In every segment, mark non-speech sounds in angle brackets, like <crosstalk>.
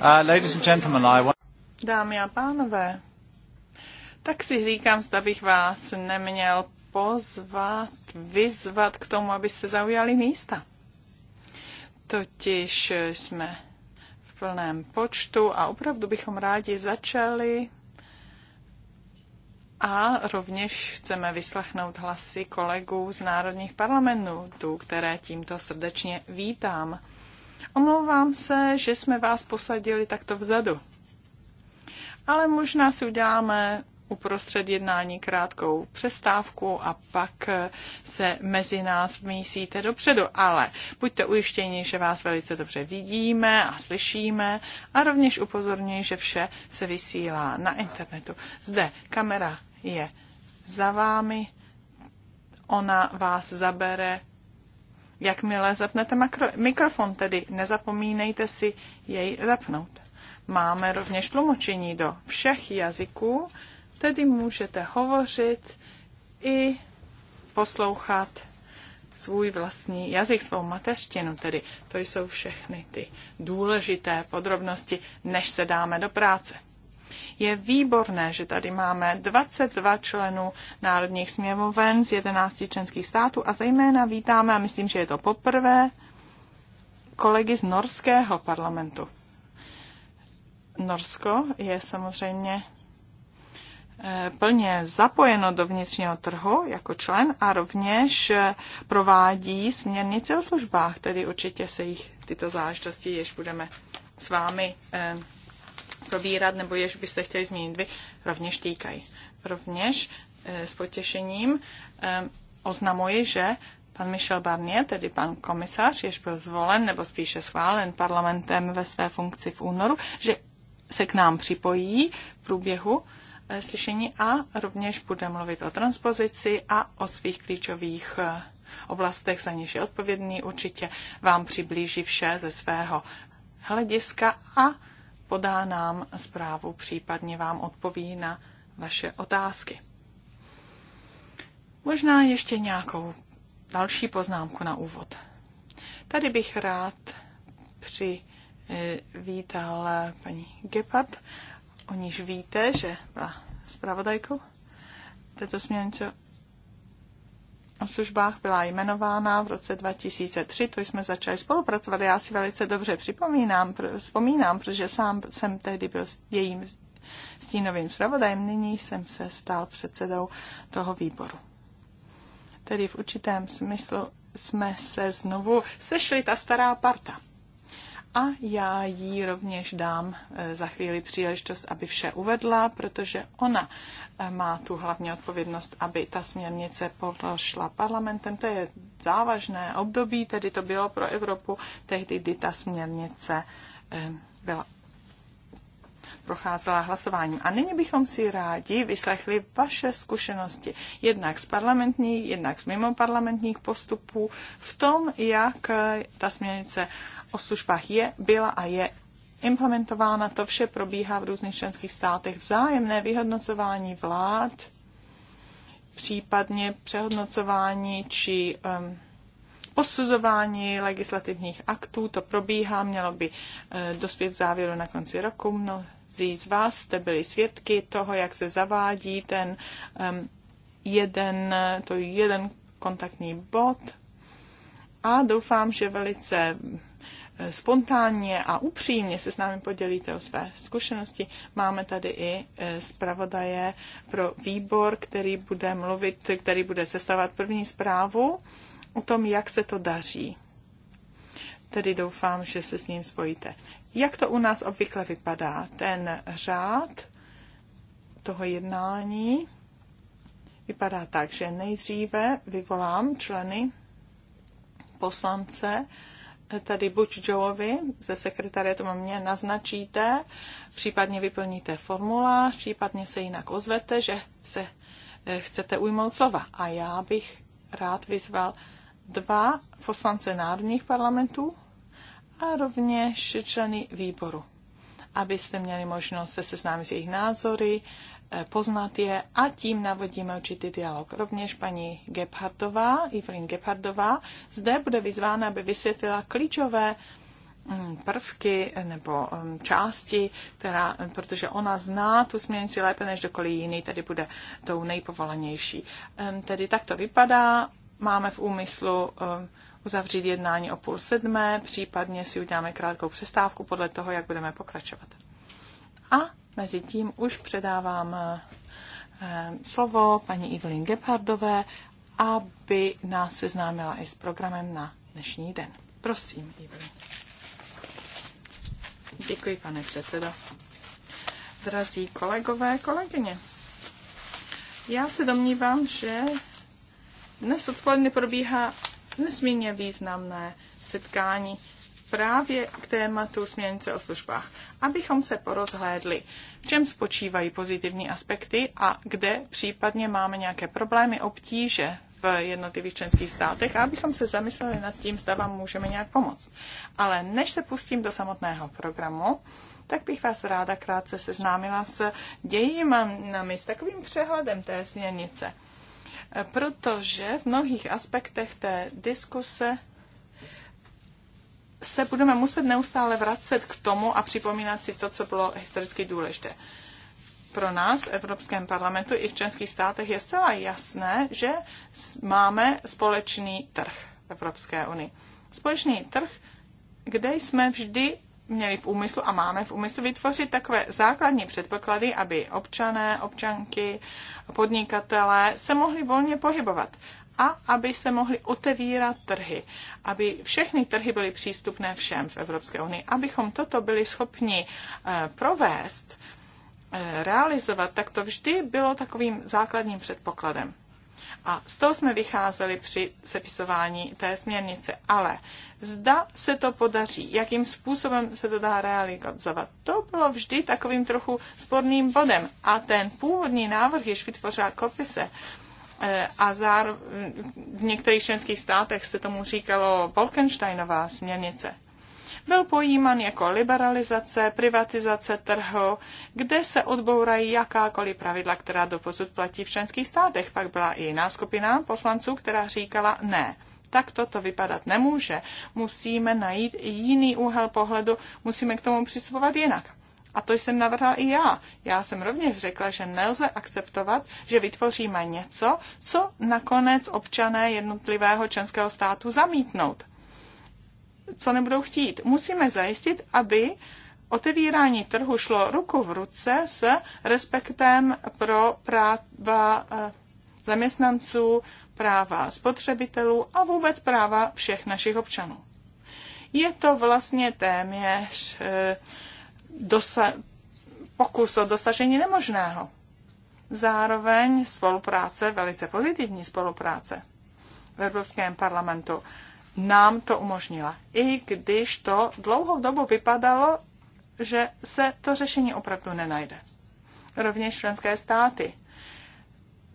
Uh, Dámy a pánové, tak si říkám, zda bych vás neměl pozvat, vyzvat k tomu, abyste zaujali místa. Totiž jsme v plném počtu a opravdu bychom rádi začali a rovněž chceme vyslechnout hlasy kolegů z národních parlamentů, které tímto srdečně vítám. Omlouvám se, že jsme vás posadili takto vzadu. Ale možná si uděláme uprostřed jednání krátkou přestávku a pak se mezi nás vmísíte dopředu. Ale buďte ujištěni, že vás velice dobře vidíme a slyšíme a rovněž upozorňuji, že vše se vysílá na internetu. Zde kamera je za vámi, ona vás zabere Jakmile zapnete makro, mikrofon, tedy nezapomínejte si jej zapnout. Máme rovněž tlumočení do všech jazyků, tedy můžete hovořit i poslouchat svůj vlastní jazyk, svou mateřštinu, tedy to jsou všechny ty důležité podrobnosti, než se dáme do práce. Je výborné, že tady máme 22 členů národních směmoven z 11 členských států a zejména vítáme, a myslím, že je to poprvé, kolegy z norského parlamentu. Norsko je samozřejmě eh, plně zapojeno do vnitřního trhu jako člen a rovněž eh, provádí směrnice o službách, tedy určitě se jich tyto záležitosti jež budeme s vámi eh, probírat nebo jež byste chtěli změnit vy, rovněž týkají. Rovněž eh, s potěšením eh, oznamuji, že pan Michel Barnier, tedy pan komisař, jež byl zvolen nebo spíše schválen parlamentem ve své funkci v únoru, že se k nám připojí v průběhu eh, slyšení a rovněž bude mluvit o transpozici a o svých klíčových oblastech, za něž je odpovědný. Určitě vám přiblíží vše ze svého hlediska a podá nám zprávu, případně vám odpoví na vaše otázky. Možná ještě nějakou další poznámku na úvod. Tady bych rád přivítal eh, paní Gepard, o níž víte, že byla zpravodajkou této směrnice službách byla jmenována v roce 2003, to jsme začali spolupracovat. Já si velice dobře připomínám, vzpomínám, protože sám jsem tehdy byl jejím stínovým zpravodajem, nyní jsem se stal předsedou toho výboru. Tedy v určitém smyslu jsme se znovu sešli ta stará parta a já jí rovněž dám eh, za chvíli příležitost, aby vše uvedla, protože ona eh, má tu hlavní odpovědnost, aby ta směrnice prošla parlamentem. To je závažné období, tedy to bylo pro Evropu tehdy, kdy ta směrnice eh, byla procházela hlasováním. A nyní bychom si rádi vyslechli vaše zkušenosti, jednak z parlamentních, jednak z mimoparlamentních postupů, v tom, jak ta směrnice o službách je, byla a je implementována. To vše probíhá v různých členských státech. Vzájemné vyhodnocování vlád, případně přehodnocování či um, posuzování legislativních aktů. To probíhá, mělo by uh, dospět závěru na konci roku. Mnozí z vás jste byli svědky toho, jak se zavádí ten um, jeden, to jeden kontaktní bod. A doufám, že velice spontánně a upřímně se s námi podělíte o své zkušenosti. Máme tady i e, zpravodaje pro výbor, který bude mluvit, který bude sestavovat první zprávu o tom, jak se to daří. Tedy doufám, že se s ním spojíte. Jak to u nás obvykle vypadá? Ten řád toho jednání vypadá tak, že nejdříve vyvolám členy poslance, tady buď Joeovi ze sekretariatu mě naznačíte, případně vyplníte formulář, případně se jinak ozvete, že se eh, chcete ujmout slova. A já bych rád vyzval dva poslance národních parlamentů a rovněž členy výboru, abyste měli možnost se seznámit s jejich názory, poznat je a tím navodíme určitý dialog. Rovněž paní Gebhardová, Evelyn Gebhardová, zde bude vyzvána, aby vysvětlila klíčové mm, prvky nebo mm, části, která, protože ona zná tu směrnici lépe než dokoliv jiný, Tady bude tou nejpovolanější. Tedy tak to vypadá. Máme v úmyslu uzavřít jednání o půl sedmé, případně si uděláme krátkou přestávku podle toho, jak budeme pokračovat. A Mezitím už předávám eh, eh, slovo paní Evelyn Gebhardové, aby nás seznámila i s programem na dnešní den. Prosím, Evelyn. Děkuji, pane předsedo. Drazí kolegové, kolegyně, já se domnívám, že dnes odpoledne probíhá nesmírně významné setkání právě k tématu směrnice o službách abychom se porozhlédli, v čem spočívají pozitivní aspekty a kde případně máme nějaké problémy, obtíže v jednotlivých členských státech a abychom se zamysleli nad tím, zda vám můžeme nějak pomoct. Ale než se pustím do samotného programu, tak bych vás ráda krátce seznámila s dějinami, s takovým přehledem té směrnice. Protože v mnohých aspektech té diskuse se budeme muset neustále vracet k tomu a připomínat si to, co bylo historicky důležité. Pro nás v Evropském parlamentu i v členských státech je zcela jasné, že máme společný trh v Evropské unii. Společný trh, kde jsme vždy měli v úmyslu a máme v úmyslu vytvořit takové základní předpoklady, aby občané, občanky, podnikatelé se mohli volně pohybovat a aby se mohly otevírat trhy, aby všechny trhy byly přístupné všem v Evropské unii. Abychom toto byli schopni eh, provést, eh, realizovat, tak to vždy bylo takovým základním předpokladem. A z toho jsme vycházeli při sepisování té směrnice. Ale zda se to podaří, jakým způsobem se to dá realizovat, to bylo vždy takovým trochu sporným bodem. A ten původní návrh, jež vytvořila kopise, Eh, a v některých členských státech se tomu říkalo Bolkensteinová směrnice. Byl pojímán jako liberalizace, privatizace trhu, kde se odbourají jakákoliv pravidla, která doposud platí v členských státech. Pak byla i jiná skupina poslanců, která říkala ne. Tak toto vypadat nemůže. Musíme najít jiný úhel pohledu, musíme k tomu přistupovat jinak. A to jsem navrhla i já. Já jsem rovněž řekla, že nelze akceptovat, že vytvoříme něco, co nakonec občané jednotlivého členského státu zamítnout. Co nebudou chtít. Musíme zajistit, aby otevírání trhu šlo ruku v ruce s respektem pro práva eh, zaměstnanců, práva spotřebitelů a vůbec práva všech našich občanů. Je to vlastně téměř eh, dosa- pokus o dosažení nemožného. Zároveň spolupráce, velice pozitivní spolupráce v Evropském parlamentu nám to umožnila. I když to dlouhou dobu vypadalo, že se to řešení opravdu nenajde. Rovněž členské státy.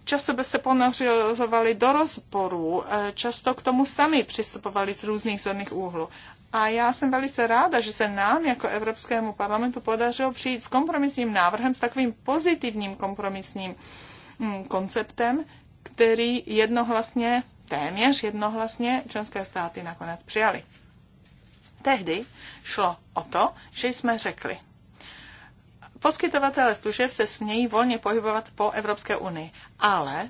Často by se ponořizovali do rozporů, eh, často k tomu sami přistupovali z různých zorných úhlů. A já jsem velice ráda, že se nám jako Evropskému parlamentu podařilo přijít s kompromisním návrhem, s takovým pozitivním kompromisním mm, konceptem, který jednohlasně, téměř jednohlasně členské státy nakonec přijali. Tehdy šlo o to, že jsme řekli, poskytovatelé služeb se smějí volně pohybovat po Evropské unii, ale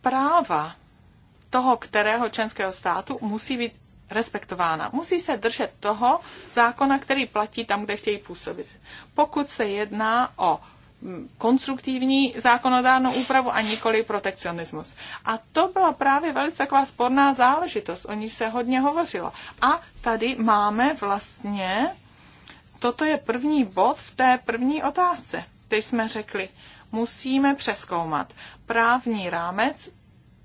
práva toho kterého členského státu musí být respektována. Musí se držet toho zákona, který platí tam, kde chtějí působit. Pokud se jedná o mm, konstruktivní zákonodárnou úpravu a nikoli protekcionismus. A to byla právě velice taková sporná záležitost, o níž se hodně hovořilo. A tady máme vlastně, toto je první bod v té první otázce, kde jsme řekli, musíme přeskoumat právní rámec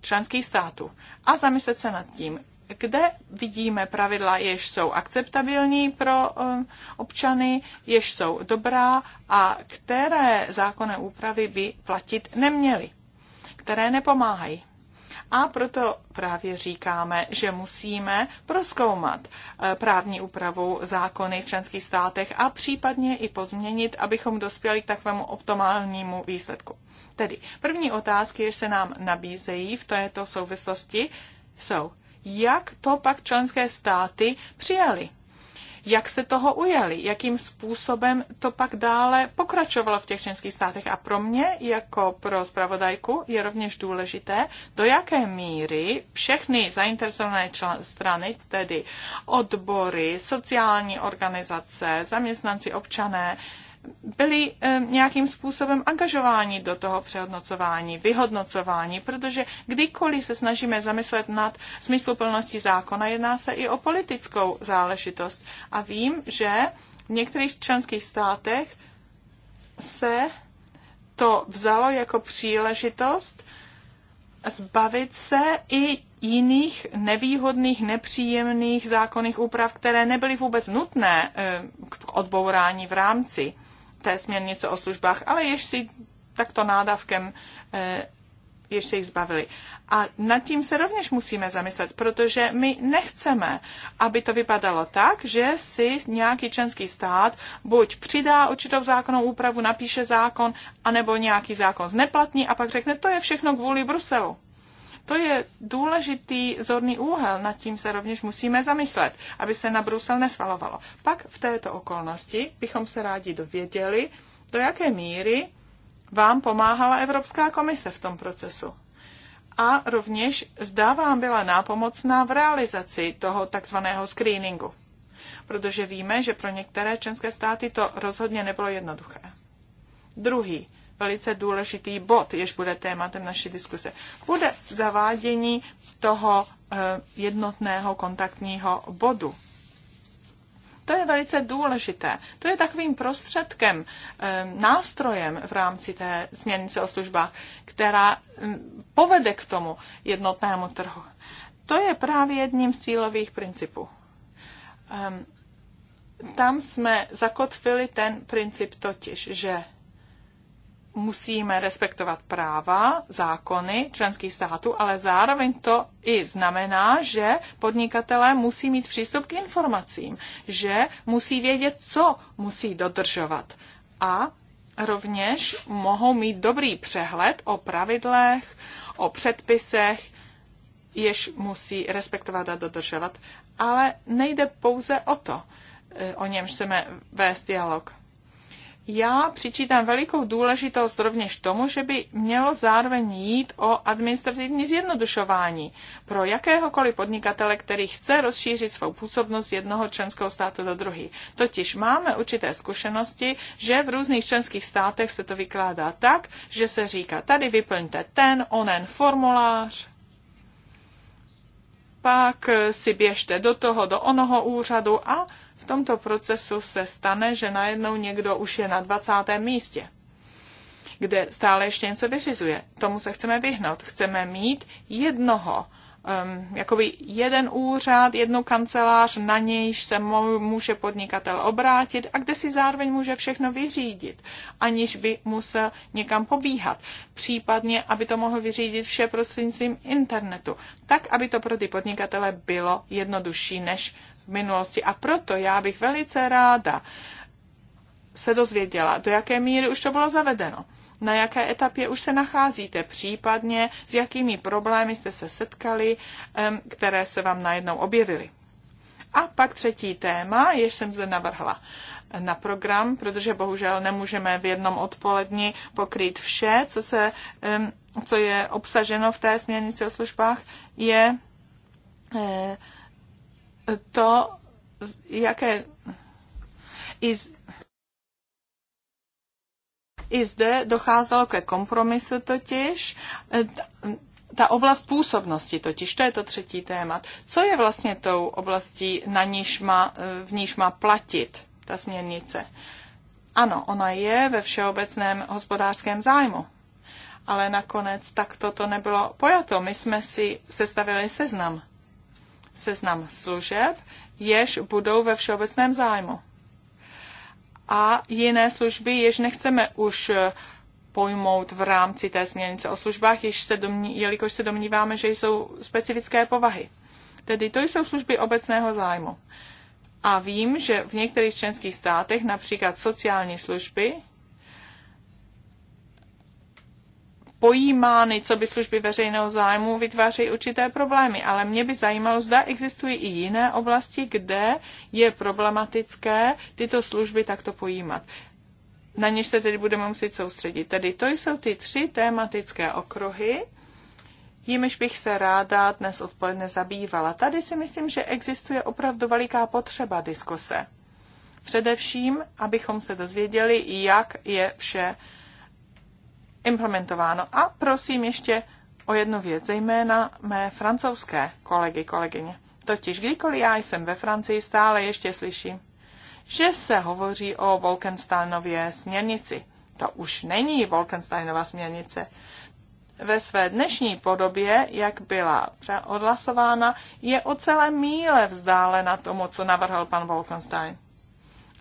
členských států a zamyslet se nad tím, kde vidíme pravidla, jež jsou akceptabilní pro um, občany, jež jsou dobrá a které zákonné úpravy by platit neměly, které nepomáhají. A proto právě říkáme, že musíme proskoumat eh, právní úpravu zákony v členských státech a případně i pozměnit, abychom dospěli k takovému optimálnímu výsledku. Tedy první otázky, jež se nám nabízejí v této souvislosti, jsou, jak to pak členské státy přijali jak se toho ujali, jakým způsobem to pak dále pokračovalo v těch členských státech. A pro mě, jako pro zpravodajku, je rovněž důležité, do jaké míry všechny zainteresované člen, strany, tedy odbory, sociální organizace, zaměstnanci, občané, byli nějakým způsobem angažováni do toho přehodnocování, vyhodnocování, protože kdykoliv se snažíme zamyslet nad smysluplností zákona, jedná se i o politickou záležitost. A vím, že v některých členských státech se to vzalo jako příležitost zbavit se i jiných nevýhodných, nepříjemných zákonných úprav, které nebyly vůbec nutné k odbourání v rámci té směrnice o službách, ale jež si takto nádavkem eh, jež se jich zbavili. A nad tím se rovněž musíme zamyslet, protože my nechceme, aby to vypadalo tak, že si nějaký členský stát buď přidá určitou zákonnou úpravu, napíše zákon, anebo nějaký zákon zneplatní a pak řekne, to je všechno kvůli Bruselu. To je důležitý zorný úhel, nad tím se rovněž musíme zamyslet, aby se na Brusel nesvalovalo. Pak v této okolnosti bychom se rádi dověděli, do jaké míry vám pomáhala Evropská komise v tom procesu. A rovněž zdá vám byla nápomocná v realizaci toho takzvaného screeningu. Protože víme, že pro některé členské státy to rozhodně nebylo jednoduché. Druhý velice důležitý bod, jež bude tématem naší diskuse. Bude zavádění toho eh, jednotného kontaktního bodu. To je velice důležité. To je takovým prostředkem, eh, nástrojem v rámci té směrnice o službách, která hm, povede k tomu jednotnému trhu. To je právě jedním z cílových principů. Ehm, tam jsme zakotvili ten princip totiž, že musíme respektovat práva, zákony členských států, ale zároveň to i znamená, že podnikatelé musí mít přístup k informacím, že musí vědět, co musí dodržovat. A rovněž mohou mít dobrý přehled o pravidlech, o předpisech, jež musí respektovat a dodržovat. Ale nejde pouze o to, e, o němž chceme vést dialog. Já přičítám velikou důležitost rovněž tomu, že by mělo zároveň jít o administrativní zjednodušování pro jakéhokoliv podnikatele, který chce rozšířit svou působnost jednoho členského státu do druhý. Totiž máme určité zkušenosti, že v různých členských státech se to vykládá tak, že se říká, tady vyplňte ten, onen formulář, pak si běžte do toho, do onoho úřadu a v tomto procesu se stane, že najednou někdo už je na 20. místě, kde stále ještě něco vyřizuje. Tomu se chceme vyhnout. Chceme mít jednoho, um, jakoby jeden úřad, jednu kancelář, na nějž se může podnikatel obrátit a kde si zároveň může všechno vyřídit, aniž by musel někam pobíhat. Případně, aby to mohl vyřídit vše prostřednictvím internetu, tak, aby to pro ty podnikatele bylo jednodušší než minulosti. A proto já bych velice ráda se dozvěděla, do jaké míry už to bylo zavedeno, na jaké etapě už se nacházíte, případně s jakými problémy jste se setkali, které se vám najednou objevily. A pak třetí téma, jež jsem zde navrhla na program, protože bohužel nemůžeme v jednom odpoledni pokrýt vše, co, se, co je obsaženo v té směrnici o službách, je eh, to, jaké i, z, i zde docházelo ke kompromisu totiž. Ta, oblast působnosti totiž, to je to třetí téma. Co je vlastně tou oblastí, na níž má, v níž má platit ta směrnice? Ano, ona je ve všeobecném hospodářském zájmu, ale nakonec tak to nebylo pojato. My jsme si sestavili seznam seznam služeb, jež budou ve všeobecném zájmu. A jiné služby, jež nechceme už pojmout v rámci té směrnice o službách, jež se domní, jelikož se domníváme, že jsou specifické povahy. Tedy to jsou služby obecného zájmu. A vím, že v některých členských státech, například sociální služby, pojímány, co by služby veřejného zájmu, vytvářejí určité problémy. Ale mě by zajímalo, zda existují i jiné oblasti, kde je problematické tyto služby takto pojímat. Na něž se tedy budeme muset soustředit. Tedy to jsou ty tři tématické okruhy, jimiž bych se ráda dnes odpoledne zabývala. Tady si myslím, že existuje opravdu veliká potřeba diskuse. Především, abychom se dozvěděli, jak je vše implementováno. A prosím ještě o jednu věc, zejména mé francouzské kolegy, kolegyně. Totiž kdykoliv já jsem ve Francii, stále ještě slyším, že se hovoří o Wolkensteinově směrnici. To už není Wolkensteinova směrnice. Ve své dnešní podobě, jak byla odhlasována, je o celé míle vzdálena tomu, co navrhl pan Wolkenstein.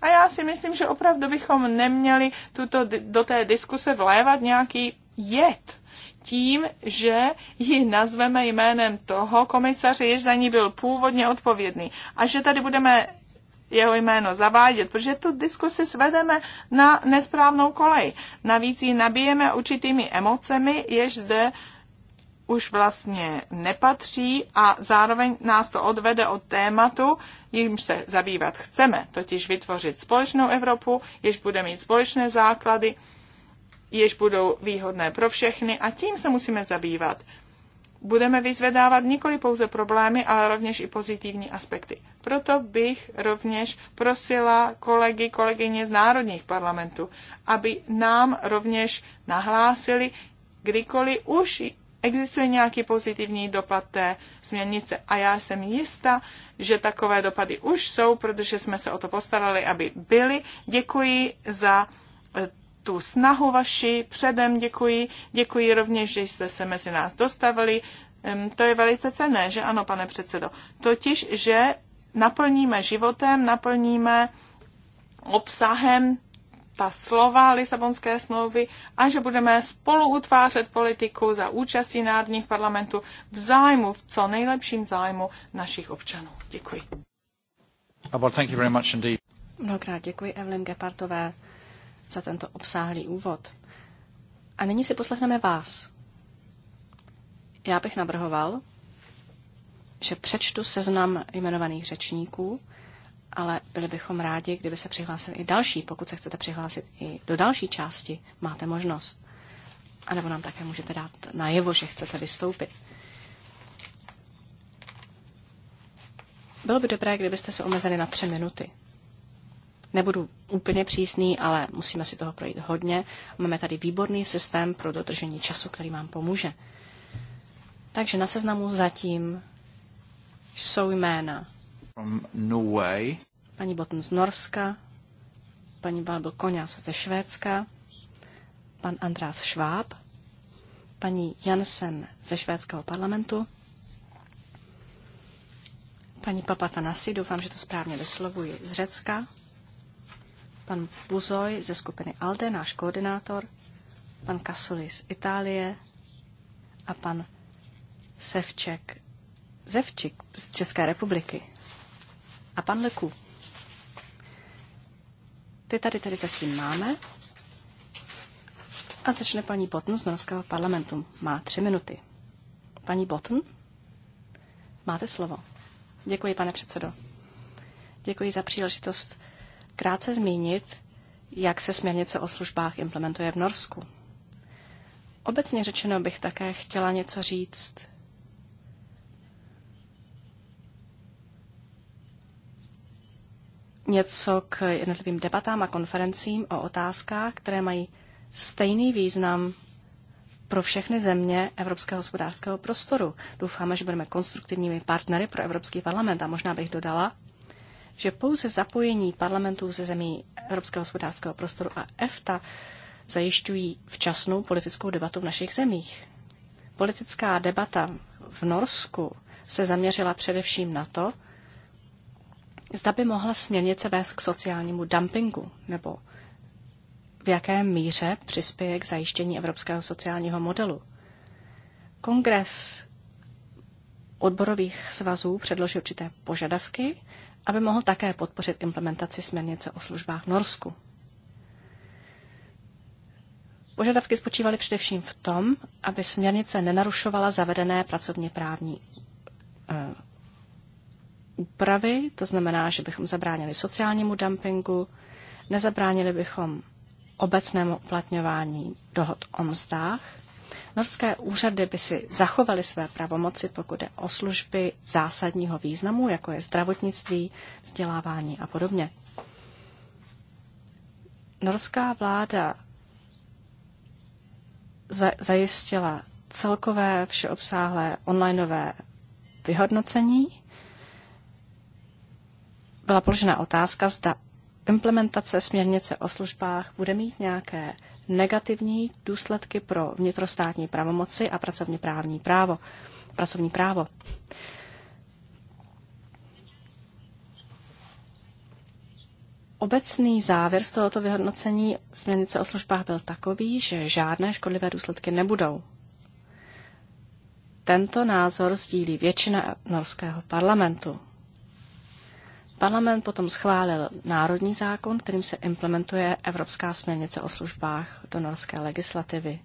A já si myslím, že opravdu bychom neměli tuto, do té diskuse vlévat nějaký jed tím, že ji nazveme jménem toho komisaře, jež za ní byl původně odpovědný. A že tady budeme jeho jméno zavádět, protože tu diskusi svedeme na nesprávnou kolej. Navíc ji nabijeme určitými emocemi, jež zde uh, už vlastně nepatří a zároveň nás to odvede od tématu, jim se zabývat chceme, totiž vytvořit společnou Evropu, jež bude mít společné základy, jež budou výhodné pro všechny a tím se musíme zabývat. Budeme vyzvedávat nikoli pouze problémy, ale rovněž i pozitivní aspekty. Proto bych rovněž prosila kolegy, kolegyně z národních parlamentů, aby nám rovněž nahlásili, kdykoliv už Existuje nějaký pozitivní dopad té směrnice a já jsem jistá, že takové dopady už jsou, protože jsme se o to postarali, aby byly. Děkuji za eh, tu snahu vaši, předem děkuji. Děkuji rovněž, že jste se mezi nás dostavili. Ehm, to je velice cené, že ano, pane předsedo. Totiž, že naplníme životem, naplníme obsahem ta slova Lisabonské smlouvy a že budeme spolu utvářet politiku za účastí národních parlamentů v zájmu, v co nejlepším zájmu našich občanů. Děkuji. Uh, thank you very much indeed. Mnohokrát děkuji Evelyn Gepartové za tento obsáhlý úvod. A nyní si poslechneme vás. Já bych nabrhoval, že přečtu seznam jmenovaných řečníků ale byli bychom rádi, kdyby se přihlásili i další. Pokud se chcete přihlásit i do další části, máte možnost. A nebo nám také můžete dát najevo, že chcete vystoupit. Bylo by dobré, kdybyste se omezili na tři minuty. Nebudu úplně přísný, ale musíme si toho projít hodně. Máme tady výborný systém pro dodržení času, který vám pomůže. Takže na seznamu zatím jsou jména from Norway. Paní Botn z Norska, paní Balbl Koňas ze Švédska, pan András Šváb, paní Jansen ze švédského parlamentu, paní Papatanasi, doufám, že to správně vyslovuji, z Řecka, pan Buzoj ze skupiny ALDE, náš koordinátor, pan Kasuli z Itálie a pan Sevček Zevčik z České republiky. A pan Leku, ty tady tady zatím máme. A začne paní Botn z Norského parlamentu. Má tři minuty. Paní Botn, máte slovo. Děkuji, pane předsedo. Děkuji za příležitost krátce zmínit, jak se směrnice o službách implementuje v Norsku. Obecně řečeno bych také chtěla něco říct něco k jednotlivým debatám a konferencím o otázkách, které mají stejný význam pro všechny země Evropského hospodářského prostoru. Doufáme, že budeme konstruktivními partnery pro Evropský parlament a možná bych dodala, že pouze zapojení parlamentů ze zemí Evropského hospodářského prostoru a EFTA zajišťují včasnou politickou debatu v našich zemích. Politická debata v Norsku se zaměřila především na to, Zda by mohla směrnice vést k sociálnímu dumpingu, nebo v jaké míře přispěje k zajištění evropského sociálního modelu. Kongres odborových svazů předložil určité požadavky, aby mohl také podpořit implementaci směrnice o službách v Norsku. Požadavky spočívaly především v tom, aby směrnice nenarušovala zavedené pracovně právní eh, úpravy, to znamená, že bychom zabránili sociálnímu dumpingu, nezabránili bychom obecnému uplatňování dohod o mzdách. Norské úřady by si zachovaly své pravomoci, pokud je o služby zásadního významu, jako je zdravotnictví, vzdělávání a podobně. Norská vláda zajistila celkové všeobsáhlé onlineové vyhodnocení byla položena otázka, zda implementace směrnice o službách bude mít nějaké negativní důsledky pro vnitrostátní pravomoci a pracovně právní právo. Pracovní právo. Obecný závěr z tohoto vyhodnocení směrnice o službách byl takový, že žádné škodlivé důsledky nebudou. Tento názor sdílí většina norského parlamentu. Parlament potom schválil národní zákon, kterým se implementuje Evropská směrnice o službách do norské legislativy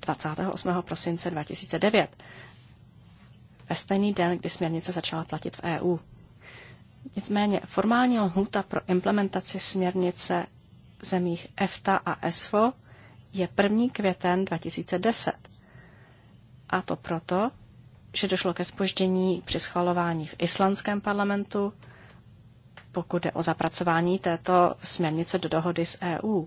28. prosince 2009, ve stejný den, kdy směrnice začala platit v EU. Nicméně formální lhůta pro implementaci směrnice v zemích EFTA a ESFO je 1. květen 2010. A to proto, že došlo ke spoždění při schvalování v islandském parlamentu, pokud jde o zapracování této směrnice do dohody s EU.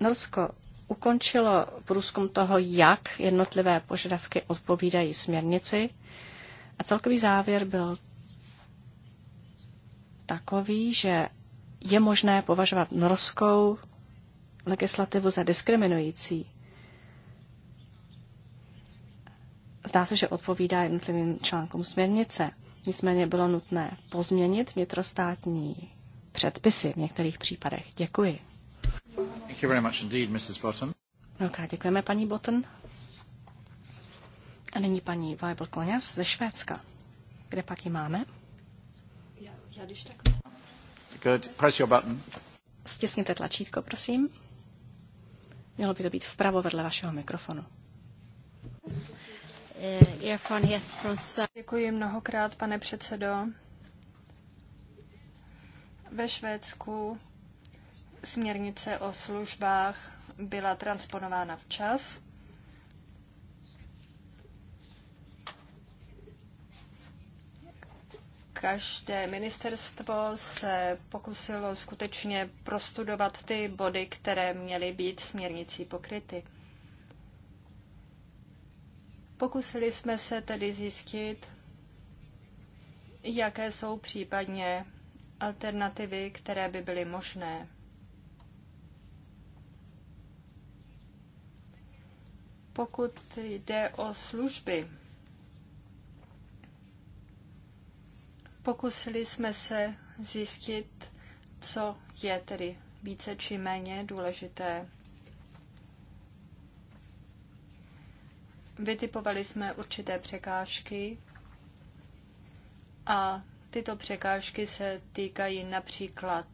Norsko ukončilo průzkum toho, jak jednotlivé požadavky odpovídají směrnici a celkový závěr byl takový, že je možné považovat norskou legislativu za diskriminující Zdá se, že odpovídá jednotlivým článkům směrnice. Nicméně bylo nutné pozměnit vnitrostátní předpisy v některých případech. Děkuji. Thank you very much indeed, Mrs. Bottom. Mnohokrát děkujeme, paní Botton. A nyní paní Weibel Koněz ze Švédska. Kde pak ji máme? Já, když tak... Good. Press your button. Stisněte tlačítko, prosím. Mělo by to být vpravo vedle vašeho mikrofonu. Eh, Děkuji mnohokrát, pane předsedo. Ve Švédsku směrnice o službách byla transponována včas. Každé ministerstvo se pokusilo skutečně prostudovat ty body, které měly být směrnicí pokryty. Pokusili jsme se tedy zjistit, jaké jsou případně alternativy, které by byly možné. Pokud jde o služby, pokusili jsme se zjistit, co je tedy více či méně důležité Vytipovali jsme určité překážky a tyto překážky se týkají například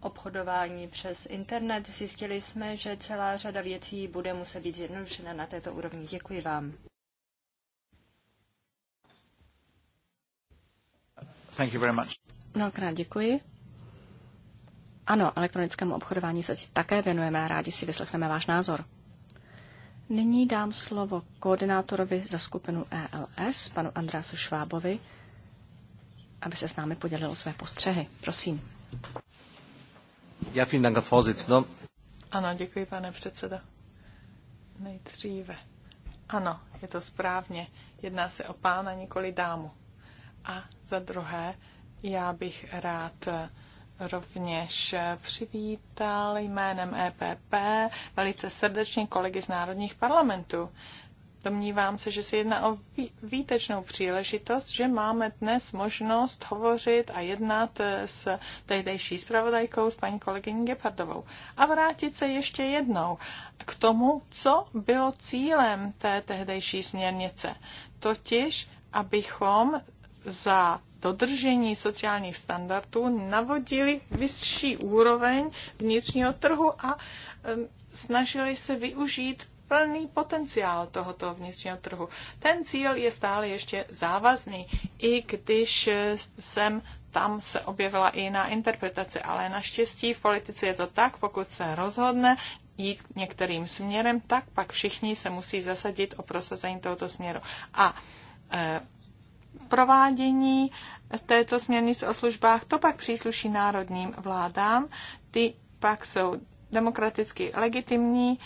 obchodování přes internet. Zjistili jsme, že celá řada věcí bude muset být zjednodušena na této úrovni. Děkuji vám. Thank you very much. Mnohokrát děkuji. Ano, elektronickému obchodování se také věnujeme a rádi si vyslechneme váš názor. Nyní dám slovo koordinátorovi za skupinu ELS, panu Andrásu Švábovi, aby se s námi podělil o své postřehy. Prosím. Já vielen Dank, no. Ano, děkuji, pane předseda. Nejdříve. Ano, je to správně. Jedná se o pána, nikoli dámu. A za druhé, já bych rád rovněž přivítal jménem EPP velice srdečně kolegy z národních parlamentů. Domnívám se, že se jedná o výtečnou příležitost, že máme dnes možnost hovořit a jednat s tehdejší zpravodajkou, s paní kolegyní Gepardovou. A vrátit se ještě jednou k tomu, co bylo cílem té tehdejší směrnice. Totiž, abychom za dodržení sociálních standardů navodili vyšší úroveň vnitřního trhu a snažili se využít plný potenciál tohoto vnitřního trhu. Ten cíl je stále ještě závazný, i když e, jsem tam se objevila i jiná interpretace, ale naštěstí v politice je to tak, pokud se rozhodne jít některým směrem, tak pak všichni se musí zasadit o prosazení tohoto směru. A e, provádění této směrnice o službách, to pak přísluší národním vládám, ty pak jsou demokraticky legitimní,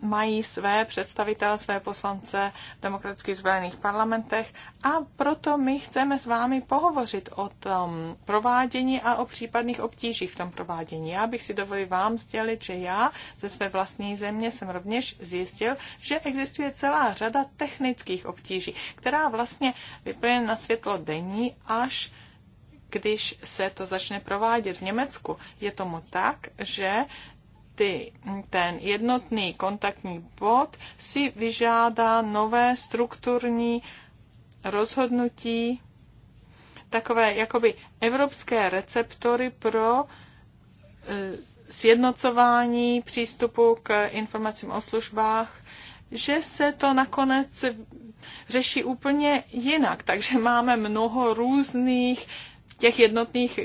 mají své představitele, své poslance v demokraticky zvolených parlamentech a proto my chceme s vámi pohovořit o tom provádění a o případných obtížích v tom provádění. Já bych si dovolil vám sdělit, že já ze své vlastní země jsem rovněž zjistil, že existuje celá řada technických obtíží, která vlastně vyplyne na světlo denní až když se to začne provádět v Německu. Je tomu tak, že ty, ten jednotný kontaktní bod si vyžádá nové strukturní rozhodnutí, takové jakoby evropské receptory pro e, sjednocování přístupu k informacím o službách, že se to nakonec řeší úplně jinak. Takže máme mnoho různých těch jednotných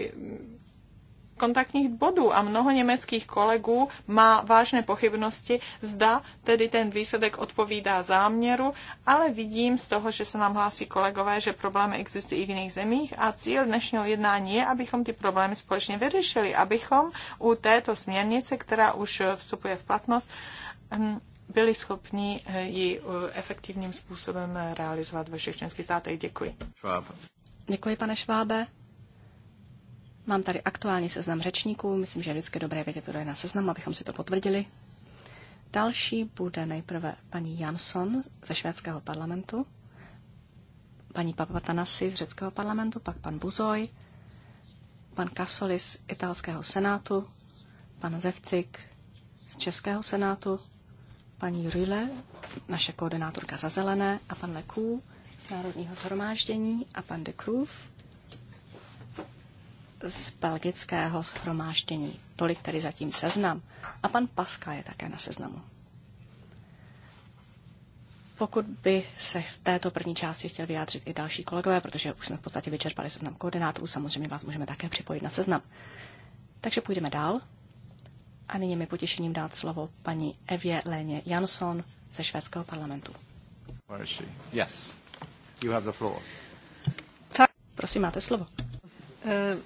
kontaktních bodů a mnoho německých kolegů má vážné pochybnosti, zda tedy ten výsledek odpovídá záměru, ale vidím z toho, že se nám hlásí kolegové, že problémy existují i v jiných zemích a cíl dnešního jednání je, abychom ty problémy společně vyřešili, abychom u této směrnice, která už vstupuje v platnost, hm, byli schopni eh, ji eh, efektivním způsobem realizovat ve všech členských státech. Děkuji. Děkuji, pane Švábe. Mám tady aktuální seznam řečníků, myslím, že je vždycky dobré vědět, kdo je na seznamu, abychom si to potvrdili. Další bude nejprve paní Jansson ze švédského parlamentu, paní Papatanasi z řeckého parlamentu, pak pan Buzoj, pan Kasolis z italského senátu, pan Zevcik z českého senátu, paní Rüle, naše koordinátorka za zelené, a pan Leků z Národního zhromáždění a pan de Kruf z belgického shromáždění. Tolik tedy zatím seznam. A pan Paska je také na seznamu. Pokud by se v této první části chtěl vyjádřit i další kolegové, protože už jsme v podstatě vyčerpali seznam koordinátů, samozřejmě vás můžeme také připojit na seznam. Takže půjdeme dál. A nyní mi potěšením dát slovo paní Evě Léně Jansson ze švédského parlamentu. Yes. You have the floor. Tak, prosím, máte slovo. Uh...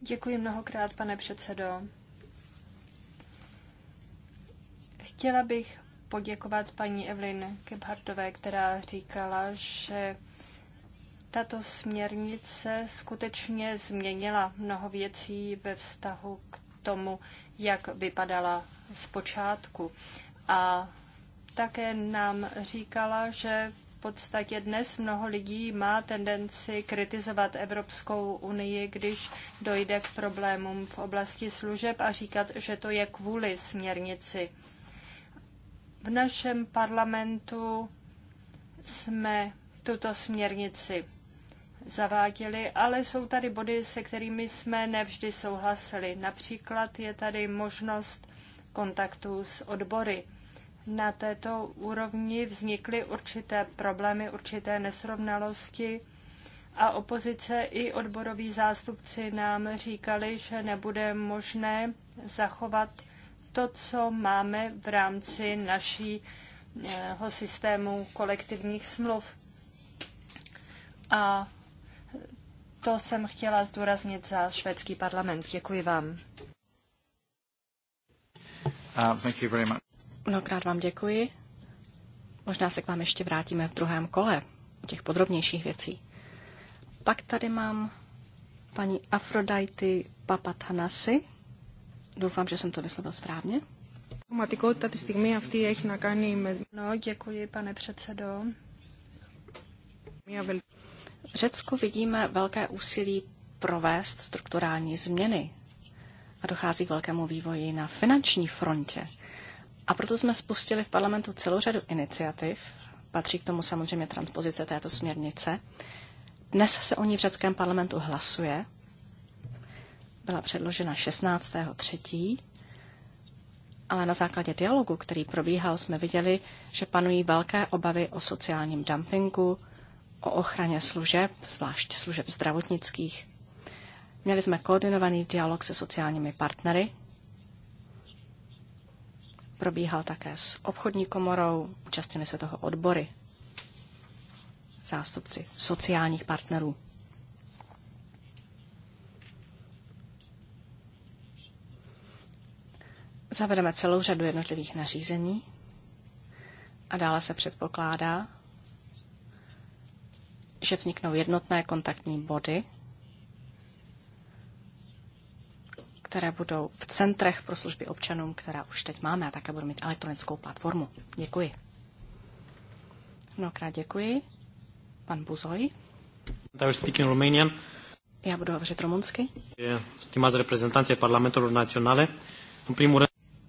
Děkuji mnohokrát, pane předsedo. Chtěla bych poděkovat paní Evelyn Gebhardové, která říkala, že tato směrnice skutečně změnila mnoho věcí ve vztahu k tomu, jak vypadala zpočátku. A také nám říkala, že podstatě dnes mnoho lidí má tendenci kritizovat Evropskou unii, když dojde k problémům v oblasti služeb a říkat, že to je kvůli směrnici. V našem parlamentu jsme tuto směrnici zaváděli, ale jsou tady body, se kterými jsme nevždy souhlasili. Například je tady možnost kontaktu s odbory na této úrovni vznikly určité problémy, určité nesrovnalosti a opozice i odboroví zástupci nám říkali, že nebude možné zachovat to, co máme v rámci našího systému kolektivních smluv. A to jsem chtěla zdůraznit za švédský parlament. Děkuji vám. Uh, thank you very much. Mnohokrát vám děkuji. Možná se k vám ještě vrátíme v druhém kole u těch podrobnějších věcí. Pak tady mám paní Afrodajty Papathanasi. Doufám, že jsem to vyslovil správně. No, děkuji, pane předsedo. V Řecku vidíme velké úsilí provést strukturální změny a dochází k velkému vývoji na finanční frontě. A proto jsme spustili v parlamentu celou řadu iniciativ, patří k tomu samozřejmě transpozice této směrnice. Dnes se o ní v řeckém parlamentu hlasuje. Byla předložena 16.3. Ale na základě dialogu, který probíhal, jsme viděli, že panují velké obavy o sociálním dumpingu, o ochraně služeb, zvlášť služeb zdravotnických. Měli jsme koordinovaný dialog se sociálními partnery, probíhal také s obchodní komorou, účastnili se toho odbory, zástupci sociálních partnerů. Zavedeme celou řadu jednotlivých nařízení a dále se předpokládá, že vzniknou jednotné kontaktní body které budou v centrech pro služby občanům, která už teď máme a také budou mít elektronickou platformu. Děkuji. Mnohokrát děkuji. Pan Buzoj. Já budu hovořit rumunsky. Eh,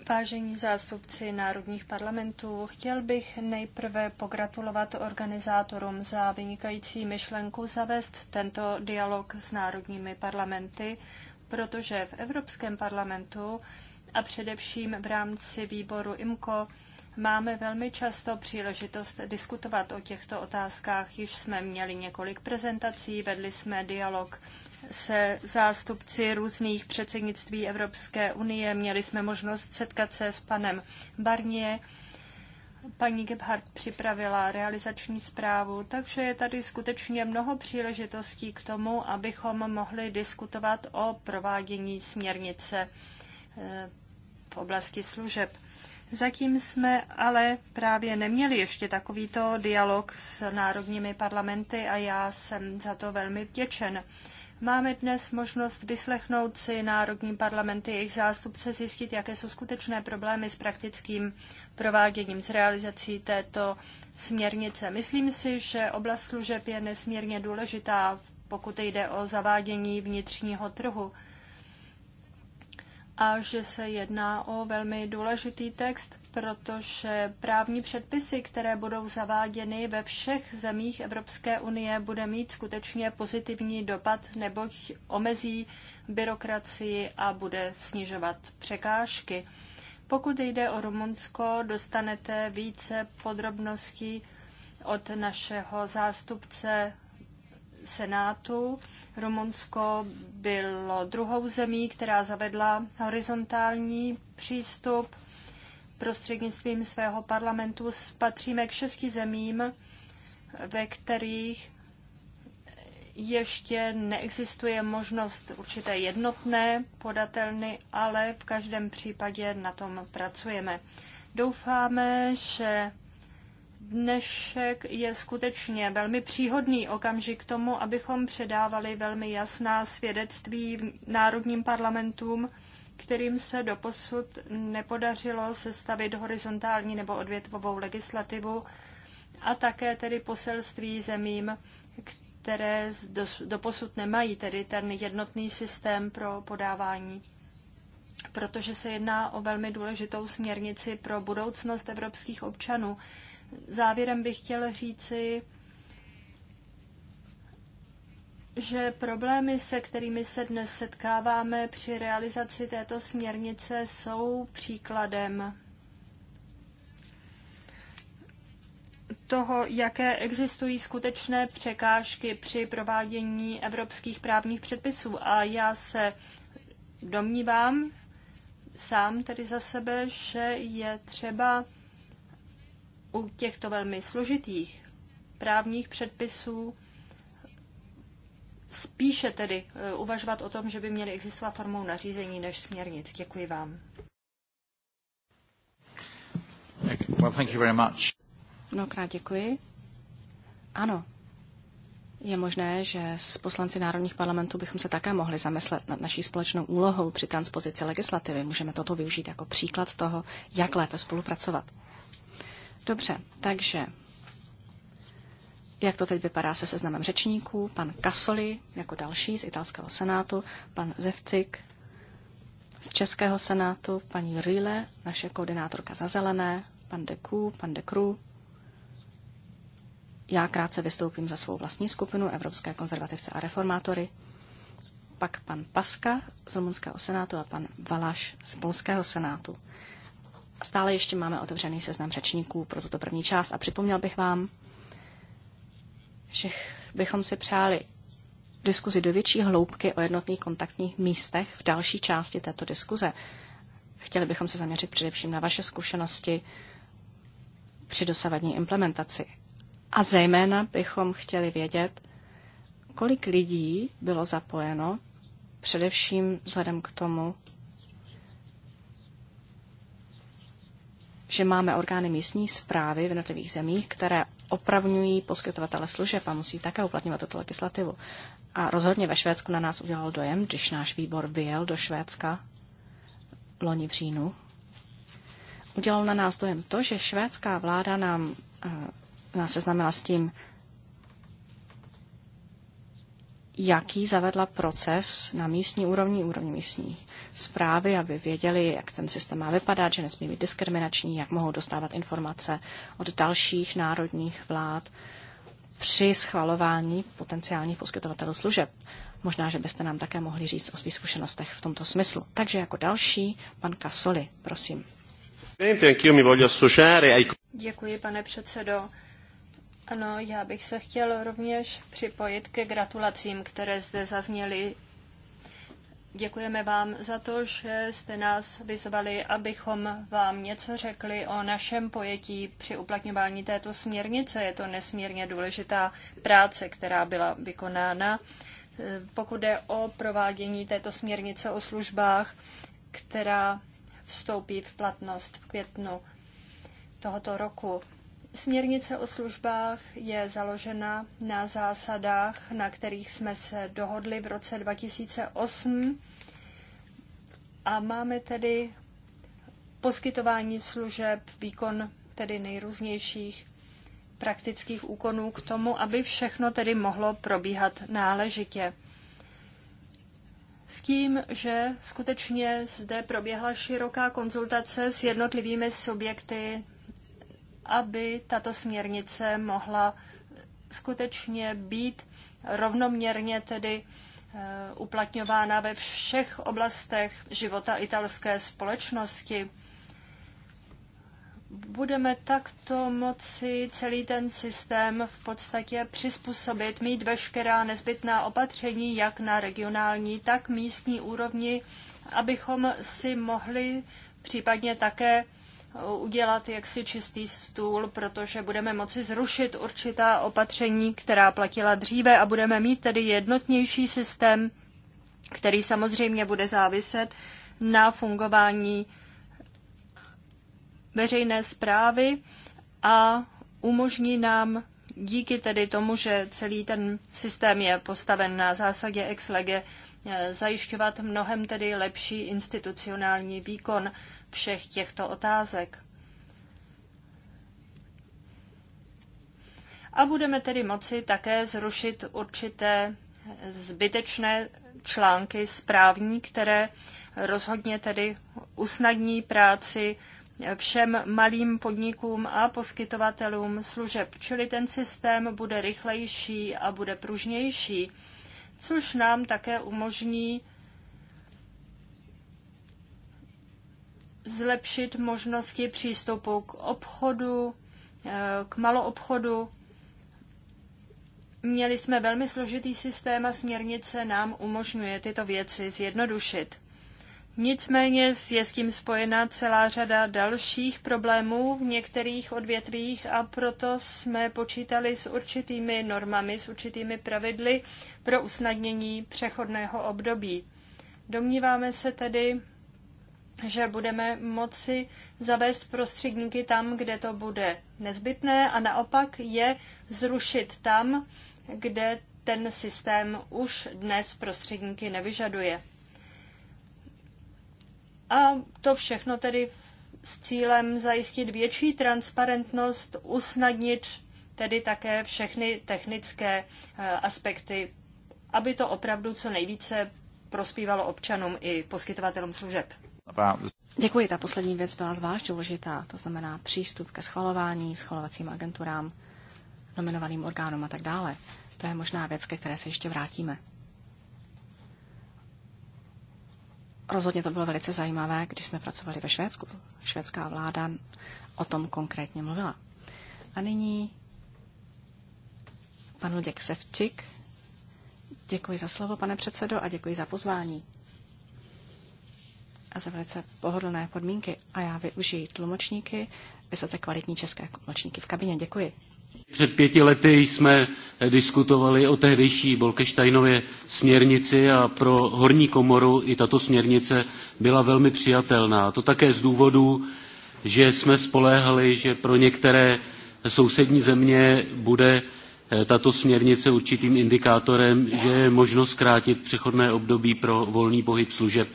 Vážení zástupci národních parlamentů, chtěl bych nejprve pogratulovat organizátorům za vynikající myšlenku zavést tento dialog s národními parlamenty protože v Evropském parlamentu a především v rámci výboru IMCO máme velmi často příležitost diskutovat o těchto otázkách. Již jsme měli několik prezentací, vedli jsme dialog se zástupci různých předsednictví Evropské unie, měli jsme možnost setkat se s panem Barnier paní Gebhardt připravila realizační zprávu, takže je tady skutečně mnoho příležitostí k tomu, abychom mohli diskutovat o provádění směrnice eh, v oblasti služeb. Zatím jsme ale právě neměli ještě takovýto dialog s národními parlamenty a já jsem za to velmi vděčen. Máme dnes možnost vyslechnout si národní parlamenty, jejich zástupce, zjistit, jaké jsou skutečné problémy s praktickým prováděním, s realizací této směrnice. Myslím si, že oblast služeb je nesmírně důležitá, pokud jde o zavádění vnitřního trhu a že se jedná o velmi důležitý text, protože právní předpisy, které budou zaváděny ve všech zemích Evropské unie, bude mít skutečně pozitivní dopad, neboť omezí byrokracii a bude snižovat překážky. Pokud jde o Rumunsko, dostanete více podrobností od našeho zástupce Senátu. Rumunsko bylo druhou zemí, která zavedla horizontální přístup prostřednictvím svého parlamentu patříme k šesti zemím, ve kterých ještě neexistuje možnost určité jednotné podatelny, ale v každém případě na tom pracujeme. Doufáme, že dnešek je skutečně velmi příhodný okamžik k tomu, abychom předávali velmi jasná svědectví národním parlamentům kterým se doposud nepodařilo sestavit horizontální nebo odvětvovou legislativu a také tedy poselství zemím, které doposud nemají tedy ten jednotný systém pro podávání protože se jedná o velmi důležitou směrnici pro budoucnost evropských občanů. Závěrem bych chtěl říci, že problémy, se kterými se dnes setkáváme při realizaci této směrnice, jsou příkladem toho, jaké existují skutečné překážky při provádění evropských právních předpisů. A já se domnívám sám tedy za sebe, že je třeba u těchto velmi složitých právních předpisů spíše tedy eh, uvažovat o tom, že by měly existovat formou nařízení než směrnic. Děkuji vám. Well, thank you very much. Mnohokrát děkuji. Ano, je možné, že s poslanci národních parlamentů bychom se také mohli zamyslet nad naší společnou úlohou při transpozici legislativy. Můžeme toto využít jako příklad toho, jak lépe spolupracovat. Dobře, takže jak to teď vypadá se seznamem řečníků? Pan Kasoli jako další z italského senátu, pan Zevcik z českého senátu, paní Rile, naše koordinátorka za zelené, pan Deku, pan Dekru. Já krátce vystoupím za svou vlastní skupinu Evropské konzervativce a reformátory, pak pan Paska z rumunského senátu a pan Valaš z polského senátu. Stále ještě máme otevřený seznam řečníků pro tuto první část a připomněl bych vám, všech bychom si přáli diskuzi do větší hloubky o jednotných kontaktních místech v další části této diskuze. Chtěli bychom se zaměřit především na vaše zkušenosti při dosavadní implementaci. A zejména bychom chtěli vědět, kolik lidí bylo zapojeno, především vzhledem k tomu, že máme orgány místní zprávy v jednotlivých zemích, které opravňují poskytovatele služeb a musí také uplatňovat tuto legislativu. A rozhodně ve Švédsku na nás udělal dojem, když náš výbor vyjel do Švédska loni v říjnu. Udělal na nás dojem to, že švédská vláda nám eh, nás seznámila s tím, jaký zavedla proces na místní úrovni, úrovni místní zprávy, aby věděli, jak ten systém má vypadat, že nesmí být diskriminační, jak mohou dostávat informace od dalších národních vlád při schvalování potenciálních poskytovatelů služeb. Možná, že byste nám také mohli říct o svých zkušenostech v tomto smyslu. Takže jako další, pan Kasoli, prosím. Děkuji, pane předsedo. Ano, já bych se chtěl rovněž připojit ke gratulacím, které zde zazněly. Děkujeme vám za to, že jste nás vyzvali, abychom vám něco řekli o našem pojetí při uplatňování této směrnice. Je to nesmírně důležitá práce, která byla vykonána. Pokud je o provádění této směrnice o službách, která vstoupí v platnost v květnu tohoto roku. Směrnice o službách je založena na zásadách, na kterých jsme se dohodli v roce 2008 a máme tedy poskytování služeb, výkon tedy nejrůznějších praktických úkonů k tomu, aby všechno tedy mohlo probíhat náležitě. S tím, že skutečně zde proběhla široká konzultace s jednotlivými subjekty aby tato směrnice mohla skutečně být rovnoměrně tedy eh, uplatňována ve všech oblastech života italské společnosti. Budeme takto moci celý ten systém v podstatě přizpůsobit, mít veškerá nezbytná opatření jak na regionální, tak místní úrovni, abychom si mohli případně také udělat jaksi čistý stůl, protože budeme moci zrušit určitá opatření, která platila dříve a budeme mít tedy jednotnější systém, který samozřejmě bude záviset na fungování veřejné zprávy a umožní nám díky tedy tomu, že celý ten systém je postaven na zásadě ex lege, eh, zajišťovat mnohem tedy lepší institucionální výkon všech těchto otázek. A budeme tedy moci také zrušit určité zbytečné články správní, které rozhodně tedy usnadní práci všem malým podnikům a poskytovatelům služeb. Čili ten systém bude rychlejší a bude pružnější, což nám také umožní zlepšit možnosti přístupu k obchodu, eh, k maloobchodu. Měli jsme velmi složitý systém a směrnice nám umožňuje tyto věci zjednodušit. Nicméně je s tím spojena celá řada dalších problémů v některých odvětvích a proto jsme počítali s určitými normami, s určitými pravidly pro usnadnění přechodného období. Domníváme se tedy, že budeme moci zavést prostředníky tam, kde to bude nezbytné a naopak je zrušit tam, kde ten systém už dnes prostředníky nevyžaduje. A to všechno tedy s cílem zajistit větší transparentnost, usnadnit tedy také všechny technické eh, aspekty, aby to opravdu co nejvíce prospívalo občanům i poskytovatelům služeb. Děkuji, ta poslední věc byla zvlášť důležitá, to znamená přístup ke schvalování, schvalovacím agenturám, nominovaným orgánům a tak dále. To je možná věc, ke které se ještě vrátíme. Rozhodně to bylo velice zajímavé, když jsme pracovali ve Švédsku. Švédská vláda o tom konkrétně mluvila. A nyní pan Luděk Sevčik. Děkuji za slovo, pane předsedo, a děkuji za pozvání a za velice pohodlné podmínky a já využiji tlumočníky, vysoce kvalitní české tlumočníky v kabině. Děkuji. Před pěti lety jsme diskutovali o tehdejší Bolkeštajnově směrnici a pro horní komoru i tato směrnice byla velmi přijatelná. To také z důvodu, že jsme spoléhali, že pro některé sousední země bude eh, tato směrnice určitým indikátorem, že je možno zkrátit přechodné období pro volný pohyb služeb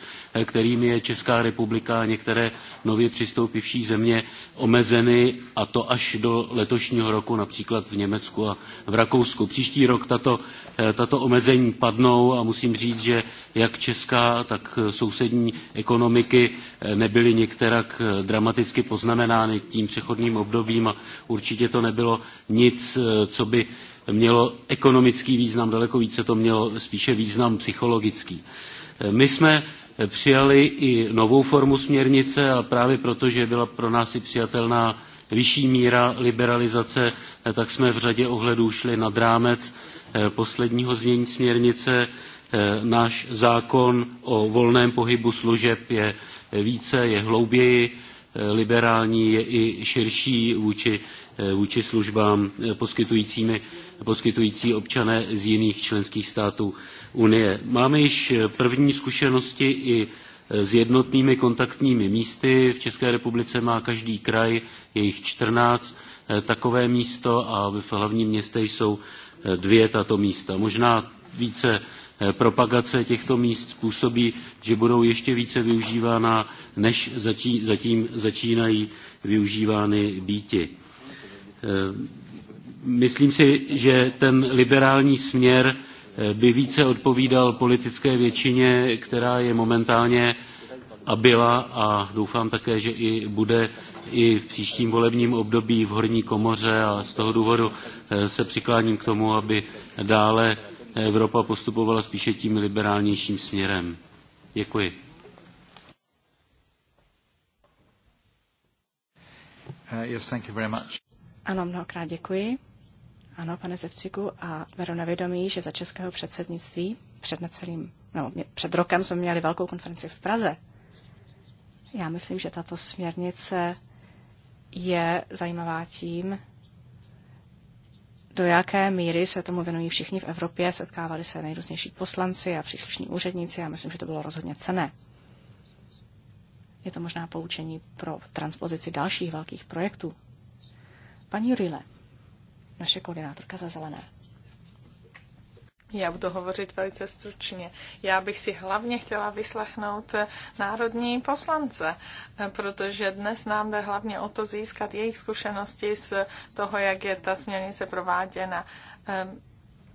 kterými je Česká republika a některé nově přistoupivší země omezeny a to až do letošního roku, například v Německu a v Rakousku. Příští rok tato, eh, tato omezení padnou a musím říct, že jak česká, tak sousední ekonomiky eh, nebyly některak eh, dramaticky poznamenány tím přechodným obdobím a určitě to nebylo nic, co by mělo ekonomický význam, daleko více to mělo spíše význam psychologický. My jsme přijali i novou formu směrnice a právě proto, že byla pro nás i přijatelná vyšší míra liberalizace, eh, tak jsme v řadě ohledů šli nad rámec eh, posledního znění směrnice. Eh, náš zákon o volném pohybu služeb je více, je hlouběji liberální, je i širší vůči, vůči službám poskytujícími, poskytující občané z jiných členských států unie. Máme již eh, první zkušenosti i eh, s jednotnými kontaktními místy. V České republice má každý kraj, jejich 14, eh, takové místo a v hlavním městě jsou dvě tato místa. Možná více propagace těchto míst způsobí, že budou ještě více využívána, než zatím začínají využívány býti. Myslím si, že ten liberální směr by více odpovídal politické většině, která je momentálně a byla a doufám také, že i bude i v příštím volebním období v horní komoře a z toho důvodu eh, se přikláním k tomu, aby dále Evropa postupovala spíše tím liberálnějším směrem. Děkuji. Uh, yes, thank you very much. Ano, mnohokrát děkuji. Ano, pane Zevciku, a beru na vědomí, že za českého předsednictví před necelým, no, před rokem jsme měli velkou konferenci v Praze. Já myslím, že tato směrnice je zajímavá tím, do jaké míry se tomu věnují všichni v Evropě. Setkávali se nejrůznější poslanci a příslušní úředníci. Já myslím, že to bylo rozhodně cené. Je to možná poučení pro transpozici dalších velkých projektů. Paní Rile, naše koordinátorka za zelené. Já budu hovořit velice stručně. Já bych si hlavně chtěla vyslechnout národní poslance, protože dnes nám jde hlavně o to získat jejich zkušenosti z toho, jak je ta směrnice prováděna. Ehm,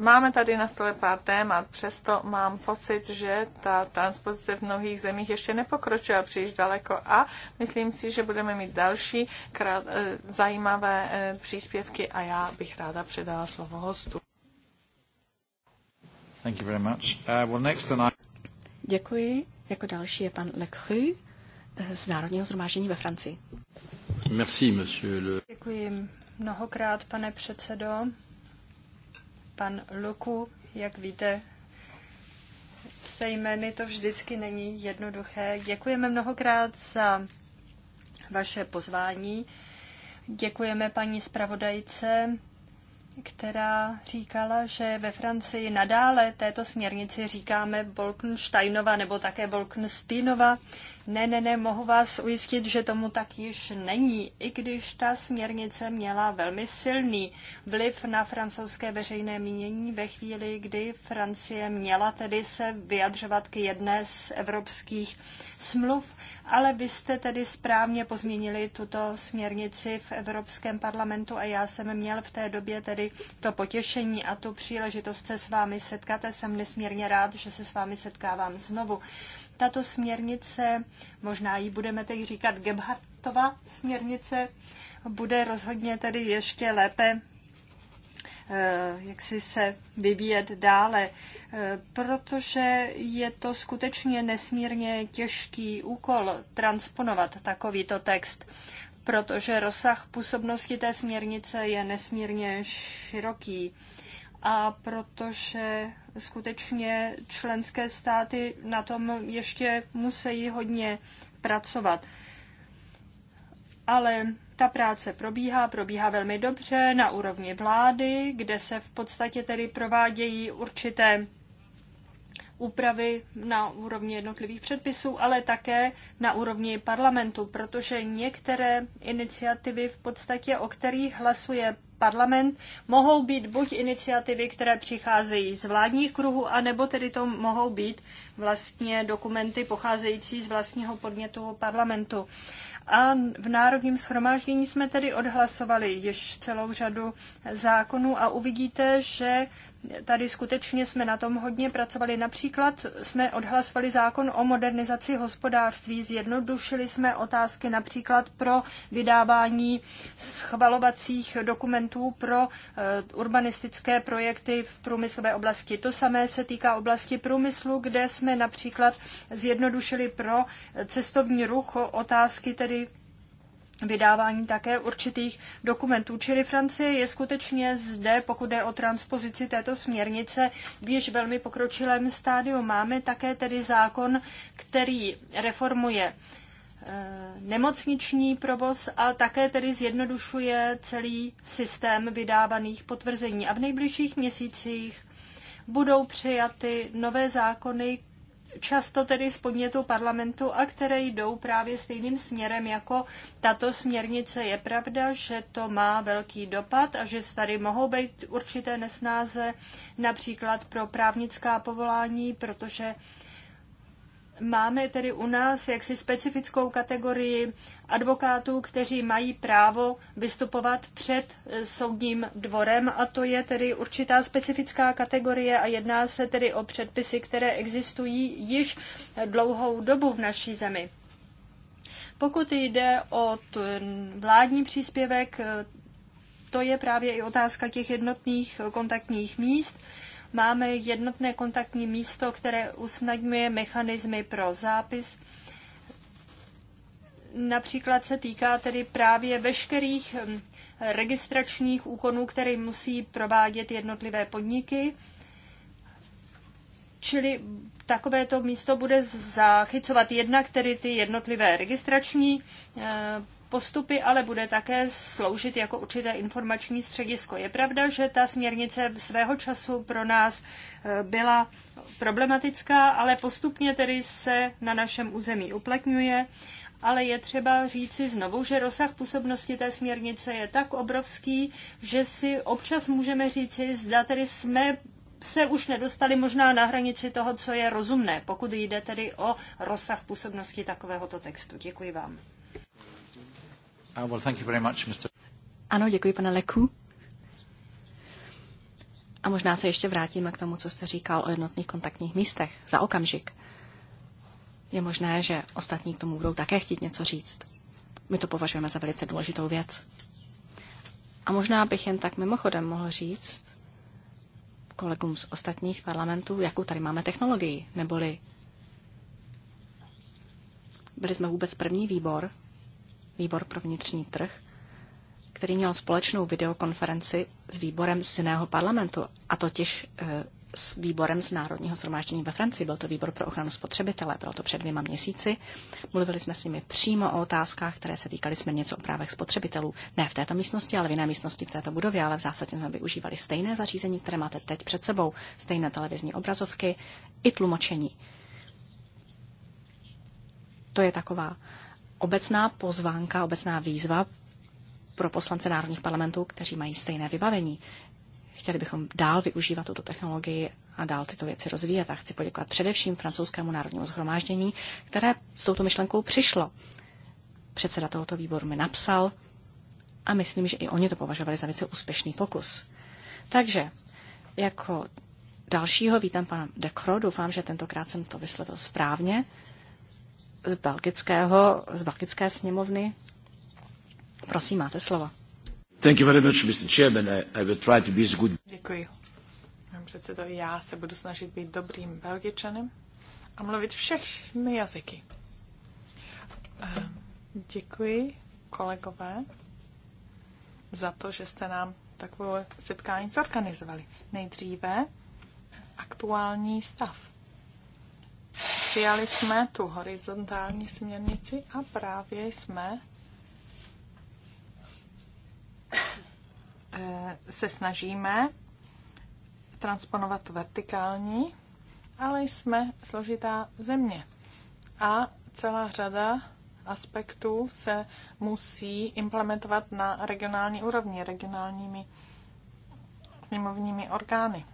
Máme tady na stole pár témat, přesto mám pocit, že ta transpozice v mnohých zemích ještě nepokročila příliš daleko a myslím si, že budeme mít další krát, eh, zajímavé eh, příspěvky a já bych ráda předala slovo hostu. Thank you very much. Uh, well, next I... Děkuji. Jako další je pan Lecru eh, z Národního zhromáždění ve Francii. Merci, monsieur le... Děkuji mnohokrát, pane předsedo. Pan Luku, jak víte, se jmény to vždycky není jednoduché. Děkujeme mnohokrát za vaše pozvání. Děkujeme paní zpravodajce, která říkala, že ve Francii nadále této směrnici říkáme Bolkensteinova nebo také Bolkensteinova. Ne, ne, ne, mohu vás ujistit, že tomu tak již není, i když ta směrnice měla velmi silný vliv na francouzské veřejné mínění ve chvíli, kdy Francie měla tedy se vyjadřovat k jedné z evropských smluv, ale vy jste tedy správně pozměnili tuto směrnici v Evropském parlamentu a já jsem měl v té době tedy to potěšení a tu příležitost se s vámi setkat a jsem nesmírně rád, že se s vámi setkávám znovu tato směrnice, možná ji budeme teď říkat Gebhardtova směrnice, bude rozhodně tedy ještě lépe eh, jak si se vyvíjet dále, eh, protože je to skutečně nesmírně těžký úkol transponovat takovýto text, protože rozsah působnosti té směrnice je nesmírně široký a protože skutečně členské státy na tom ještě musí hodně pracovat. Ale ta práce probíhá, probíhá velmi dobře na úrovni vlády, kde se v podstatě tedy provádějí určité úpravy na úrovni jednotlivých předpisů, ale také na úrovni parlamentu, protože některé iniciativy v podstatě, o kterých hlasuje parlament, mohou být buď iniciativy, které přicházejí z vládních kruhů, anebo tedy to mohou být vlastně dokumenty pocházející z vlastního podnětu parlamentu. A v Národním schromáždění jsme tedy odhlasovali již celou řadu zákonů a uvidíte, že tady skutečně jsme na tom hodně pracovali. Například jsme odhlasovali zákon o modernizaci hospodářství, zjednodušili jsme otázky například pro vydávání schvalovacích dokumentů pro eh, urbanistické projekty v průmyslové oblasti. To samé se týká oblasti průmyslu, kde jsme například zjednodušili pro cestovní ruch otázky tedy vydávání také určitých dokumentů. Čili Francie je skutečně zde, pokud je o transpozici této směrnice, v již velmi pokročilém stádiu. Máme také tedy zákon, který reformuje eh, nemocniční provoz a také tedy zjednodušuje celý systém vydávaných potvrzení. A v nejbližších měsících budou přijaty nové zákony, často tedy z podnětu parlamentu a které jdou právě stejným směrem jako tato směrnice. Je pravda, že to má velký dopad a že tady mohou být určité nesnáze například pro právnická povolání, protože Máme tedy u nás jaksi specifickou kategorii advokátů, kteří mají právo vystupovat před eh, soudním dvorem a to je tedy určitá specifická kategorie a jedná se tedy o předpisy, které existují již dlouhou dobu v naší zemi. Pokud jde o vládní příspěvek, eh, to je právě i otázka těch jednotných eh, kontaktních míst. Máme jednotné kontaktní místo, které usnadňuje mechanismy pro zápis. Například se týká tedy právě veškerých hm, registračních úkonů, které musí provádět jednotlivé podniky. Čili takovéto místo bude zachycovat jednak tedy ty jednotlivé registrační eh, postupy, ale bude také sloužit jako určité informační středisko. Je pravda, že ta směrnice svého času pro nás e, byla problematická, ale postupně tedy se na našem území uplatňuje. Ale je třeba říci znovu, že rozsah působnosti té směrnice je tak obrovský, že si občas můžeme říci, zda tedy jsme se už nedostali možná na hranici toho, co je rozumné, pokud jde tedy o rozsah působnosti takovéhoto textu. Děkuji vám. Uh, ano, děkuji, pane Leku. A možná se ještě vrátíme k tomu, co jste říkal o jednotných kontaktních místech za okamžik. Je možné, že ostatní k tomu budou také chtít něco říct. My to považujeme za velice důležitou věc. A možná bych jen tak mimochodem mohl říct kolegům z ostatních parlamentů, jakou tady máme technologii, neboli byli jsme vůbec první výbor, výbor pro vnitřní trh, který měl společnou videokonferenci s výborem z jiného parlamentu, a totiž eh, s výborem z Národního shromáždění ve Francii. Byl to výbor pro ochranu spotřebitele, bylo to před dvěma měsíci. Mluvili jsme s nimi přímo o otázkách, které se týkaly směrnice o právech spotřebitelů. Ne v této místnosti, ale v jiné místnosti v této budově, ale v zásadě jsme využívali stejné zařízení, které máte teď před sebou, stejné televizní obrazovky i tlumočení. To je taková obecná pozvánka, obecná výzva pro poslance národních parlamentů, kteří mají stejné vybavení. Chtěli bychom dál využívat tuto technologii a dál tyto věci rozvíjet. A chci poděkovat především francouzskému národnímu zhromáždění, které s touto myšlenkou přišlo. Předseda tohoto výboru mi napsal a myslím, že i oni to považovali za velice úspěšný pokus. Takže jako dalšího vítám pana Dekro. Doufám, že tentokrát jsem to vyslovil správně z, belgického, z belgické sněmovny. Prosím, máte slovo. Thank you very much, Mr. Chairman. I, I will try to be as good. Děkuji. Pane předsedo, já se budu snažit být dobrým belgičanem a mluvit všechny jazyky. Eh, děkuji, kolegové, za to, že jste nám takové setkání zorganizovali. Nejdříve aktuální stav Přijali jsme tu horizontální směrnici a právě jsme eh, se snažíme transponovat vertikální, ale jsme složitá země. A celá řada aspektů se musí implementovat na regionální úrovni, regionálními sněmovními orgány.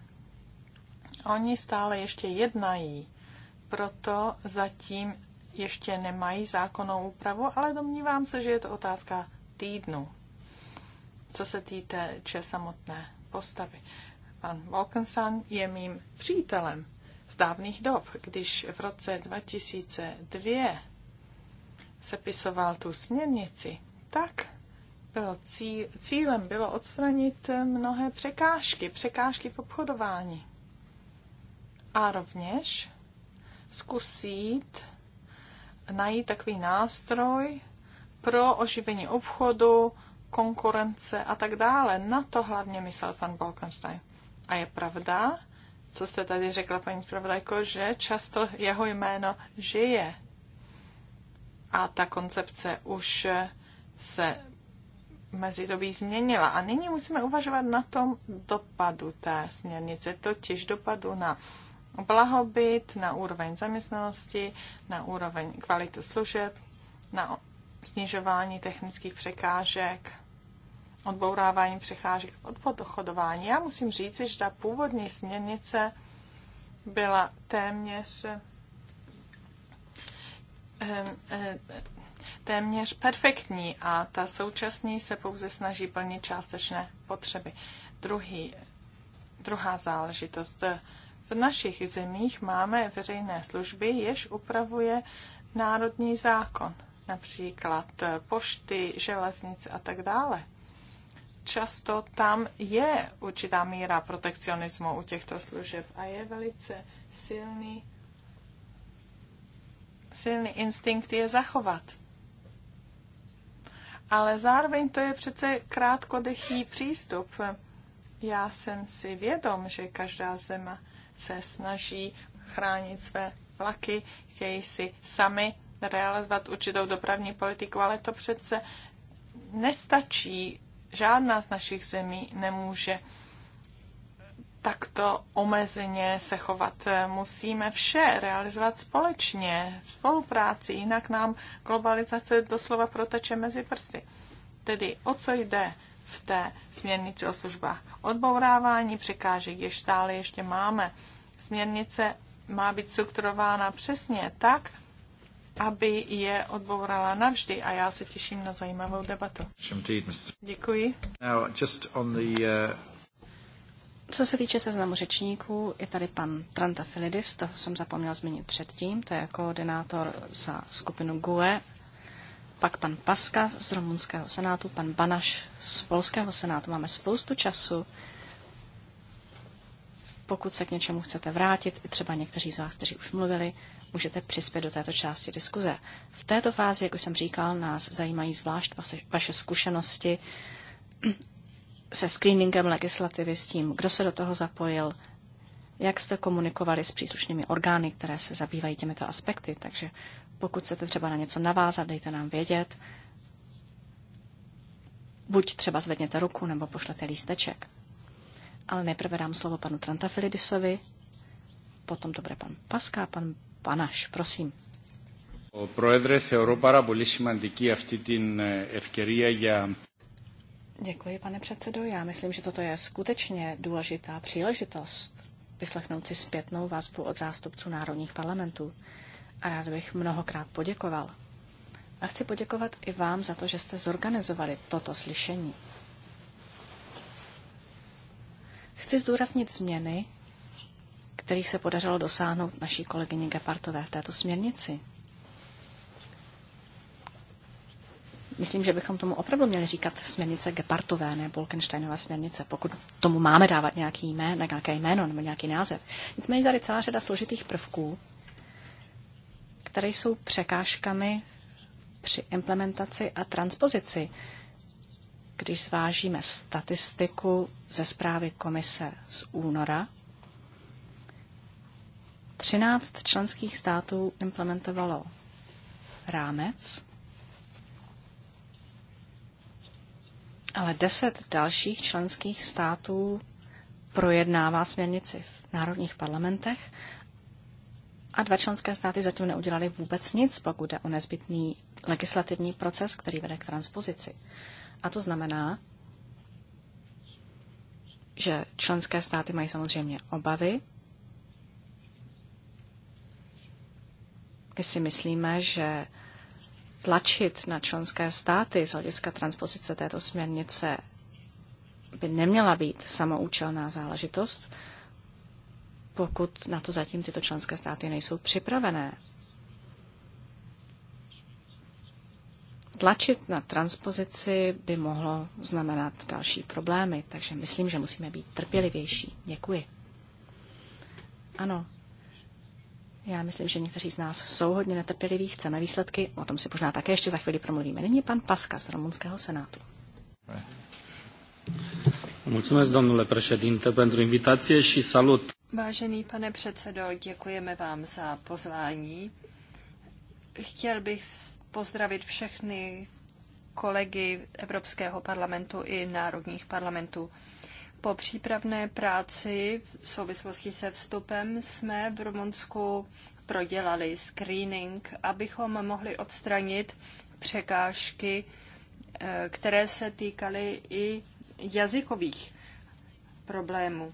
Oni stále ještě jednají proto zatím ještě nemají zákonnou úpravu, ale domnívám se, že je to otázka týdnu, co se týče samotné postavy. Pan Volkensan je mým přítelem z dávných dob, když v roce 2002 sepisoval tu směrnici, tak bylo cíl, cílem bylo odstranit mnohé překážky, překážky v obchodování. A rovněž zkusit najít takový nástroj pro oživení obchodu, konkurence a tak dále. Na to hlavně myslel pan Bolkenstein. A je pravda, co jste tady řekla, paní zpravodajko, že často jeho jméno žije. A ta koncepce už se mezi dobí změnila. A nyní musíme uvažovat na tom dopadu té směrnice, totiž dopadu na blahobyt, na úroveň zaměstnanosti, na úroveň kvalitu služeb, na snižování technických překážek, odbourávání překážek od Já musím říct, že ta původní směrnice byla téměř ehm, ehm, téměř perfektní a ta současní se pouze snaží plnit částečné potřeby. Druhý, druhá záležitost, v našich zemích máme veřejné služby, jež upravuje národní zákon, například eh, pošty, železnice a tak dále. Často tam je určitá míra protekcionismu u těchto služeb a je velice silný, silný instinkt je zachovat. Ale zároveň to je přece krátkodechý přístup. Já jsem si vědom, že každá zema, se snaží chránit své vlaky, chtějí si sami realizovat určitou dopravní politiku, ale to přece nestačí. Žádná z našich zemí nemůže takto omezeně se chovat. Musíme vše realizovat společně, v spolupráci, jinak nám globalizace doslova proteče mezi prsty. Tedy o co jde? v té směrnici o službách. Odbourávání překážek, jež stále ještě máme. Směrnice má být strukturována přesně tak, aby je odbourala navždy a já se těším na zajímavou debatu. Děkuji. Uh, Co se týče seznamu řečníků, je tady pan Tranta Filidis, to jsem zapomněl zmínit předtím, to je koordinátor za skupinu GUE pak pan Paska z rumunského senátu, pan Banaš z polského senátu. Máme spoustu času, pokud se k něčemu chcete vrátit, i třeba někteří z vás, kteří už mluvili, můžete přispět do této části diskuze. V této fázi, jak už jsem říkal, nás zajímají zvlášť vaše zkušenosti se screeningem legislativy, s tím, kdo se do toho zapojil, jak jste komunikovali s příslušnými orgány, které se zabývají těmito aspekty. Takže pokud chcete třeba na něco navázat, dejte nám vědět. Buď třeba zvedněte ruku, nebo pošlete lísteček. Ale nejprve dám slovo panu Trantafilidisovi, potom to bude pan Paska pan Panaš. Prosím. Ο Πρόεδρε, θεωρώ πάρα πολύ σημαντική αυτή την Děkuji, pane předsedo. Já myslím, že toto je skutečně důležitá příležitost vyslechnout si zpětnou vazbu od zástupců národních parlamentů a rád bych mnohokrát poděkoval. A chci poděkovat i vám za to, že jste zorganizovali toto slyšení. Chci zdůraznit změny, kterých se podařilo dosáhnout naší kolegyni Gepartové v této směrnici. Myslím, že bychom tomu opravdu měli říkat směrnice Gepartové, ne Bolkensteinova směrnice, pokud tomu máme dávat nějaký jméno, nějaké jméno nebo nějaký název. Nicméně tady celá řada složitých prvků, které jsou překážkami při implementaci a transpozici, když zvážíme statistiku ze zprávy komise z února 13 členských států implementovalo rámec, ale 10 dalších členských států projednává směrnici v národních parlamentech a dva členské státy zatím neudělali vůbec nic, pokud jde o nezbytný legislativní proces, který vede k transpozici. A to znamená, že členské státy mají samozřejmě obavy, My si myslíme, že tlačit na členské státy z hlediska transpozice této směrnice by neměla být samoučelná záležitost, pokud na to zatím tyto členské státy nejsou připravené. Tlačit na transpozici by mohlo znamenat další problémy, takže myslím, že musíme být trpělivější. Děkuji. Ano, já myslím, že někteří z nás jsou hodně netrpěliví, chceme výsledky, o tom si možná také ještě za chvíli promluvíme. Není pan Paska z Rumunského senátu. Mulțumesc, domnule președinte, pentru invitație și salut Vážený pane předsedo, děkujeme vám za pozvání. Chtěl bych pozdravit všechny kolegy Evropského parlamentu i národních parlamentů. Po přípravné práci v souvislosti se vstupem jsme v Rumunsku prodělali screening, abychom mohli odstranit překážky, eh, které se týkaly i jazykových problémů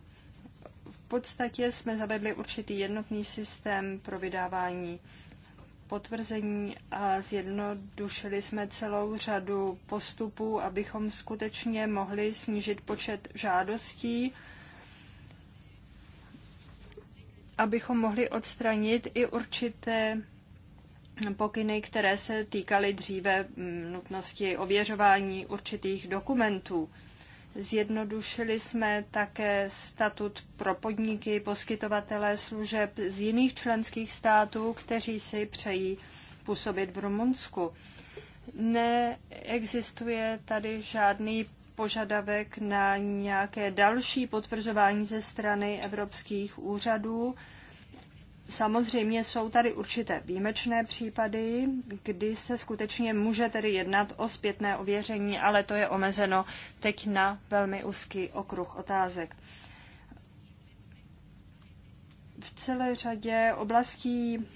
podstatě jsme zavedli určitý jednotný systém pro vydávání potvrzení a zjednodušili jsme celou řadu postupů, abychom skutečně mohli snížit počet žádostí, abychom mohli odstranit i určité pokyny, které se týkaly dříve mm, nutnosti ověřování určitých dokumentů. Zjednodušili jsme také statut pro podniky, poskytovatele služeb z jiných členských států, kteří si přejí působit v Rumunsku. Neexistuje tady žádný požadavek na nějaké další potvrzování ze strany evropských úřadů Samozřejmě jsou tady určité výjimečné případy, kdy se skutečně může tedy jednat o zpětné ověření, ale to je omezeno teď na velmi úzký okruh otázek. V celé řadě oblastí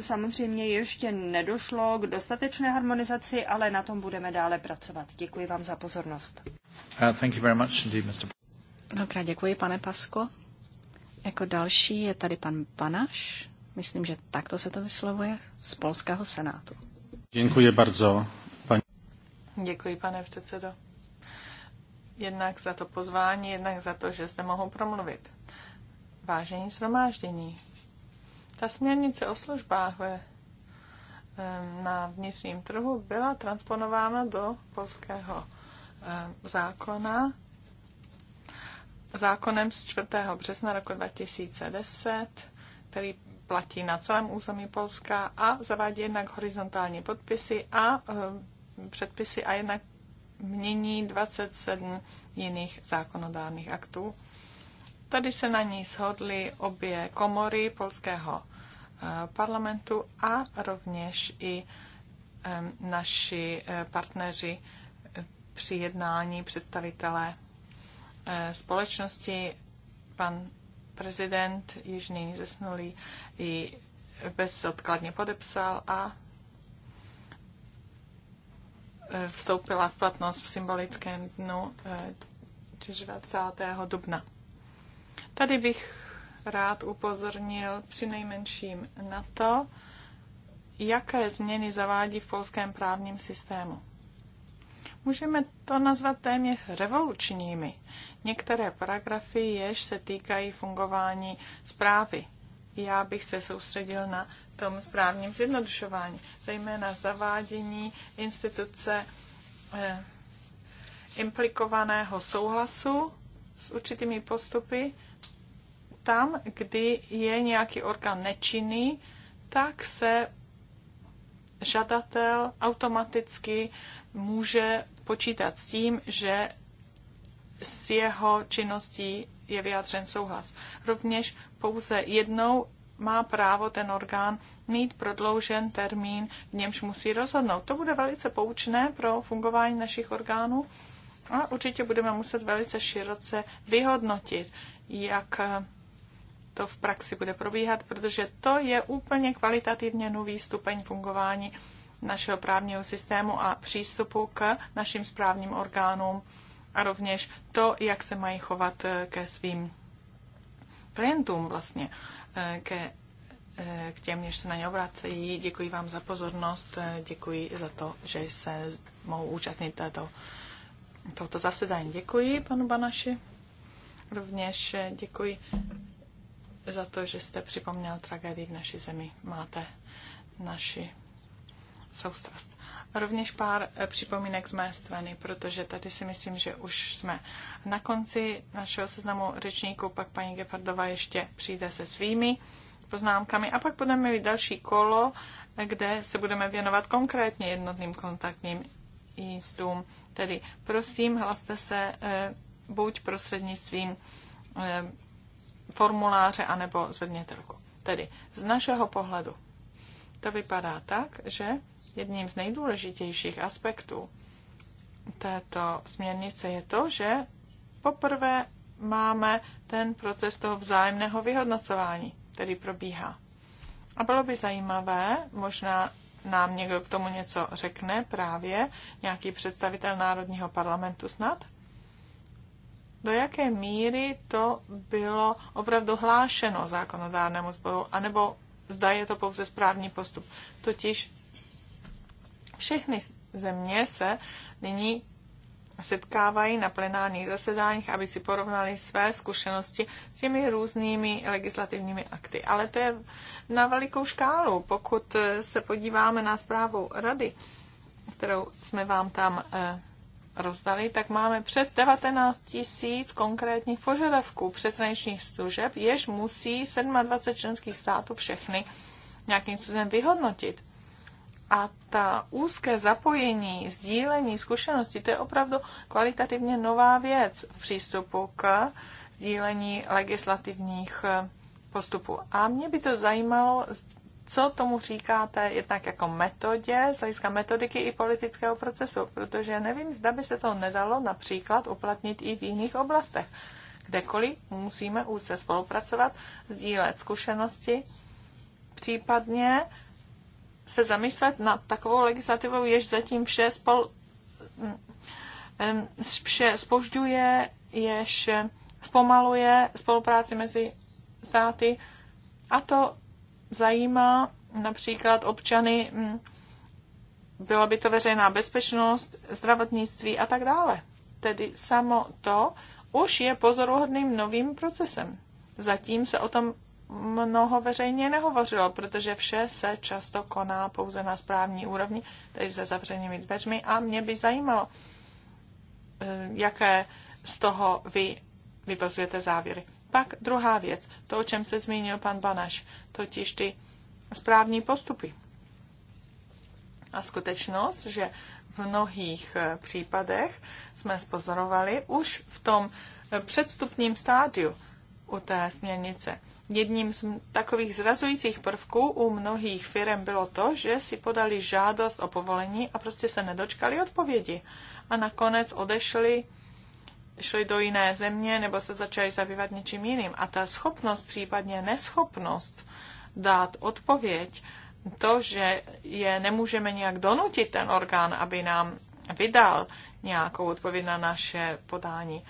samozřejmě ještě nedošlo k dostatečné harmonizaci, ale na tom budeme dále pracovat. Děkuji vám za pozornost. Uh, thank you very much indeed, Mr. Dobrá, děkuji, pane Pasko. Jako další je tady pan Panaš. Myslím, že takto se to vyslovuje z Polského senátu. Děkuji bardzo. Pan... Děkuji, pane předsedo. Jednak za to pozvání, jednak za to, že zde mohu promluvit. Vážení shromáždění, ta směrnice o službách ve, na vnitřním trhu byla transponována do polského zákona zákonem z 4. března roku 2010, který platí na celém území Polska a zavádí jednak horizontální podpisy a eh, předpisy a jednak mění 27 jiných zákonodárných aktů. Tady se na ní shodly obě komory polského eh, parlamentu a rovněž i eh, naši partneři při jednání představitelé Eh, společnosti. Pan prezident již nyní zesnulý ji bezodkladně podepsal a eh, vstoupila v platnost v symbolickém dnu 20. Eh, dubna. Tady bych rád upozornil při nejmenším na to, jaké změny zavádí v polském právním systému. Můžeme to nazvat téměř revolučními některé paragrafy, jež se týkají fungování zprávy. Já bych se soustředil na tom správním zjednodušování, zejména zavádění instituce eh, implikovaného souhlasu s určitými postupy. Tam, kdy je nějaký orgán nečinný, tak se žadatel automaticky může počítat s tím, že s jeho činností je vyjádřen souhlas. Rovněž pouze jednou má právo ten orgán mít prodloužen termín, v němž musí rozhodnout. To bude velice poučné pro fungování našich orgánů a určitě budeme muset velice široce vyhodnotit, jak eh, to v praxi bude probíhat, protože to je úplně kvalitativně nový stupeň fungování našeho právního systému a přístupu k našim správním orgánům a rovněž to, jak se mají chovat eh, ke svým klientům vlastně, eh, ke, eh, k těm, než se na ně obracejí. Děkuji vám za pozornost, děkuji za to, že se mohou účastnit této, tohoto zasedání. Děkuji panu Banaši. Rovněž děkuji za to, že jste připomněl tragédii v naší zemi. Máte naši soustrast. Rovněž pár eh, připomínek z mé strany, protože tady si myslím, že už jsme na konci našeho seznamu řečníků, pak paní Gepardová ještě přijde se svými poznámkami a pak budeme mít další kolo, eh, kde se budeme věnovat konkrétně jednotným kontaktním jízdům. Tedy prosím, hlaste se eh, buď prostřednictvím formuláře, anebo zvedněte ruku. Tedy z našeho pohledu to vypadá tak, že Jedním z nejdůležitějších aspektů této směrnice je to, že poprvé máme ten proces toho vzájemného vyhodnocování, který probíhá. A bylo by zajímavé, možná nám někdo k tomu něco řekne právě, nějaký představitel Národního parlamentu snad, do jaké míry to bylo opravdu hlášeno zákonodárnému sboru, anebo zda je to pouze správní postup. Totiž všechny země se nyní setkávají na plenárních zasedáních, aby si porovnali své zkušenosti s těmi různými legislativními akty. Ale to je na velikou škálu. Pokud se podíváme na zprávu rady, kterou jsme vám tam eh, rozdali, tak máme přes 19 tisíc konkrétních požadavků přesraničních služeb, jež musí 27 členských států všechny nějakým způsobem vyhodnotit. A ta úzké zapojení, sdílení zkušeností, to je opravdu kvalitativně nová věc v přístupu k sdílení legislativních eh, postupů. A mě by to zajímalo, co tomu říkáte jednak jako metodě, z hlediska metodiky i politického procesu, protože nevím, zda by se to nedalo například uplatnit i v jiných oblastech. Kdekoliv musíme úzce spolupracovat, sdílet zkušenosti, případně se zamyslet nad takovou legislativou, jež zatím vše, spol, mm, vše spožďuje, jež zpomaluje spolupráci mezi státy. A to zajímá například občany, mm, byla by to veřejná bezpečnost, zdravotnictví a tak dále. Tedy samo to už je pozoruhodným novým procesem. Zatím se o tom mnoho veřejně nehovořilo, protože vše se často koná pouze na správní úrovni, tedy se zavřenými dveřmi. A mě by zajímalo, eh, jaké z toho vy vyvozujete závěry. Pak druhá věc, to, o čem se zmínil pan Banaš, totiž ty správní postupy. A skutečnost, že v mnohých eh, případech jsme spozorovali už v tom eh, předstupním stádiu u té směrnice, Jedním z takových zrazujících prvků u mnohých firm bylo to, že si podali žádost o povolení a prostě se nedočkali odpovědi. A nakonec odešli, šli do jiné země nebo se začali zabývat něčím jiným. A ta schopnost, případně neschopnost dát odpověď, to, že je nemůžeme nějak donutit ten orgán, aby nám vydal nějakou odpověď na naše podání,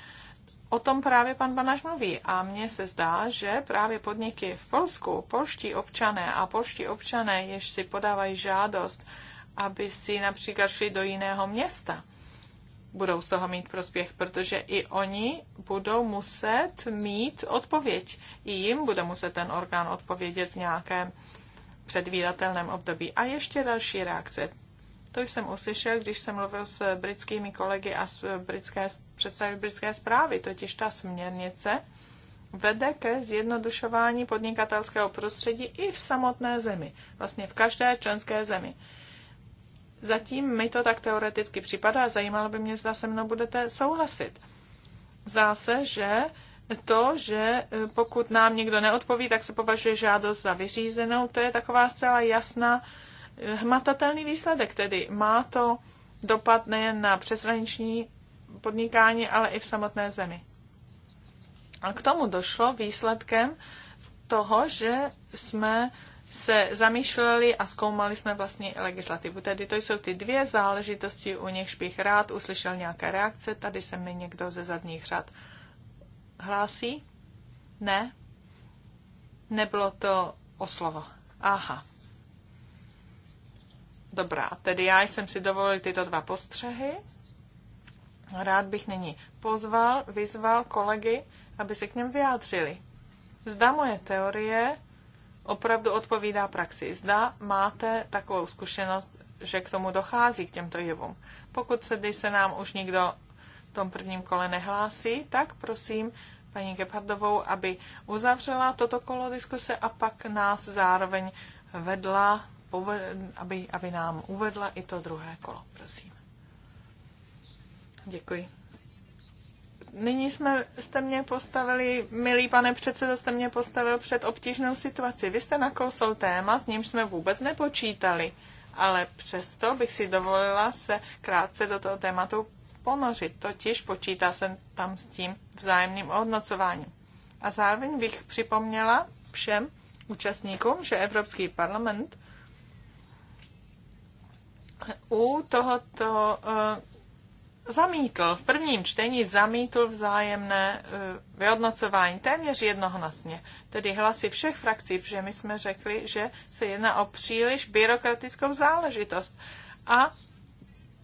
O tom právě pan Banaš mluví a mně se zdá, že právě podniky v Polsku, polští občané a polští občané, jež si podávají žádost, aby si například šli do jiného města, budou z toho mít prospěch, protože i oni budou muset mít odpověď. I jim bude muset ten orgán odpovědět v nějakém předvídatelném období. A ještě další reakce. To jsem uslyšel, když jsem mluvil s britskými kolegy a s britské, představí britské zprávy, totiž ta směrnice vede ke zjednodušování podnikatelského prostředí i v samotné zemi, vlastně v každé členské zemi. Zatím mi to tak teoreticky připadá, zajímalo by mě, zda se mnou budete souhlasit. Zdá se, že to, že pokud nám někdo neodpoví, tak se považuje žádost za vyřízenou, to je taková zcela jasná hmatatelný výsledek, tedy má to dopad nejen na přeshraniční podnikání, ale i v samotné zemi. A k tomu došlo výsledkem toho, že jsme se zamýšleli a zkoumali jsme vlastní legislativu. Tedy to jsou ty dvě záležitosti, u nichž bych rád uslyšel nějaké reakce. Tady se mi někdo ze zadních řad hlásí. Ne? Nebylo to o slovo. Aha. Dobrá, tedy já jsem si dovolil tyto dva postřehy. Rád bych nyní pozval, vyzval kolegy, aby se k něm vyjádřili. Zda moje teorie opravdu odpovídá praxi. Zda máte takovou zkušenost, že k tomu dochází, k těmto jevům. Pokud se, když se nám už nikdo v tom prvním kole nehlásí, tak prosím paní Gebhardovou, aby uzavřela toto kolo diskuse a pak nás zároveň vedla aby, aby nám uvedla i to druhé kolo. Prosím. Děkuji. Nyní jsme, jste mě postavili, milý pane předsedo, jste mě postavil před obtížnou situaci. Vy jste nakousl téma, s ním jsme vůbec nepočítali, ale přesto bych si dovolila se krátce do toho tématu ponořit, totiž počítá se tam s tím vzájemným ohodnocováním. A zároveň bych připomněla všem účastníkům, že Evropský parlament u tohoto eh, zamítl, v prvním čtení zamítl vzájemné eh, vyhodnocování téměř jednohlasně, tedy hlasy všech frakcí, protože my jsme řekli, že se jedná o příliš byrokratickou záležitost. A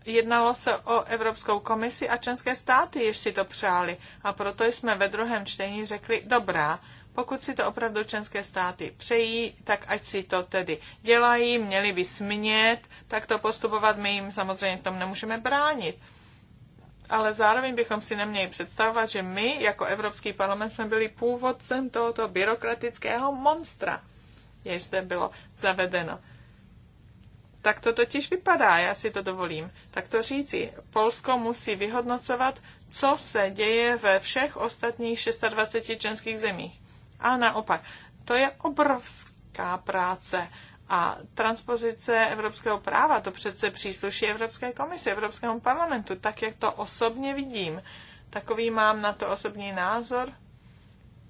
jednalo se o Evropskou komisi a členské státy, jež si to přáli. A proto jsme ve druhém čtení řekli, dobrá, pokud si to opravdu členské státy přejí, tak ať si to tedy dělají, měli by smět, tak to postupovat my jim samozřejmě v tom nemůžeme bránit. Ale zároveň bychom si neměli představovat, že my jako Evropský parlament jsme byli původcem tohoto byrokratického monstra, jež zde bylo zavedeno. Tak to totiž vypadá, já si to dovolím. Tak to říci, Polsko musí vyhodnocovat, co se děje ve všech ostatních 26 členských zemích. A naopak, to je obrovská práce. A transpozice evropského práva, to přece přísluší Evropské komisi, Evropskému parlamentu, tak jak to osobně vidím. Takový mám na to osobní názor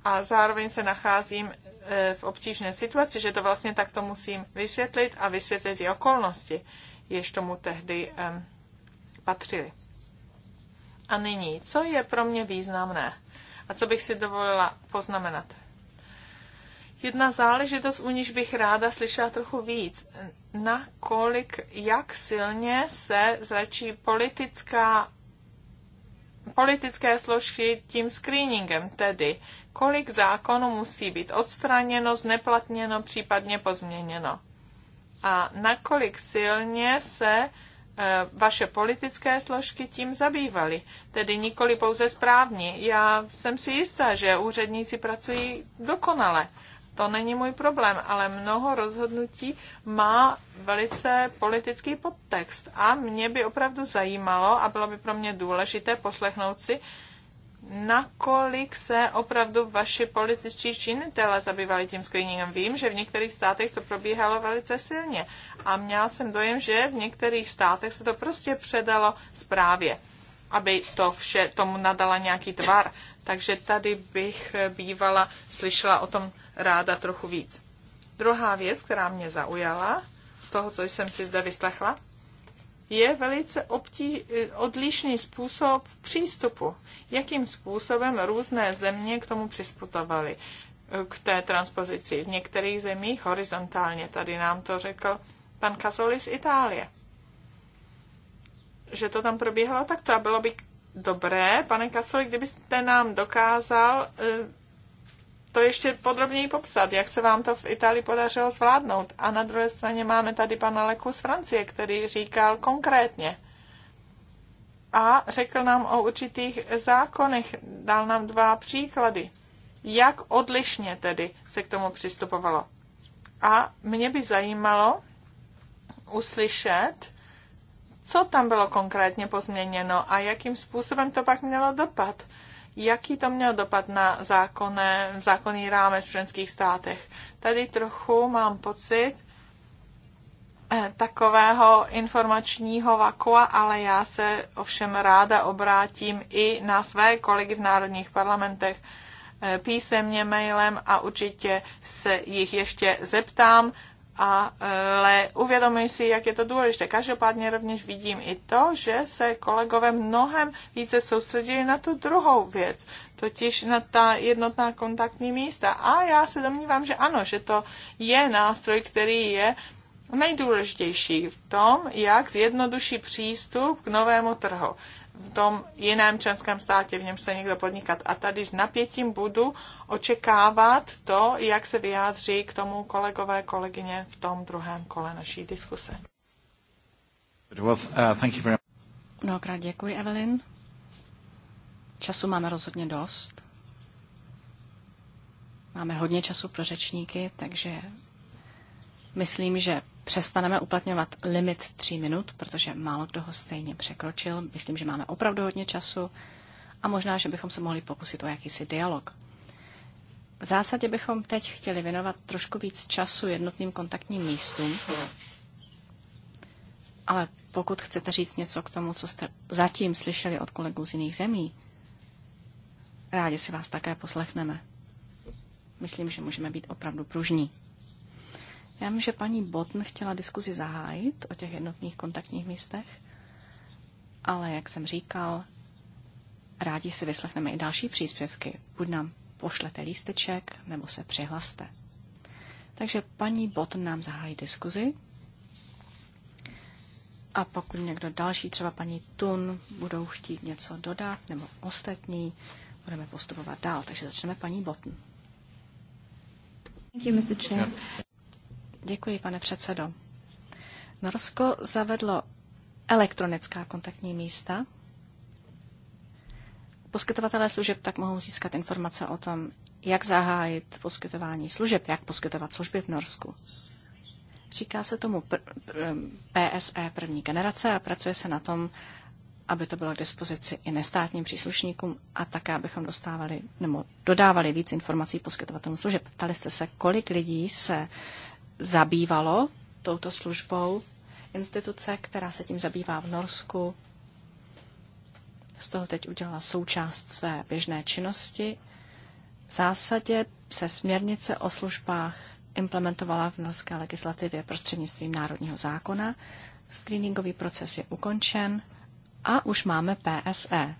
a zároveň se nacházím e, v obtížné situaci, že to vlastně takto musím vysvětlit a vysvětlit i okolnosti, jež tomu tehdy um, patřily. A nyní, co je pro mě významné a co bych si dovolila poznamenat? Jedna záležitost, u níž bych ráda slyšela trochu víc. Nakolik, jak silně se zračí politická, politické složky tím screeningem, tedy kolik zákonů musí být odstraněno, zneplatněno, případně pozměněno. A nakolik silně se eh, vaše politické složky tím zabývaly, tedy nikoli pouze správní. Já jsem si jistá, že úředníci pracují dokonale, to není můj problém, ale mnoho rozhodnutí má velice politický podtext a mě by opravdu zajímalo a bylo by pro mě důležité poslechnout si, nakolik se opravdu vaši političtí činitele zabývali tím screeningem. Vím, že v některých státech to probíhalo velice silně a měl jsem dojem, že v některých státech se to prostě předalo zprávě, aby to vše tomu nadala nějaký tvar. Takže tady bych bývala slyšela o tom ráda trochu víc. Druhá věc, která mě zaujala z toho, co jsem si zde vyslechla, je velice obtí, odlišný způsob přístupu, jakým způsobem různé země k tomu přisputovaly, eh, k té transpozici. V některých zemích horizontálně, tady nám to řekl pan Casoli z Itálie, že to tam probíhalo takto a bylo by dobré, pane Kasoli, kdybyste nám dokázal eh, to ještě podrobněji popsat, jak se vám to v Itálii podařilo zvládnout. A na druhé straně máme tady pana Leku z Francie, který říkal konkrétně, a řekl nám o určitých zákonech, dal nám dva příklady, jak odlišně tedy se k tomu přistupovalo. A mě by zajímalo uslyšet, co tam bylo konkrétně pozměněno a jakým způsobem to pak mělo dopad. Jaký to měl dopad na zákonné, zákonný rámec v členských státech? Tady trochu mám pocit eh, takového informačního vakua, ale já se ovšem ráda obrátím i na své kolegy v národních parlamentech eh, písemně mailem a určitě se jich ještě zeptám ale uvědomuji si, jak je to důležité. Každopádně rovněž vidím i to, že se kolegové mnohem více soustředili na tu druhou věc, totiž na ta jednotná kontaktní místa. A já se domnívám, že ano, že to je nástroj, který je nejdůležitější v tom, jak zjednoduší přístup k novému trhu v tom jiném členském státě, v něm se někdo podnikat. A tady s napětím budu očekávat to, jak se vyjádří k tomu kolegové, kolegyně v tom druhém kole naší diskuse. Uh, Mnohokrát děkuji, Evelyn. Času máme rozhodně dost. Máme hodně času pro řečníky, takže myslím, že přestaneme uplatňovat limit tří minut, protože málo kdo ho stejně překročil. Myslím, že máme opravdu hodně času a možná, že bychom se mohli pokusit o jakýsi dialog. V zásadě bychom teď chtěli věnovat trošku víc času jednotným kontaktním místům, ale pokud chcete říct něco k tomu, co jste zatím slyšeli od kolegů z jiných zemí, rádi si vás také poslechneme. Myslím, že můžeme být opravdu pružní. Já vím, že paní Botn chtěla diskuzi zahájit o těch jednotných kontaktních místech, ale jak jsem říkal, rádi si vyslechneme i další příspěvky. Buď nám pošlete lísteček, nebo se přihlaste. Takže paní Botn nám zahájí diskuzi. A pokud někdo další, třeba paní Tun, budou chtít něco dodat, nebo ostatní, budeme postupovat dál. Takže začneme paní Botn. Thank you, Mr. Chair. Děkuji, pane předsedo. Norsko zavedlo elektronická kontaktní místa. Poskytovatelé služeb tak mohou získat informace o tom, jak zahájit poskytování služeb, jak poskytovat služby v Norsku. Říká se tomu PSE první generace a pracuje se na tom, aby to bylo k dispozici i nestátním příslušníkům a také, abychom dostávali nebo dodávali víc informací poskytovatelům služeb. Ptali jste se, kolik lidí se zabývalo touto službou. Instituce, která se tím zabývá v Norsku, z toho teď udělala součást své běžné činnosti. V zásadě se směrnice o službách implementovala v norské legislativě prostřednictvím národního zákona. Screeningový proces je ukončen a už máme PSE.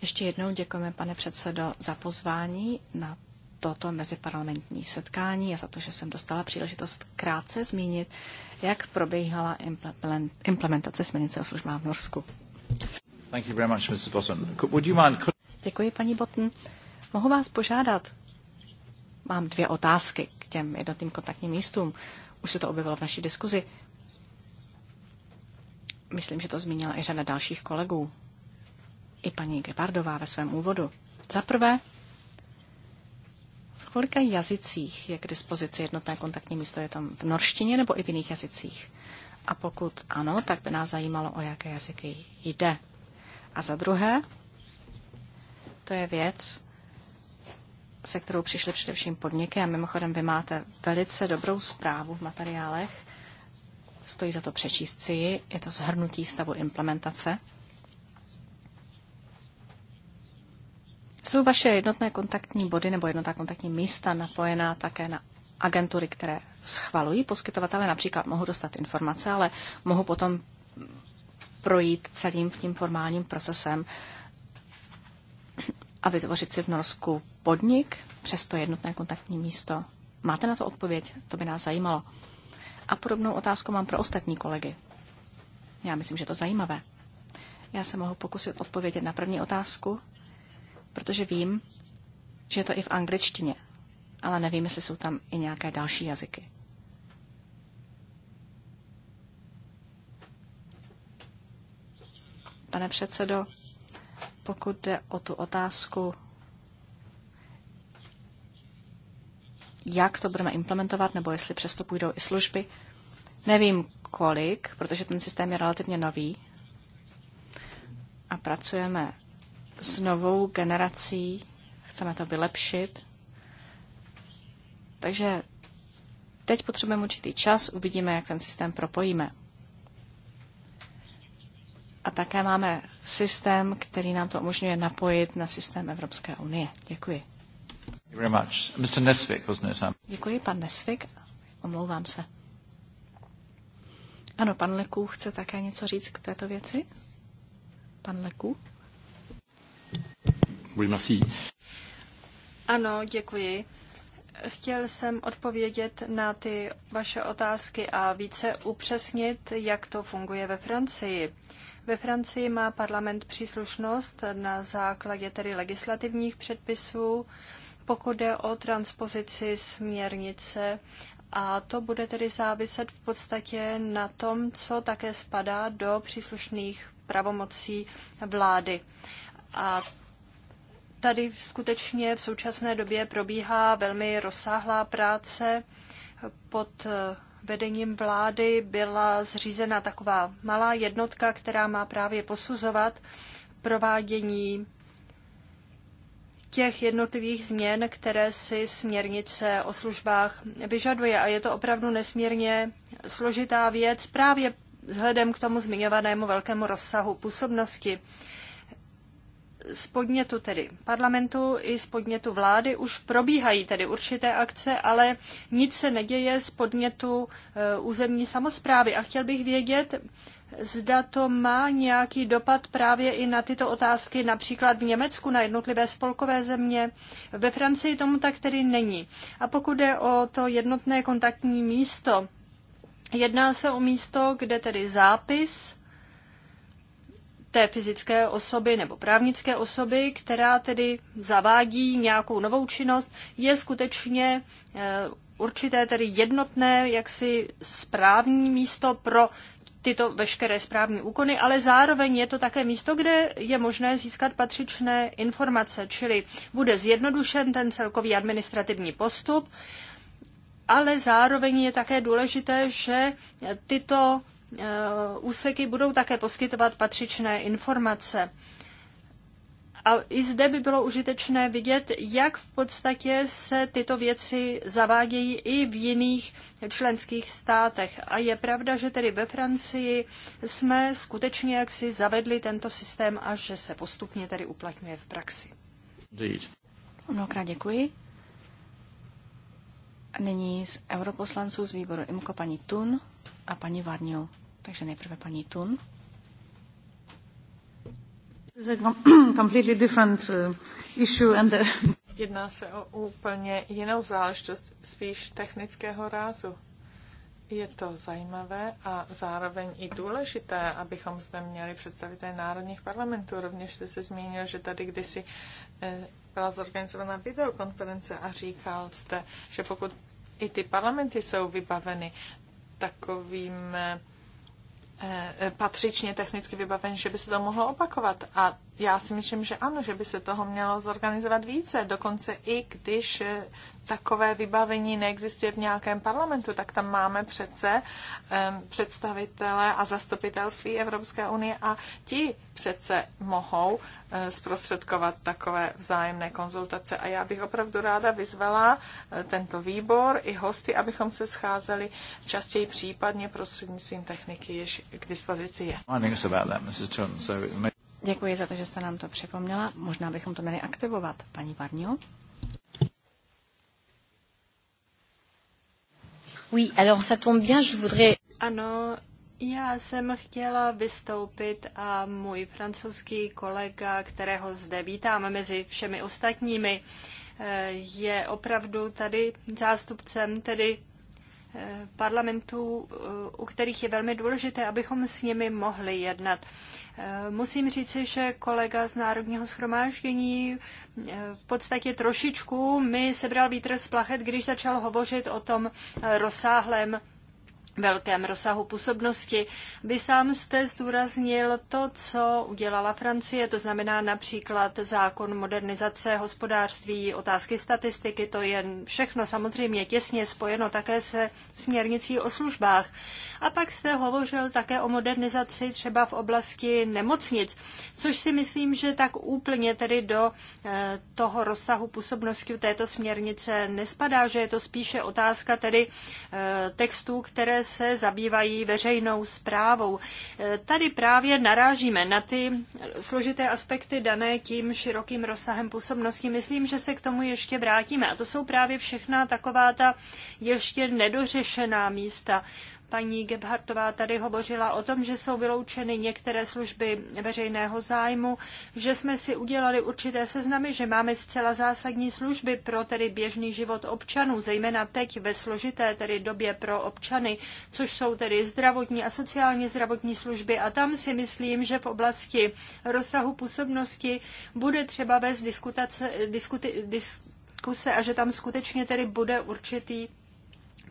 Ještě jednou děkujeme, pane předsedo, za pozvání na toto meziparlamentní setkání a za to, že jsem dostala příležitost krátce zmínit, jak probíhala implementace směrnice o službách v Norsku. Thank you very much, Botton. Would you mind... Děkuji, paní Botton. Mohu vás požádat? Mám dvě otázky k těm jednotným kontaktním místům. Už se to objevilo v naší diskuzi. Myslím, že to zmínila i řada dalších kolegů. I paní Gebardová ve svém úvodu. Za prvé, kolika jazycích je k dispozici jednotné kontaktní místo? Je tam v norštině nebo i v jiných jazycích? A pokud ano, tak by nás zajímalo, o jaké jazyky jde. A za druhé, to je věc, se kterou přišly především podniky a mimochodem vy máte velice dobrou zprávu v materiálech. Stojí za to přečíst si ji. Je to zhrnutí stavu implementace Jsou vaše jednotné kontaktní body nebo jednotná kontaktní místa napojená také na agentury, které schvalují poskytovatele? Například mohu dostat informace, ale mohu potom projít celým tím formálním procesem a vytvořit si v Norsku podnik přes to jednotné kontaktní místo? Máte na to odpověď? To by nás zajímalo. A podobnou otázku mám pro ostatní kolegy. Já myslím, že to zajímavé. Já se mohu pokusit odpovědět na první otázku protože vím, že je to i v angličtině, ale nevím, jestli jsou tam i nějaké další jazyky. Pane předsedo, pokud jde o tu otázku, jak to budeme implementovat, nebo jestli přesto půjdou i služby, nevím kolik, protože ten systém je relativně nový a pracujeme s novou generací, chceme to vylepšit. Takže teď potřebujeme určitý čas, uvidíme, jak ten systém propojíme. A také máme systém, který nám to umožňuje napojit na systém Evropské unie. Děkuji. Um, Děkuji, pan Nesvik. Omlouvám se. Ano, pan Leku chce také něco říct k této věci? Pan Leku? Oui, merci. Ano, děkuji. Chtěl jsem odpovědět na ty vaše otázky a více upřesnit, jak to funguje ve Francii. Ve Francii má parlament příslušnost na základě tedy legislativních předpisů, pokud jde o transpozici směrnice a to bude tedy záviset v podstatě na tom, co také spadá do příslušných pravomocí vlády. A Tady skutečně v současné době probíhá velmi rozsáhlá práce pod eh, vedením vlády byla zřízena taková malá jednotka, která má právě posuzovat provádění těch jednotlivých změn, které si směrnice o službách vyžaduje. A je to opravdu nesmírně složitá věc právě vzhledem k tomu zmiňovanému velkému rozsahu působnosti z podnětu tedy parlamentu i z podnětu vlády už probíhají tedy určité akce, ale nic se neděje z podnětu eh, územní samozprávy. A chtěl bych vědět, zda to má nějaký dopad právě i na tyto otázky, například v Německu, na jednotlivé spolkové země. Ve Francii tomu tak tedy není. A pokud je o to jednotné kontaktní místo, jedná se o místo, kde tedy zápis té fyzické osoby nebo právnické osoby, která tedy zavádí nějakou novou činnost, je skutečně eh, určité tedy jednotné jaksi správní místo pro tyto veškeré správní úkony, ale zároveň je to také místo, kde je možné získat patřičné informace, čili bude zjednodušen ten celkový administrativní postup, ale zároveň je také důležité, že tyto Eh, úseky budou také poskytovat patřičné informace. A i zde by bylo užitečné vidět, jak v podstatě se tyto věci zavádějí i v jiných členských státech. A je pravda, že tedy ve Francii jsme skutečně jaksi zavedli tento systém a že se postupně tedy uplatňuje v praxi. Mnohokrát děkuji. Nyní z europoslanců z výboru IMKO paní Tun a paní Varnil. Takže nejprve paní Tun. <clears throat> Uh, Jedná se o úplně jinou záležitost, spíš technického rázu. Je to zajímavé a zároveň i důležité, abychom zde měli představitelé národních parlamentů. Rovněž jste se zmínil, že tady kdysi eh, byla zorganizovaná videokonference a říkal jste, že pokud i ty parlamenty jsou vybaveny takovým eh, Eh, patřičně technicky vybaven, že by se to mohlo opakovat. A já si myslím, že ano, že by se toho mělo zorganizovat více. Dokonce i když eh, takové vybavení neexistuje v nějakém parlamentu, tak tam máme přece um, představitele a zastupitelství Evropské unie a ti přece mohou uh, zprostředkovat takové vzájemné konzultace. A já bych opravdu ráda vyzvala uh, tento výbor i hosty, abychom se scházeli častěji případně prostřednictvím techniky, jež k dispozici je. Děkuji za to, že jste nám to připomněla. Možná bychom to měli aktivovat. Paní Varnio? Oui, alors ça tombe bien, je voudrais... Ano, já jsem chtěla vystoupit a můj francouzský kolega, kterého zde vítáme mezi všemi ostatními, eh, je opravdu tady zástupcem tedy parlamentů, u kterých je velmi důležité, abychom s nimi mohli jednat. Eh, musím říci, že kolega z Národního schromáždění eh, v podstatě trošičku mi sebral vítr z plachet, když začal hovořit o tom eh, rozsáhlém velkém rozsahu působnosti. Vy sám jste zdůraznil to, co udělala Francie, to znamená například zákon modernizace hospodářství, otázky statistiky, to je všechno samozřejmě těsně spojeno také se směrnicí o službách. A pak jste hovořil také o modernizaci třeba v oblasti nemocnic, což si myslím, že tak úplně tedy do eh, toho rozsahu působnosti této směrnice nespadá, že je to spíše otázka tedy eh, textů, které se zabývají veřejnou zprávou. E, tady právě narážíme na ty složité aspekty dané tím širokým rozsahem působnosti. Myslím, že se k tomu ještě vrátíme. A to jsou právě všechna taková ta ještě nedořešená místa. Paní Gebhartová tady hovořila o tom, že jsou vyloučeny některé služby veřejného zájmu, že jsme si udělali určité seznamy, že máme zcela zásadní služby pro tedy běžný život občanů, zejména teď ve složité tedy době pro občany, což jsou tedy zdravotní a sociálně zdravotní služby. A tam si myslím, že v oblasti rozsahu působnosti bude třeba vést diskutace, diskuty, diskuse a že tam skutečně tedy bude určitý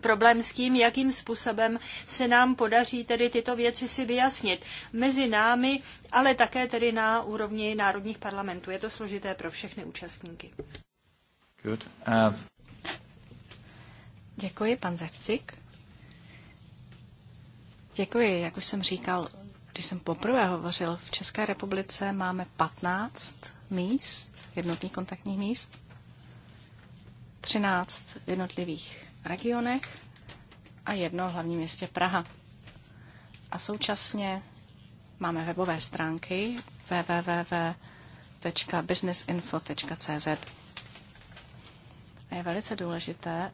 problém s tím, jakým způsobem se nám podaří tedy tyto věci si vyjasnit mezi námi, ale také tedy na úrovni národních parlamentů. Je to složité pro všechny účastníky. Good. Uh... Děkuji, pan Zevcik. Děkuji. Jak už jsem říkal, když jsem poprvé hovořil, v České republice máme 15 míst, jednotných kontaktních míst, 13 jednotlivých regionech a jedno v hlavním městě Praha. A současně máme webové stránky www.businessinfo.cz. A je velice důležité,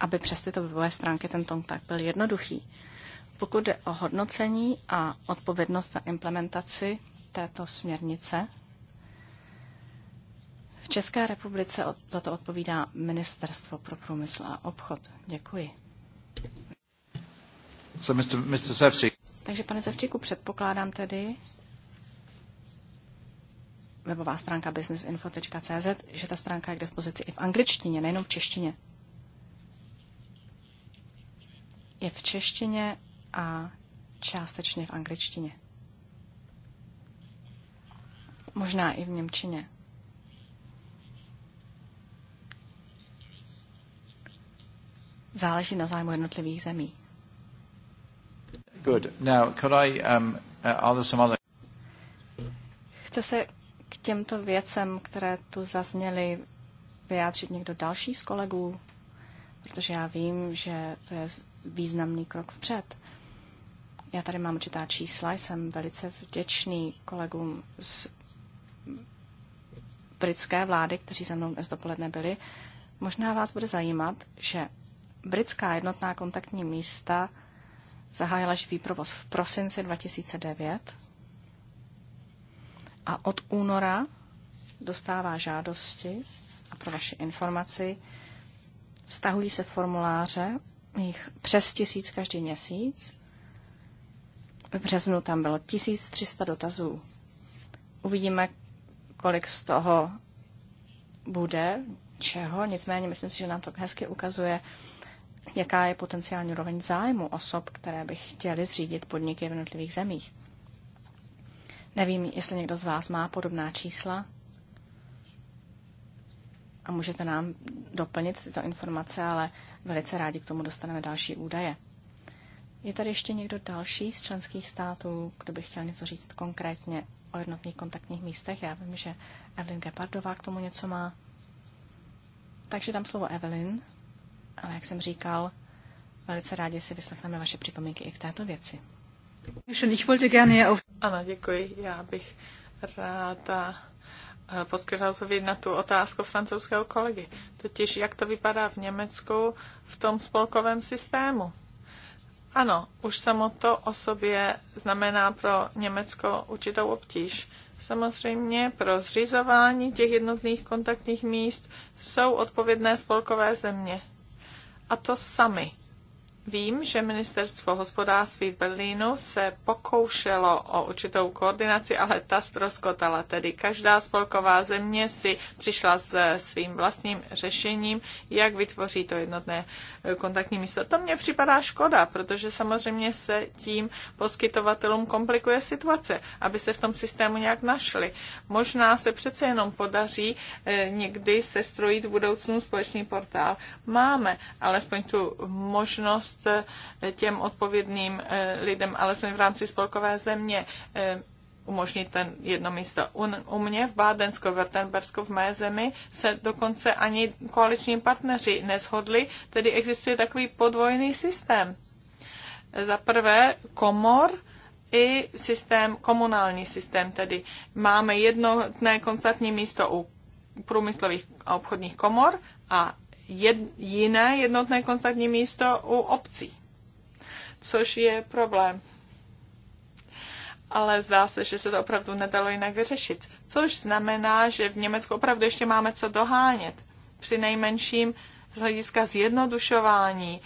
aby přes tyto webové stránky ten kontakt byl jednoduchý. Pokud jde o hodnocení a odpovědnost za implementaci této směrnice, v České republice za to odpovídá Ministerstvo pro průmysl a obchod. Děkuji. So, Mr. Mr. Zevčík. Takže, pane Zevčíku, předpokládám tedy, webová stránka businessinfo.cz, že ta stránka je k dispozici i v angličtině, nejenom v češtině. Je v češtině a částečně v angličtině. Možná i v němčině. záleží na zájmu jednotlivých zemí. Good. Now, could I, um, uh, are there some other... Chce se k těmto věcem, které tu zazněly, vyjádřit někdo další z kolegů? Protože já vím, že to je významný krok vpřed. Já tady mám určitá čísla, jsem velice vděčný kolegům z britské vlády, kteří se mnou dnes dopoledne byli. Možná vás bude zajímat, že britská jednotná kontaktní místa zahájila živý provoz v prosinci 2009 a od února dostává žádosti a pro vaši informaci stahují se formuláře jich přes tisíc každý měsíc. V březnu tam bylo 1300 dotazů. Uvidíme, kolik z toho bude, čeho. Nicméně myslím si, že nám to hezky ukazuje, jaká je potenciální úroveň zájmu osob, které by chtěly zřídit podniky v jednotlivých zemích. Nevím, jestli někdo z vás má podobná čísla a můžete nám doplnit tyto informace, ale velice rádi k tomu dostaneme další údaje. Je tady ještě někdo další z členských států, kdo by chtěl něco říct konkrétně o jednotných kontaktních místech? Já vím, že Evelyn Gepardová k tomu něco má. Takže dám slovo Evelyn. Ale jak jsem říkal, velice rádi si vyslechneme vaše připomínky i k této věci. Ano, děkuji. Já bych ráda eh, poskytla odpověď na tu otázku francouzského kolegy. Totiž, jak to vypadá v Německu v tom spolkovém systému. Ano, už samo to o sobě znamená pro Německo určitou obtíž. Samozřejmě pro zřizování těch jednotných kontaktních míst jsou odpovědné spolkové země. A to sami. Vím, že ministerstvo hospodářství v Berlínu se pokoušelo o určitou koordinaci, ale ta ztroskotala. Tedy každá spolková země si přišla s svým vlastním řešením, jak vytvoří to jednotné eh, kontaktní místo. To mně připadá škoda, protože samozřejmě se tím poskytovatelům komplikuje situace, aby se v tom systému nějak našli. Možná se přece jenom podaří eh, někdy sestrojit v budoucnu společný portál. Máme alespoň tu možnost pomoct eh, těm odpovědným eh, lidem, ale jsme v rámci spolkové země, eh, umožnit ten jedno místo. U, u mě v Bádensko, Württembersku, v mé zemi se dokonce ani koaliční partneři neshodli, tedy existuje takový podvojný systém. Za prvé komor, i systém, komunální systém, tedy máme jednotné konstantní místo u průmyslových a obchodních komor a jed, jiné jednotné kontaktní místo u obcí, což je problém. Ale zdá se, že se to opravdu nedalo jinak vyřešit. Což znamená, že v Německu opravdu ještě máme co dohánět. Při nejmenším z hlediska zjednodušování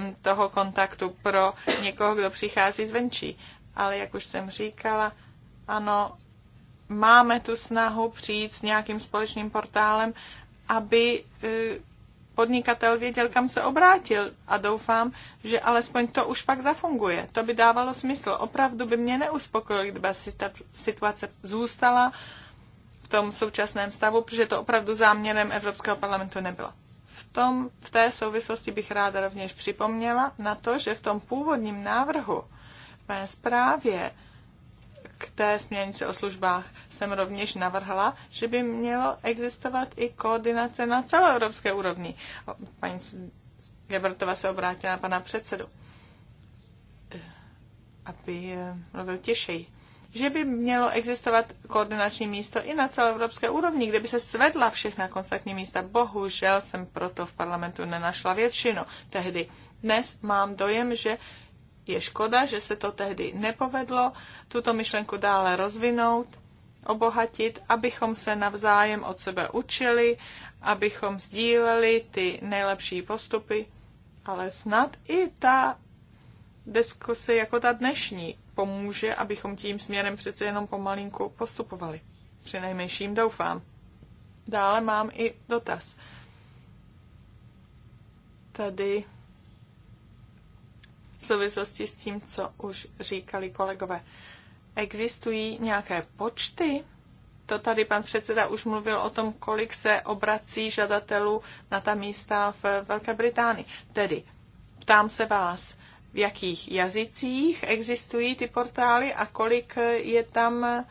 um, toho kontaktu pro někoho, kdo přichází zvenčí. Ale jak už jsem říkala, ano, máme tu snahu přijít s nějakým společným portálem, aby uh, podnikatel věděl, kam se obrátil a doufám, že alespoň to už pak zafunguje. To by dávalo smysl. Opravdu by mě neuspokojilo, kdyby situace zůstala v tom současném stavu, protože to opravdu záměrem Evropského parlamentu nebylo. V, tom, v té souvislosti bych ráda rovněž připomněla na to, že v tom původním návrhu, mé zprávě, k té směrnici o službách jsem rovněž navrhla, že by mělo existovat i koordinace na celoevropské úrovni. Paní Gebertova se obrátila na pana předsedu, aby eh, mluvil těšeji že by mělo existovat koordinační místo i na celoevropské úrovni, kde by se svedla všechna kontaktní místa. Bohužel jsem proto v parlamentu nenašla většinu tehdy. Dnes mám dojem, že je škoda, že se to tehdy nepovedlo tuto myšlenku dále rozvinout, obohatit, abychom se navzájem od sebe učili, abychom sdíleli ty nejlepší postupy, ale snad i ta diskuse jako ta dnešní pomůže, abychom tím směrem přece jenom pomalinku postupovali. Nejmenším doufám. Dále mám i dotaz. Tady v souvislosti s tím, co už říkali kolegové. Existují nějaké počty? To tady pan předseda už mluvil o tom, kolik se obrací žadatelů na ta místa v Velké Británii. Tedy ptám se vás, v jakých jazycích existují ty portály a kolik je tam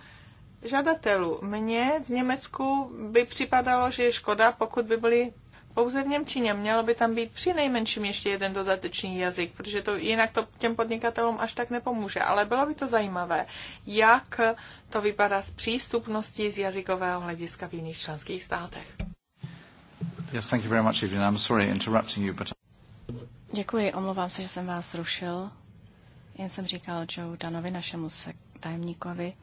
žadatelů. Mně v Německu by připadalo, že je škoda, pokud by byly pouze v Němčině. Mělo by tam být při nejmenším ještě jeden dodatečný jazyk, protože to jinak to těm podnikatelům až tak nepomůže. Ale bylo by to zajímavé, jak to vypadá s přístupností z jazykového hlediska v jiných členských státech. Yes, thank you very much, I'm sorry interrupting you, but... Uh, Děkuji, omlouvám se, že jsem vás rušil. Jen jsem říkal Joe Danovi, našemu tajemníkovi,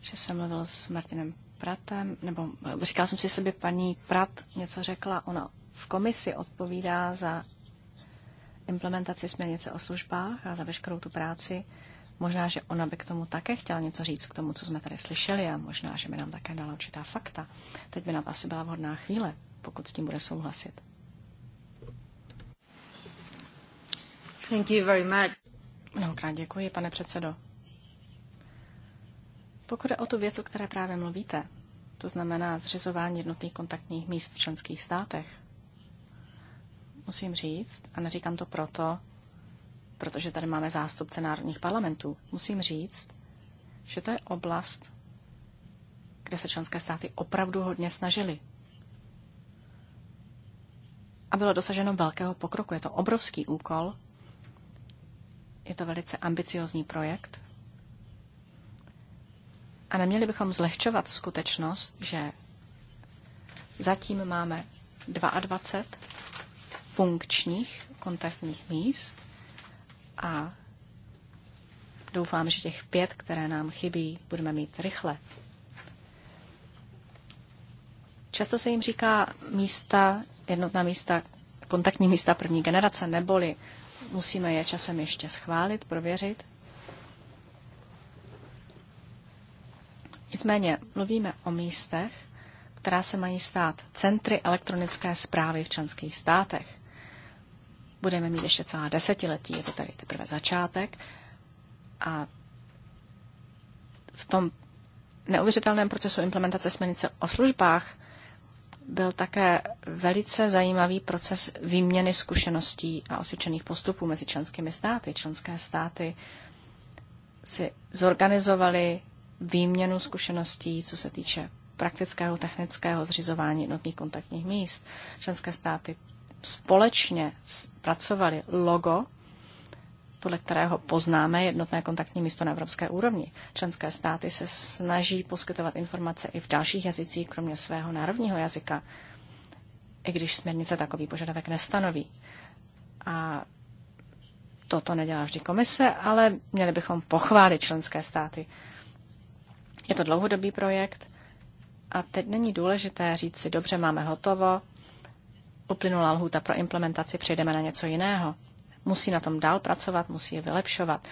že jsem mluvil s Martinem Pratem, nebo eh, říkal jsem si, že by paní Prat něco řekla, ona v komisi odpovídá za implementaci směrnice o službách a za veškerou tu práci. Možná, že ona by k tomu také chtěla něco říct, k tomu, co jsme tady slyšeli a možná, že by nám také dala určitá fakta. Teď by nám asi byla vhodná chvíle, pokud s tím bude souhlasit. Thank you very much. Mnohokrát děkuji, pane předsedo. Pokud je o tu věc, o které právě mluvíte, to znamená zřizování jednotných kontaktních míst v členských státech, musím říct, a neříkám to proto, protože tady máme zástupce národních parlamentů, musím říct, že to je oblast, kde se členské státy opravdu hodně snažily. A bylo dosaženo velkého pokroku. Je to obrovský úkol, je to velice ambiciozní projekt. A neměli bychom zlehčovat skutečnost, že zatím máme 22 funkčních kontaktních míst a doufám, že těch pět, které nám chybí, budeme mít rychle. Často se jim říká místa, jednotná místa, kontaktní místa první generace, neboli musíme je časem ještě schválit, prověřit. Nicméně mluvíme o místech, která se mají stát centry elektronické zprávy v členských státech budeme mít ještě celá desetiletí, je to tady teprve začátek. A v tom neuvěřitelném procesu implementace směrnice o službách byl také velice zajímavý proces výměny zkušeností a osvědčených postupů mezi členskými státy. Členské státy si zorganizovali výměnu zkušeností, co se týče praktického, technického zřizování jednotných kontaktních míst. Členské státy společně pracovali logo, podle kterého poznáme jednotné kontaktní místo na evropské úrovni. Členské státy se snaží poskytovat informace i v dalších jazycích, kromě svého národního jazyka, i když směrnice takový požadavek nestanoví. A toto nedělá vždy komise, ale měli bychom pochválit členské státy. Je to dlouhodobý projekt a teď není důležité říct si, dobře, máme hotovo, uplynula lhůta pro implementaci, přejdeme na něco jiného. Musí na tom dál pracovat, musí je vylepšovat.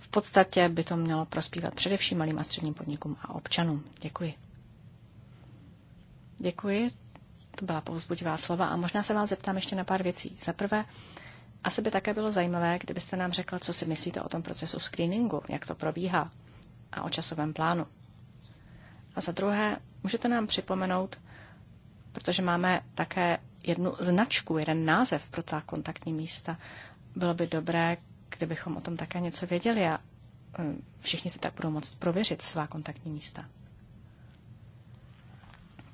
V podstatě by to mělo prospívat především malým a středním podnikům a občanům. Děkuji. Děkuji. To byla povzbudivá slova a možná se vás zeptám ještě na pár věcí. Za prvé, asi by také bylo zajímavé, kdybyste nám řekl, co si myslíte o tom procesu screeningu, jak to probíhá a o časovém plánu. A za druhé, můžete nám připomenout, protože máme také jednu značku, jeden název pro ta kontaktní místa. Bylo by dobré, kdybychom o tom také něco věděli a um, všichni si tak budou moct prověřit svá kontaktní místa.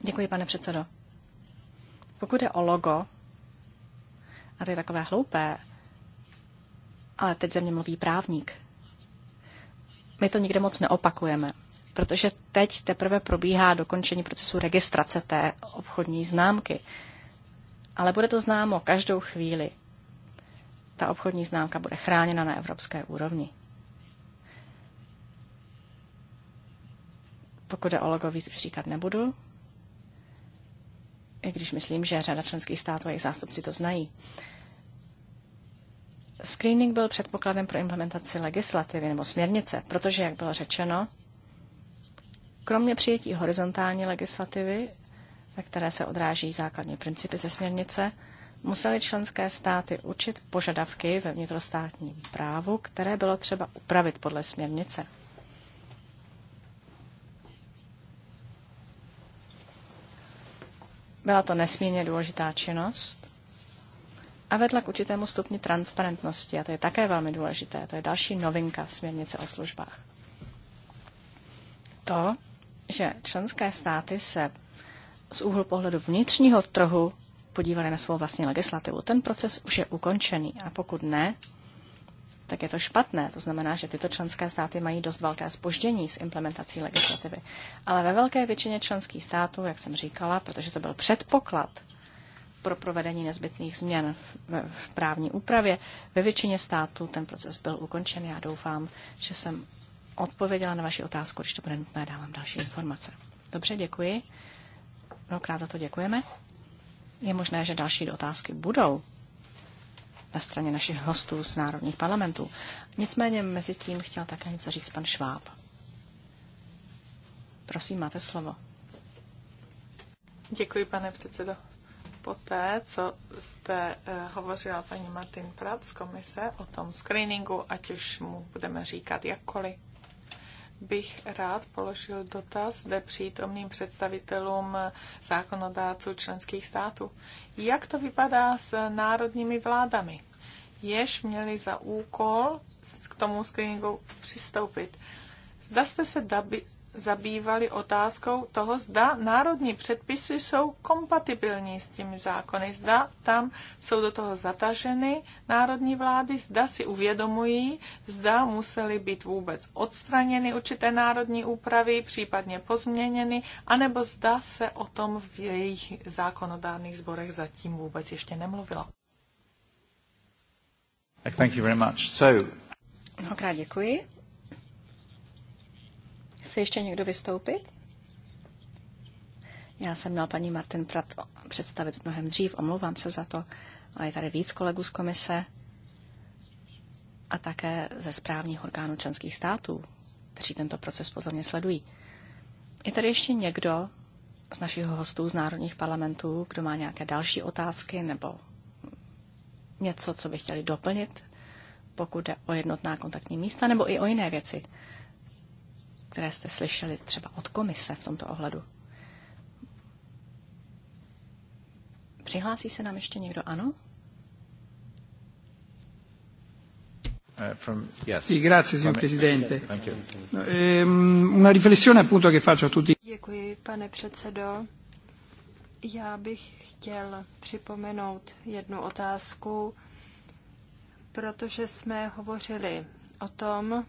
Děkuji, pane předsedo. Pokud je o logo, a to je takové hloupé, ale teď ze mě mluví právník. My to nikde moc neopakujeme protože teď teprve probíhá dokončení procesu registrace té obchodní známky. Ale bude to známo každou chvíli. Ta obchodní známka bude chráněna na evropské úrovni. Pokud je o logo, víc říkat nebudu, i když myslím, že řada členských států a jejich zástupci to znají. Screening byl předpokladem pro implementaci legislativy nebo směrnice, protože, jak bylo řečeno, Kromě přijetí horizontální legislativy, ve které se odráží základní principy ze směrnice, musely členské státy učit požadavky ve vnitrostátním právu, které bylo třeba upravit podle směrnice. Byla to nesmírně důležitá činnost a vedla k určitému stupni transparentnosti. A to je také velmi důležité. To je další novinka směrnice o službách. To, že členské státy se z úhlu pohledu vnitřního trhu podívali na svou vlastní legislativu. Ten proces už je ukončený a pokud ne, tak je to špatné. To znamená, že tyto členské státy mají dost velké spoždění s implementací legislativy. Ale ve velké většině členských států, jak jsem říkala, protože to byl předpoklad pro provedení nezbytných změn v, právní úpravě, ve většině států ten proces byl ukončen. Já doufám, že jsem odpověděla na vaši otázku, když to bude nutné, dávám další informace. Dobře, děkuji. Mnohokrát za to děkujeme. Je možné, že další otázky budou na straně našich hostů z národních parlamentů. Nicméně mezi tím chtěl také něco říct pan Šváb. Prosím, máte slovo. Děkuji, pane předsedo. Poté, co uh, hovořila paní Martin Prat z komise o tom screeningu, ať už mu budeme říkat jakkoliv, bych rád položil dotaz zde přítomným představitelům zákonodáců členských států. Jak to vypadá s národními vládami, jež měli za úkol k tomu screeningu přistoupit? Zda jste se zabývali otázkou toho, zda národní předpisy jsou kompatibilní s těmi zákony, zda tam jsou do toho zataženy národní vlády, zda si uvědomují, zda musely být vůbec odstraněny určité národní úpravy, případně pozměněny, anebo zda se o tom v jejich zákonodárných sborech zatím vůbec ještě nemluvilo. Tak thank you very much. So... Mnohokrát děkuji. Chce ještě někdo vystoupit? Já jsem měla paní Martin Prat představit mnohem dřív, omlouvám se za to, ale je tady víc kolegů z komise a také ze správních orgánů členských států, kteří tento proces pozorně sledují. Je tady ještě někdo z našich hostů z národních parlamentů, kdo má nějaké další otázky nebo něco, co by chtěli doplnit, pokud jde o jednotná kontaktní místa nebo i o jiné věci které jste slyšeli třeba od komise v tomto ohledu. Přihlásí se nám ještě někdo? Ano? Eh, no, ehm, Děkuji, pane předsedo. Já bych chtěl připomenout jednu otázku, protože jsme hovořili o tom,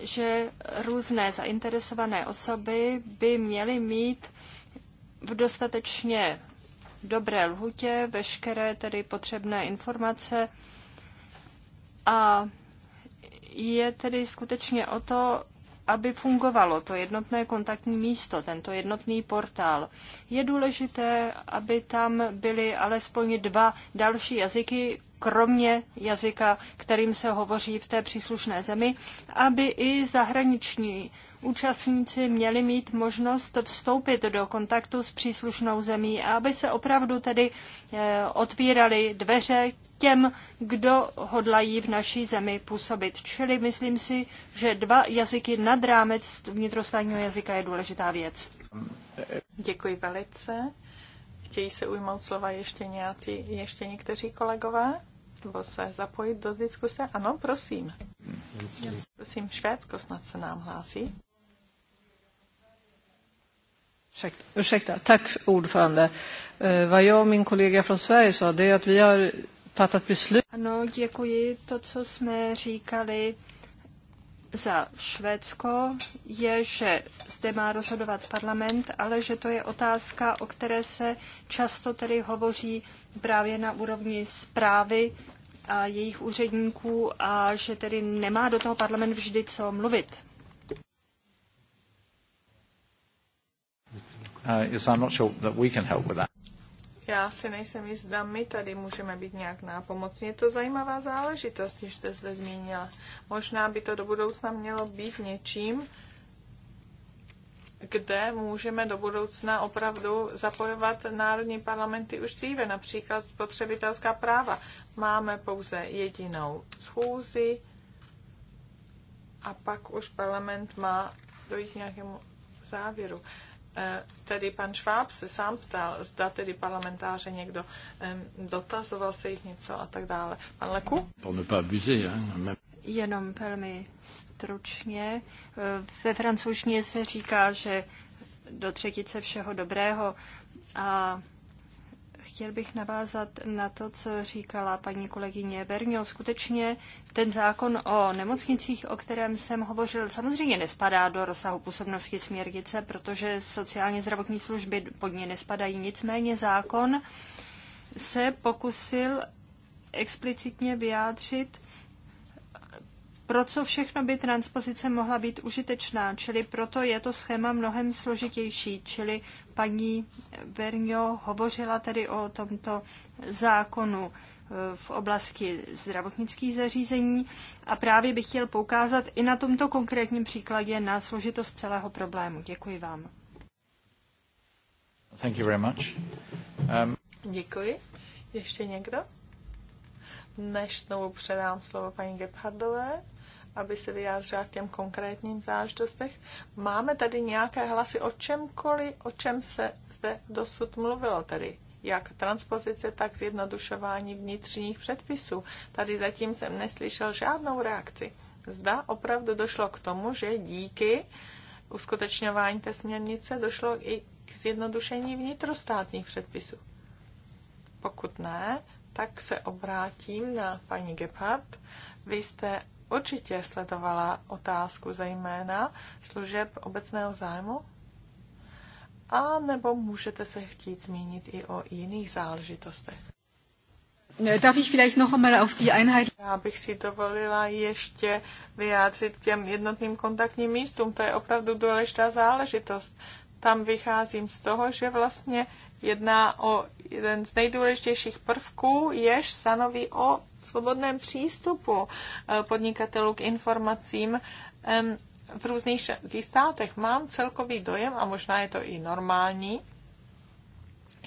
že různé zainteresované osoby by měly mít v dostatečně dobré lhutě veškeré tedy potřebné informace a je tedy skutečně o to, aby fungovalo to jednotné kontaktní místo, tento jednotný portál. Je důležité, aby tam byly alespoň dva další jazyky, kromě jazyka, kterým se hovoří v té příslušné zemi, aby i zahraniční účastníci měli mít možnost vstoupit do kontaktu s příslušnou zemí a aby se opravdu tedy eh, otvíraly dveře těm, kdo hodlají v naší zemi působit. Čili myslím si, že dva jazyky nad rámec vnitrostátního jazyka je důležitá věc. Děkuji velice. Chtějí se ujmout slova ještě nějací, ještě někteří kolegové? Nebo se zapojit do diskuse? Ano, prosím. Prosím, Švédsko snad se nám hlásí. Ursäkta, tack ordförande. Uh, Vad jag och min kollega från Sverige sa, det är att vi har fattat beslut. Ano, děkuji. To, co jsme říkali, za Švédsko je, že zde má rozhodovat parlament, ale že to je otázka, o které se často tedy hovoří právě na úrovni zprávy a jejich úředníků a že tedy nemá do toho parlament vždy co mluvit. Uh, yes, I'm not sure that we can help with that. Já si nejsem jistá, my tady můžeme být nějak nápomocní. Je to zajímavá záležitost, když jste zde zmínila. Možná by to do budoucna mělo být něčím, kde můžeme do budoucna opravdu zapojovat národní parlamenty už dříve, například spotřebitelská práva. Máme pouze jedinou schůzi a pak už parlament má dojít k nějakému závěru. Eh, tedy pan Šváb se sám ptal, zda tedy parlamentáře někdo dotazoval se jich něco a tak dále. Pan Leku? Jenom velmi stručně. Eh, ve francouzštině se říká, že do třetice všeho dobrého a Chtěl bych navázat na to, co říkala paní kolegyně Bernio. Skutečně ten zákon o nemocnicích, o kterém jsem hovořil, samozřejmě nespadá do rozsahu působnosti směrnice, protože sociálně zdravotní služby pod ně nespadají. Nicméně zákon se pokusil explicitně vyjádřit pro co všechno by transpozice mohla být užitečná, čili proto je to schéma mnohem složitější, čili paní Verňo hovořila tedy o tomto zákonu eh, v oblasti zdravotnických zařízení a právě bych chtěl poukázat i na tomto konkrétním příkladě na složitost celého problému. Děkuji vám. Thank you very much. Um... Děkuji. Ještě někdo? Než znovu předám slovo paní Gebhardové, aby se vyjádřila k těm konkrétním záležitostech. Máme tady nějaké hlasy o čemkoliv, o čem se zde dosud mluvilo, tedy jak transpozice, tak zjednodušování vnitřních předpisů. Tady zatím jsem neslyšel žádnou reakci. Zda opravdu došlo k tomu, že díky uskutečňování té směrnice došlo i k zjednodušení vnitrostátních předpisů. Pokud ne, tak se obrátím na paní Gebhardt. Vy jste určitě sledovala otázku zejména služeb obecného zájmu, a nebo můžete se chtít zmínit i o jiných záležitostech. Darf ich vielleicht noch einmal auf die Einheit? Já bych si dovolila ještě vyjádřit k těm jednotným kontaktním místům. To je opravdu důležitá záležitost. Tam vycházím z toho, že vlastně jedná o jeden z nejdůležitějších prvků, jež stanoví o svobodném přístupu eh, podnikatelů k informacím v různých státech. Mám celkový dojem, a možná je to i normální,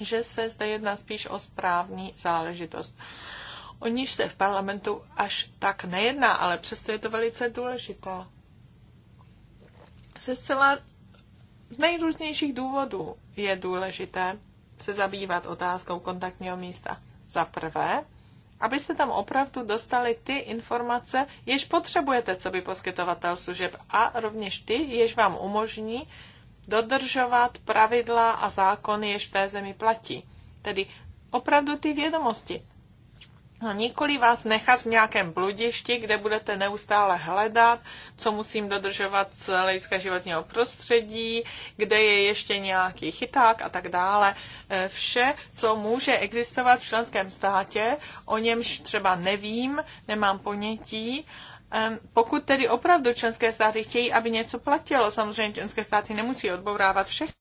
že se zde jedná spíš o správní záležitost. O níž se v parlamentu až tak nejedná, ale přesto je to velice důležitá. Ze zcela z nejrůznějších důvodů je důležité se zabývat otázkou kontaktního místa. Za prvé, abyste tam opravdu dostali ty informace, jež potřebujete, co by poskytovatel služeb a rovněž ty, jež vám umožní dodržovat pravidla a zákony, jež v té zemi platí. Tedy opravdu ty vědomosti. A no, nikoli vás nechat v nějakém bludišti, kde budete neustále hledat, co musím dodržovat z hlediska životního prostředí, kde je ještě nějaký chyták a tak dále. E, vše, co může existovat v členském státě, o němž třeba nevím, nemám ponětí, e, pokud tedy opravdu členské státy chtějí, aby něco platilo, samozřejmě členské státy nemusí odbourávat všechno.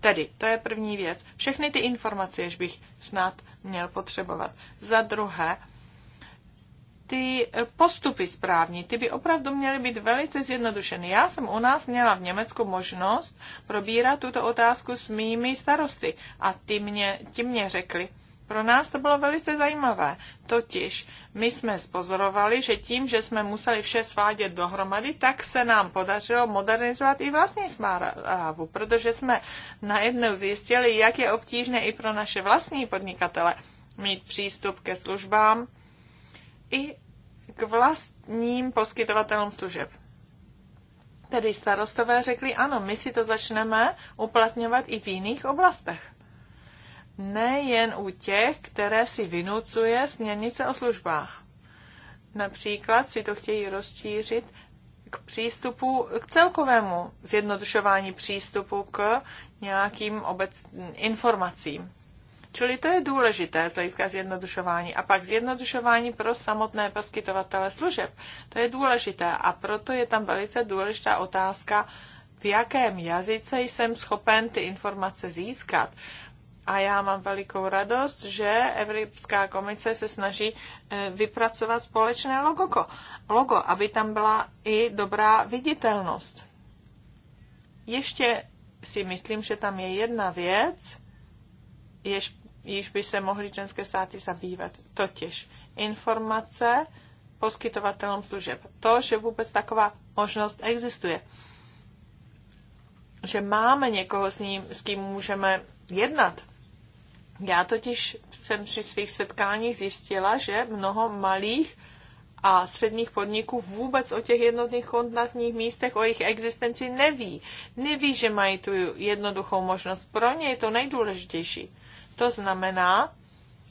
Tedy, to je první věc. Všechny ty informace, jež bych snad měl potřebovat. Za druhé, ty postupy správní, ty by opravdu měly být velice zjednodušeny. Já jsem u nás měla v Německu možnost probírat tuto otázku s mými starosty a ti mě, ti mě řekli, pro nás to bylo velice zajímavé. Totiž my jsme spozorovali, že tím, že jsme museli vše svádět dohromady, tak se nám podařilo modernizovat i vlastní smárávu, protože jsme najednou zjistili, jak je obtížné i pro naše vlastní podnikatele mít přístup ke službám i k vlastním poskytovatelům služeb. Tedy starostové řekli, ano, my si to začneme uplatňovat i v jiných oblastech nejen u těch, které si vynucuje směrnice o službách. Například si to chtějí rozšířit k přístupu, k celkovému zjednodušování přístupu k nějakým obec, informacím. Čili to je důležité z hlediska zjednodušování. A pak zjednodušování pro samotné poskytovatele služeb. To je důležité a proto je tam velice důležitá otázka, v jakém jazyce jsem schopen ty informace získat a já mám velikou radost, že Evropská komise se snaží eh, vypracovat společné logo, logo aby tam byla i dobrá viditelnost. Ještě si myslím, že tam je jedna věc, jež, již by se mohly členské státy zabývat. Totiž informace poskytovatelům služeb. To, že vůbec taková možnost existuje. Že máme někoho s ním, s kým můžeme jednat já totiž jsem při svých setkáních zjistila, že mnoho malých a středních podniků vůbec o těch jednotných kontaktních místech, o jejich existenci neví. Neví, že mají tu jednoduchou možnost. Pro ně je to nejdůležitější. To znamená,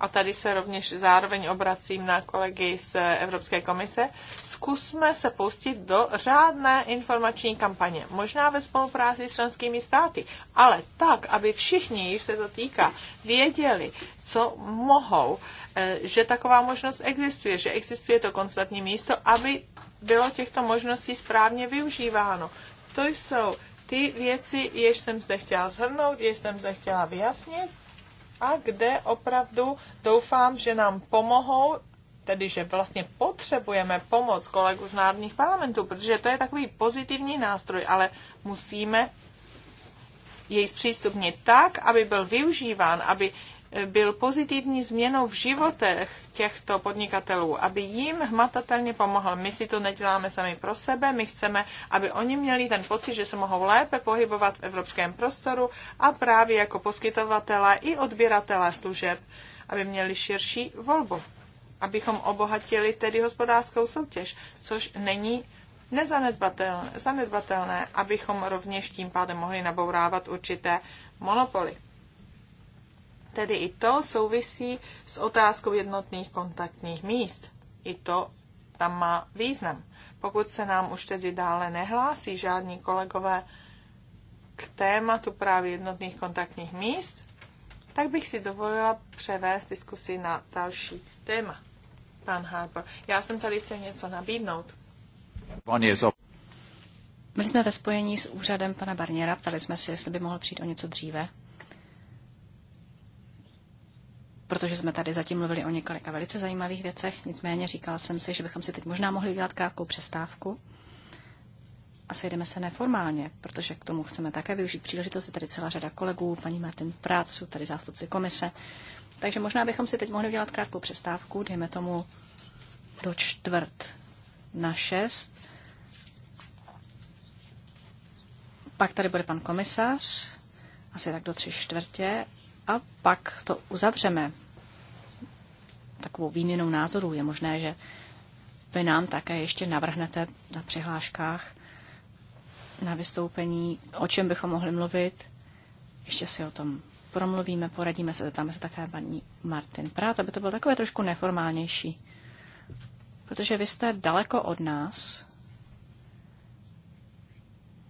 a tady se rovněž zároveň obracím na kolegy z Evropské komise, zkusme se pustit do řádné informační kampaně, možná ve spolupráci s členskými státy, ale tak, aby všichni, již se to týká, věděli, co mohou, eh, že taková možnost existuje, že existuje to konstantní místo, aby bylo těchto možností správně využíváno. To jsou ty věci, jež jsem zde chtěla zhrnout, jež jsem zde chtěla vyjasnit a kde opravdu doufám, že nám pomohou, tedy že vlastně potřebujeme pomoc kolegů z národních parlamentů, protože to je takový pozitivní nástroj, ale musíme jej zpřístupnit tak, aby byl využíván, aby byl pozitivní změnou v životech těchto podnikatelů, aby jim hmatatelně pomohl. My si to neděláme sami pro sebe, my chceme, aby oni měli ten pocit, že se mohou lépe pohybovat v evropském prostoru a právě jako poskytovatele i odběratele služeb, aby měli širší volbu, abychom obohatili tedy hospodářskou soutěž, což není nezanedbatelné, zanedbatelné, abychom rovněž tím pádem mohli nabourávat určité monopoly. Tedy i to souvisí s otázkou jednotných kontaktních míst. I to tam má význam. Pokud se nám už tedy dále nehlásí žádní kolegové k tématu právě jednotných kontaktních míst, tak bych si dovolila převést diskusi na další téma. Pan Harper, já jsem tady chtěl něco nabídnout. My jsme ve spojení s úřadem pana Barniera, ptali jsme se, jestli by mohl přijít o něco dříve. protože jsme tady zatím mluvili o několika velice zajímavých věcech. Nicméně říkal jsem si, že bychom si teď možná mohli udělat krátkou přestávku a sejdeme se neformálně, protože k tomu chceme také využít příležitost. Je tady celá řada kolegů, paní Martin Prát, jsou tady zástupci komise. Takže možná bychom si teď mohli udělat krátkou přestávku, dejme tomu do čtvrt na šest. Pak tady bude pan komisař, asi tak do tři čtvrtě a pak to uzavřeme takovou výměnou názorů. Je možné, že vy nám také ještě navrhnete na přihláškách na vystoupení, o čem bychom mohli mluvit. Ještě si o tom promluvíme, poradíme se, zeptáme se také paní Martin Prát, aby to bylo takové trošku neformálnější. Protože vy jste daleko od nás,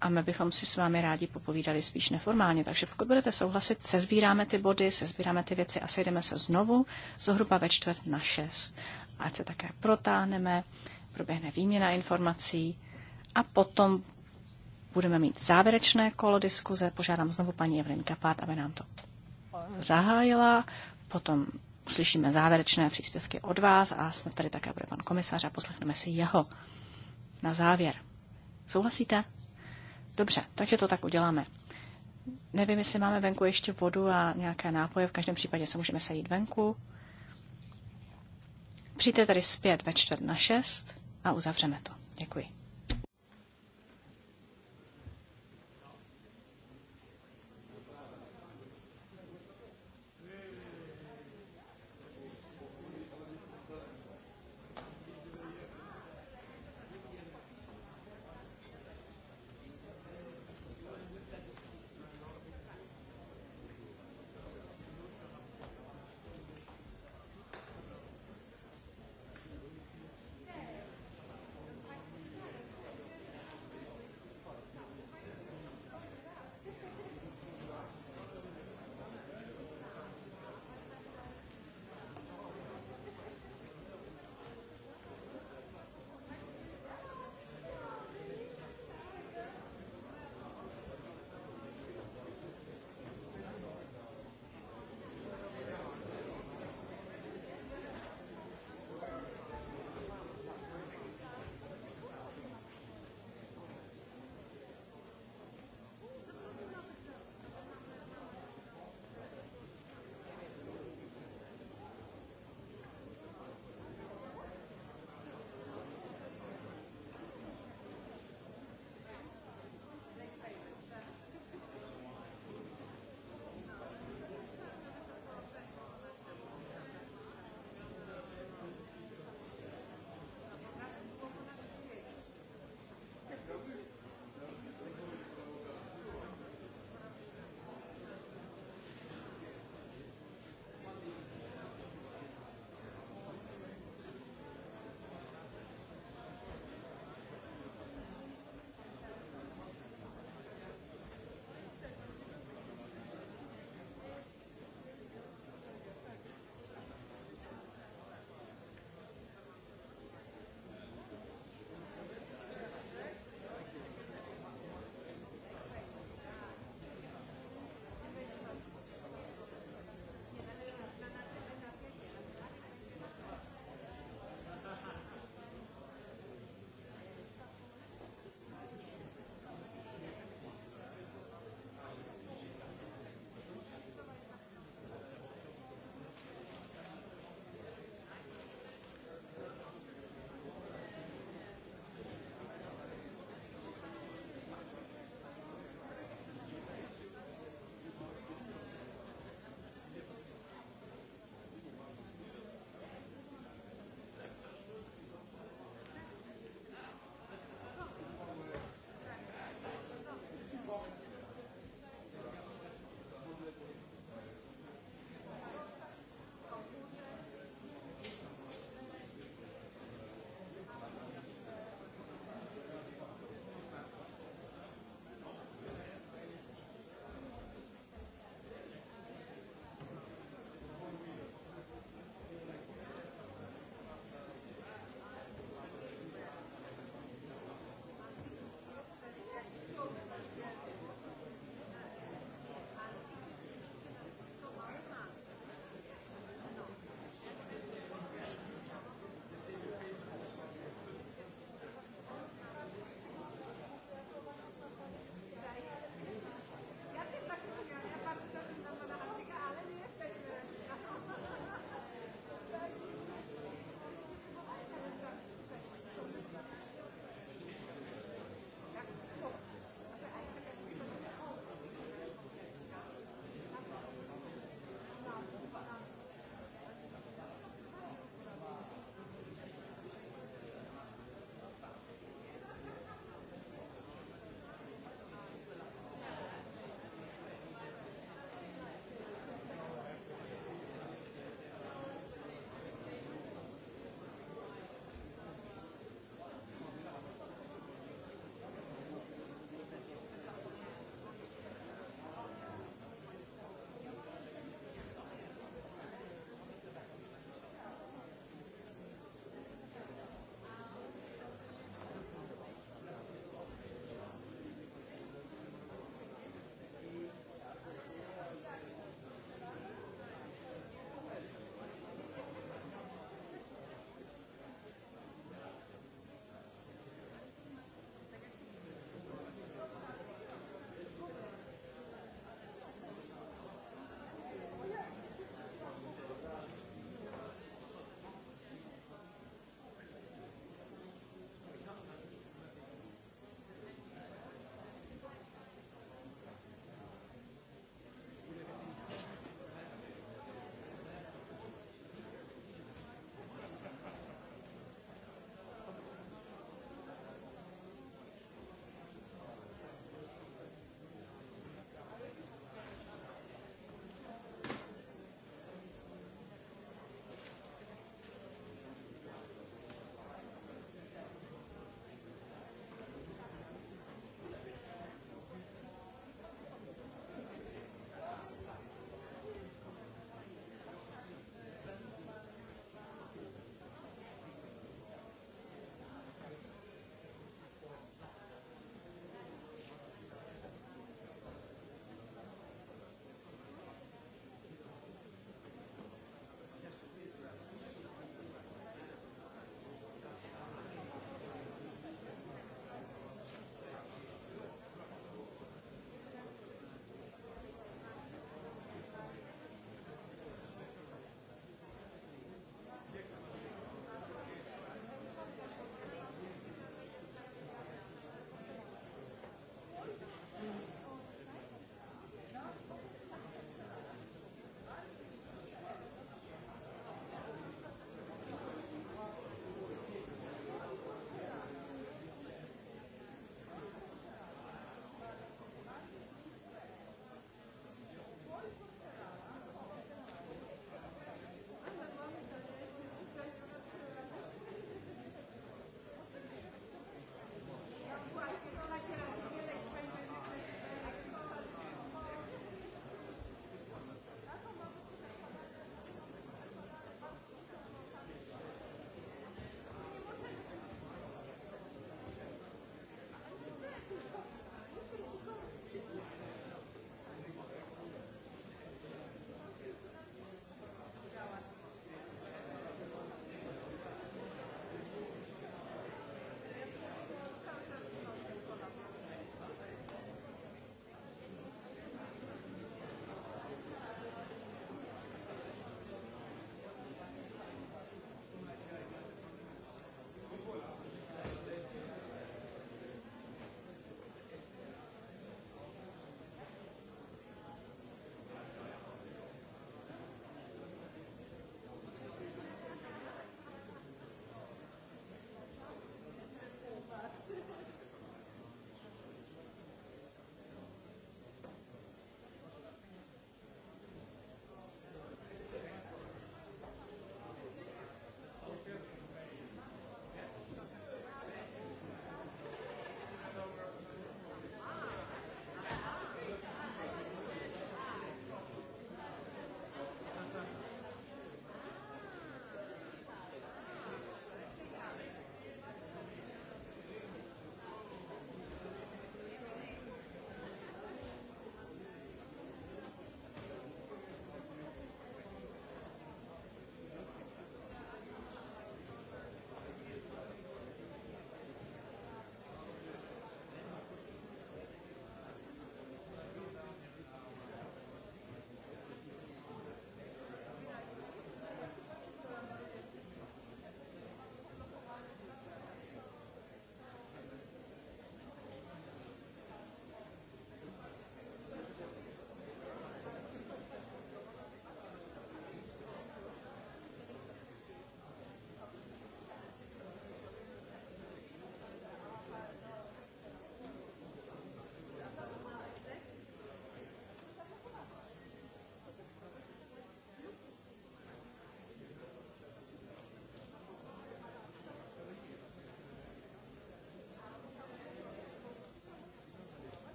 a my bychom si s vámi rádi popovídali spíš neformálně. Takže pokud budete souhlasit, sezbíráme ty body, sezbíráme ty věci a sejdeme se znovu zhruba ve čtvrt na šest. Ať se také protáhneme, proběhne výměna informací a potom budeme mít závěrečné kolo diskuze. Požádám znovu paní Evelyn Kapát, aby nám to zahájila. Potom uslyšíme závěrečné příspěvky od vás a snad tady také bude pan komisař a poslechneme si jeho na závěr. Souhlasíte? Dobře, takže to tak uděláme. Nevím, jestli máme venku ještě vodu a nějaké nápoje. V každém případě se můžeme sejít venku. Přijďte tady zpět ve čtvrt na šest a uzavřeme to. Děkuji.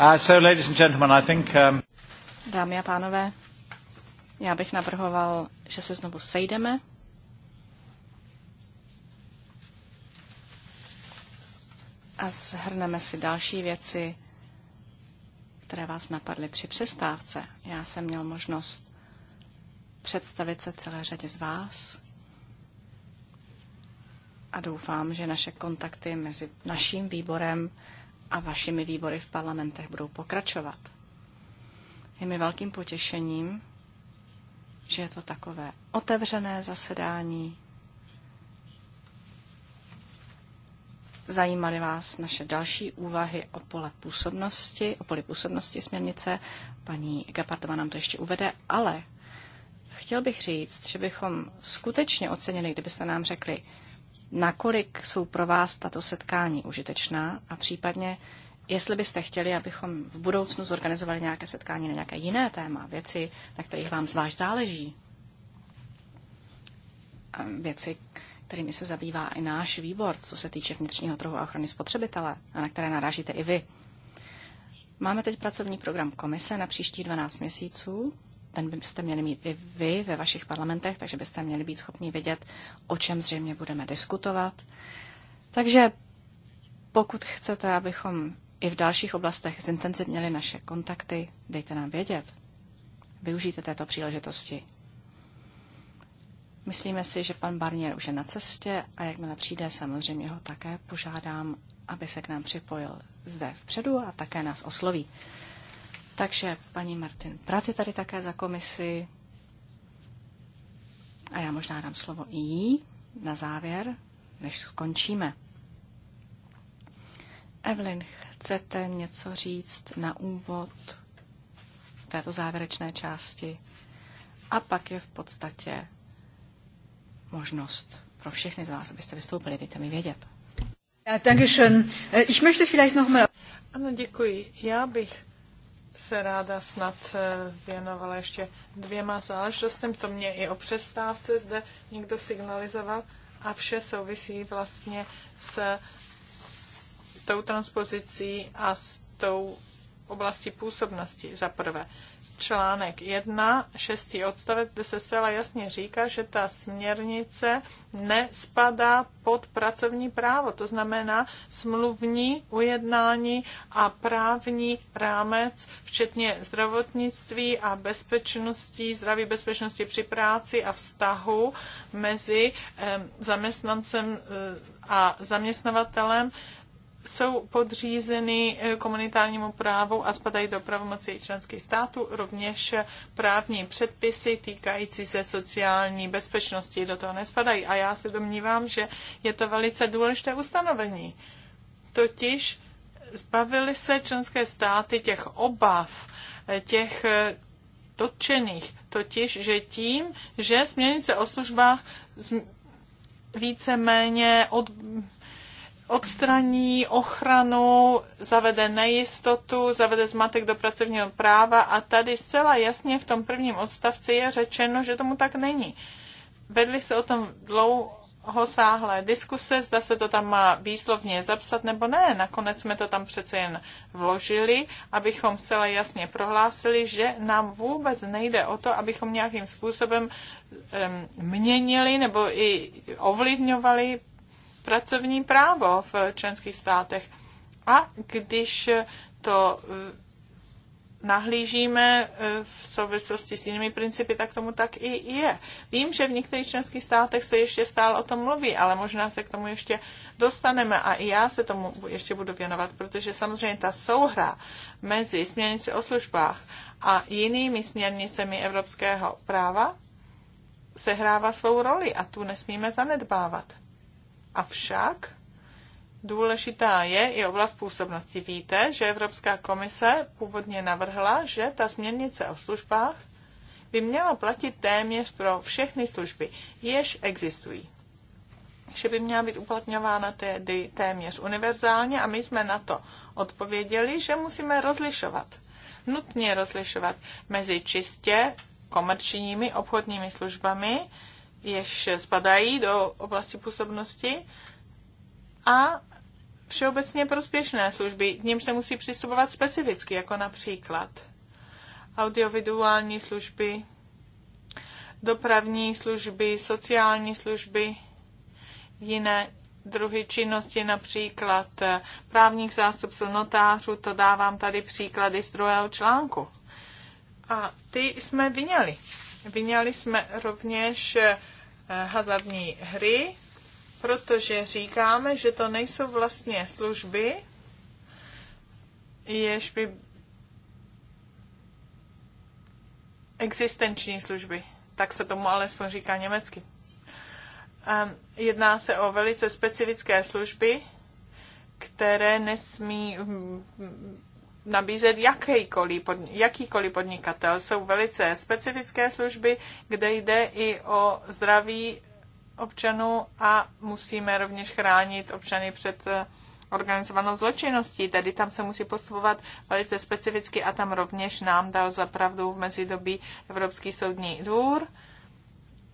Uh, um, Dámy a pánové, já bych navrhoval, že se znovu sejdeme. A zhrneme si další věci, které vás napadly při přestávce. Já jsem měl možnost představit se celé řadě z vás a doufám, že naše kontakty mezi naším výborem a vašimi výbory v parlamentech budou pokračovat. Je mi velkým potěšením, že je to takové otevřené zasedání. Zajímaly vás naše další úvahy o pole působnosti, o poli působnosti směrnice. Paní Gapartova nám to ještě uvede, ale chtěl bych říct, že bychom skutečně ocenili, kdybyste nám řekli, nakolik jsou pro vás tato setkání užitečná a případně, jestli byste chtěli, abychom v budoucnu zorganizovali nějaké setkání na nějaké jiné téma, věci, na kterých vám zvlášť záleží, věci, kterými se zabývá i náš výbor, co se týče vnitřního trhu a ochrany spotřebitele, a na které narážíte i vy. Máme teď pracovní program komise na příští 12 měsíců ten byste měli mít i vy ve vašich parlamentech, takže byste měli být schopni vědět, o čem zřejmě budeme diskutovat. Takže pokud chcete, abychom i v dalších oblastech zintenzivněli naše kontakty, dejte nám vědět. Využijte této příležitosti. Myslíme si, že pan Barnier už je na cestě a jakmile přijde, samozřejmě ho také požádám, aby se k nám připojil zde vpředu a také nás osloví. Takže paní Martin Prat tady také za komisi. A já možná dám slovo i jí na závěr, než skončíme. Evelyn, chcete něco říct na úvod této závěrečné části? A pak je v podstatě možnost pro všechny z vás, abyste vystoupili, dejte mi vědět. Ja, danke schön. Äh, ich möchte vielleicht noch mal... Ano, děkuji. Já bych se ráda snad eh, věnovala ještě dvěma záležitostem. To mě i o přestávce zde někdo signalizoval. A vše souvisí vlastně s tou transpozicí a s tou oblastí působnosti za prvé článek 1, 6. odstavec, kde se zcela jasně říká, že ta směrnice nespadá pod pracovní právo, to znamená smluvní ujednání a právní rámec, včetně zdravotnictví a bezpečnosti, zdraví bezpečnosti při práci a vztahu mezi zaměstnancem e, a zaměstnavatelem jsou podřízeny eh, komunitárnímu právu a spadají do pravomocí členských států, rovněž právní předpisy týkající se sociální bezpečnosti do toho nespadají. A já se domnívám, že je to velice důležité ustanovení. Totiž zbavili se členské státy těch obav, eh, těch eh, dotčených, totiž, že tím, že směrnice o službách méně od, odstraní ochranu, zavede nejistotu, zavede zmatek do pracovního práva a tady zcela jasně v tom prvním odstavci je řečeno, že tomu tak není. Vedli se o tom dlouhosáhlé diskuse, zda se to tam má výslovně zapsat nebo ne. Nakonec jsme to tam přece jen vložili, abychom zcela jasně prohlásili, že nám vůbec nejde o to, abychom nějakým způsobem um, měnili nebo i ovlivňovali pracovní právo v členských státech. A když to eh, nahlížíme eh, v souvislosti s jinými principy, tak tomu tak i je. Vím, že v některých členských státech se ještě stále o tom mluví, ale možná se k tomu ještě dostaneme a i já se tomu ještě budu věnovat, protože samozřejmě ta souhra mezi směrnici o službách a jinými směrnicemi evropského práva sehrává svou roli a tu nesmíme zanedbávat. Avšak důležitá je i oblast působnosti. Víte, že Evropská komise původně navrhla, že ta směrnice o službách by měla platit téměř pro všechny služby, jež existují. Že by měla být uplatňována tedy téměř univerzálně a my jsme na to odpověděli, že musíme rozlišovat. Nutně rozlišovat mezi čistě komerčními obchodními službami, jež spadají do oblasti působnosti a všeobecně prospěšné služby, k ním se musí přistupovat specificky, jako například audiovizuální služby, dopravní služby, sociální služby, jiné druhy činnosti, například právních zástupců notářů, to dávám tady příklady z druhého článku. A ty jsme vyňali. Vyňali jsme rovněž hazardní hry, protože říkáme, že to nejsou vlastně služby, jež by existenční služby, tak se tomu alespoň říká německy. Ehm, jedná se o velice specifické služby, které nesmí nabízet jakýkoliv, pod, jakýkoliv podnikatel. Jsou velice specifické služby, kde jde i o zdraví občanů a musíme rovněž chránit občany před eh, organizovanou zločinností, tedy tam se musí postupovat velice specificky a tam rovněž nám dal zapravdu v mezidobí Evropský soudní dvůr,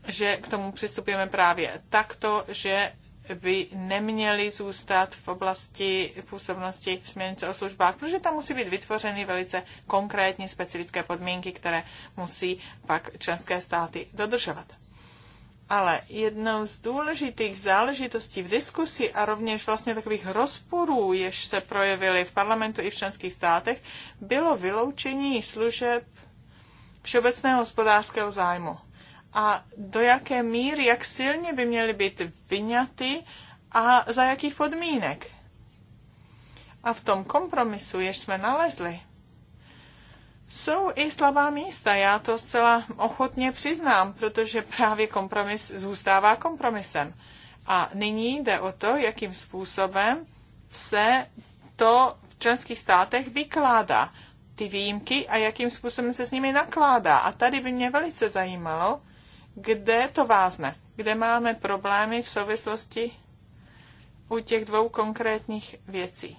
že k tomu přistupujeme právě takto, že by neměly zůstat v oblasti působnosti směrnice o službách, protože tam musí být vytvořeny velice konkrétní specifické podmínky, které musí pak členské státy dodržovat. Ale jednou z důležitých záležitostí v diskusi a rovněž vlastně takových rozporů, jež se projevily v parlamentu i v členských státech, bylo vyloučení služeb všeobecného hospodářského zájmu a do jaké míry, jak silně by měly být vyňaty a za jakých podmínek. A v tom kompromisu, jež jsme nalezli, jsou i slabá místa, já to zcela ochotně přiznám, protože právě kompromis zůstává kompromisem. A nyní jde o to, jakým způsobem se to v členských státech vykládá, ty výjimky a jakým způsobem se s nimi nakládá. A tady by mě velice zajímalo, kde to vázne, kde máme problémy v souvislosti u těch dvou konkrétních věcí.